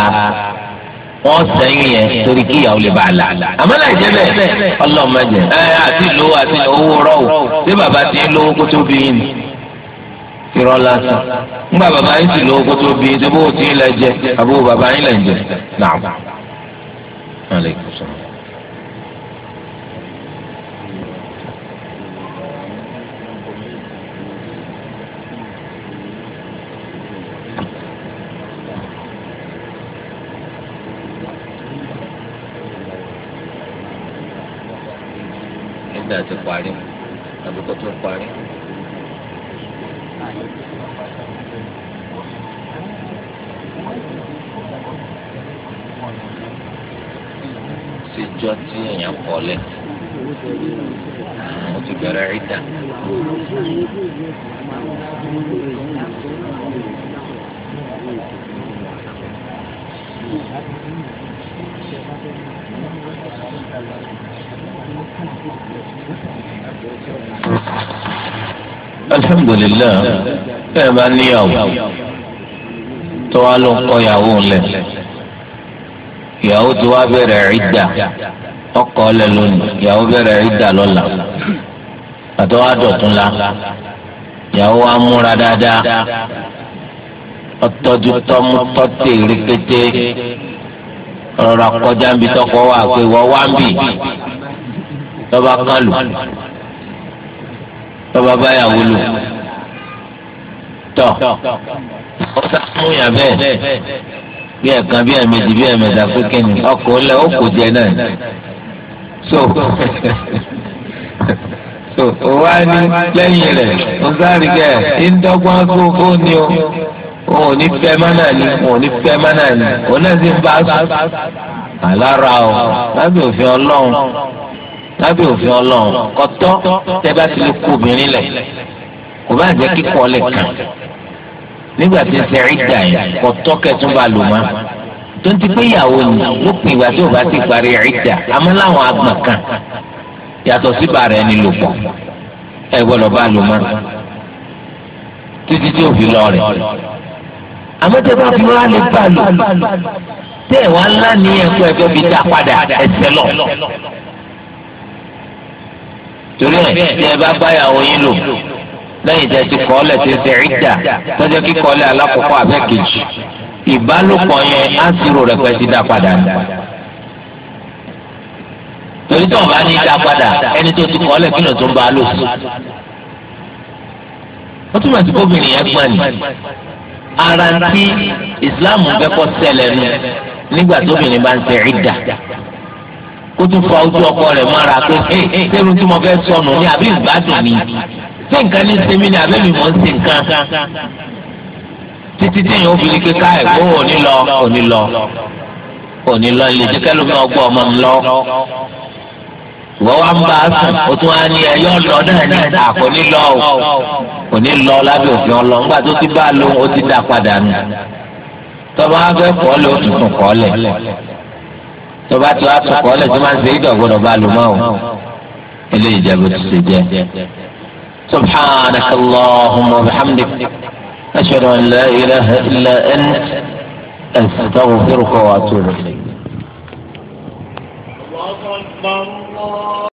wọ́n sẹ́yìn yẹn torí kí ìyàwó lè bá a là. àmọ́ láì jẹ́ bẹ́ẹ̀ ọlọ́mọdé ẹ àti ìlú àti owó rọ̀ o ṣé bàbá ti ń lówó kó tó bí yín ni. irọ́ lásán ńgbà bàbá yín sì lọ oko tó bí tó bó tí ń lẹ jẹ àbúrò bàbá yín síjọ tí èèyàn kọlẹ̀ ó ti bẹ̀rẹ̀ ìdá. Thank you alhamdulilayi bẹ́ẹ̀ bá níyàwó tó wá ló ń kọ́ ìyàwó lẹ̀ ìyàwó tó wá bẹ̀rẹ̀ ìdà ọkọ lẹ̀ lónìí ìyàwó bẹ̀rẹ̀ ìdà lọ́la àtọwá dọ̀tún la ìyàwó wa múra dáadáa ọtọ́jú tọ́mú tọ́tẹ̀ rẹpẹtẹ rọra kọjá nbí tọkọ wà pé wọ́n wá ń bì lọ́ba kálù tọ́ba báyàwó lò tọ́ ọ̀sán fún yàn bẹ́ẹ̀ bí ẹ̀kan bí ẹ̀mejì bí ẹ̀mẹ̀ta pé kínní ọkọ̀ lẹ̀ ó kò jẹ náà so so òwa ni lẹ́yìn rẹ̀ ọ̀sárìkẹ́ ìdọ́gbọ́n tó fóònù o òun ò ní fẹ́ mánà ni òun ò ní fẹ́ mánà ni òun náà sì ń bá a sùn àlára o lábẹ́ òfin ọlọ́run lábẹ́ òfin ọlọ́run kọ́tọ́ tẹ́ bá ti lè kó obìnrin lẹ̀ kò bá jẹ́ kíkọ́ lẹ̀ kàn nígbà tí ń ṣe ìdá yẹn kọ́tọ́ kẹtún bá lò má tó ń ti pé ìyàwó ni lópin ìgbà tí ò bá ti parí ìdá àmọ́ láwọn agbọ̀n kan yàtọ̀ sí bàrẹ̀ ẹni lò pọ̀ ẹ gbọ́dọ̀ bá lò má títí tí òfin lọ rẹ̀ àmọ́ tẹ́ bá fi wá lè bá lò tẹ́ ẹ̀ wá ńlá ní ẹ̀kọ́ ẹ̀fẹ́ fi dá padà ẹ̀sẹ̀ lọ torí ẹ̀ tí ẹ bá báyàwó yín lò lẹ́yìn tí ẹ ti kọ́ ọ́lẹ̀ tí ẹ fẹ́ ìdá tọ́jọ́ kíkọ́ ọ́lẹ̀ alákọ̀ọ́kọ́ abẹ́ kejì ìbálòpọ̀ yẹn á sírò rẹ̀ pẹ́ ti dá padà ní. torí tí wọ́n bá ní dá padà ẹni tó ti kọ́ ọ́lẹ̀ kí lóun tó ń bá a lò sí. wọ́n túmọ̀ sí kóbìnrin yẹn gbọ́n ni ara ti ìsìláàmù fẹ́ kọ́ ṣẹlẹ̀ nu nígbà tóbìnrin bá ń ṣe ìdá ó tún fa ojú ọkọ rẹ̀ mọ́ra pé ṣéèrú tí mo fẹ́ sọnù ní àbí ìgbádùn mi ṣé nǹkan ní sinmi ni àbẹ́mi mọ̀ ń ṣe nǹkan títí téèyàn obìnrin kíkà ẹ̀kọ́ òní lọ òní lọ òní lọ ilé jẹ́ kẹ́lómi ọgbọ́ ọmọ ń lọ wọ́n wá ń bá a sùn ó tún á ní ẹ̀yọ́ lọ náà ní àkọ́ nílọ o kò lọ lábẹ́ òfin ọlọ ńgbà tó ti bá a lóhun ó ti dá padà nù tọ́ba á fẹ́ kọ́ lé ó tuntun kọ́ lẹ̀. tó bá ti wá sọ̀kọ́ ọ̀lẹ̀ tó máa ń ṣe é gbọdọ bá lu mọ́ o eléyìí jẹ́ bó ti ṣe jẹ́ subhanaka allahumma wa bihamdik ashhadu an la ilaha illa anta astaghfiruka wa atubu ilayk.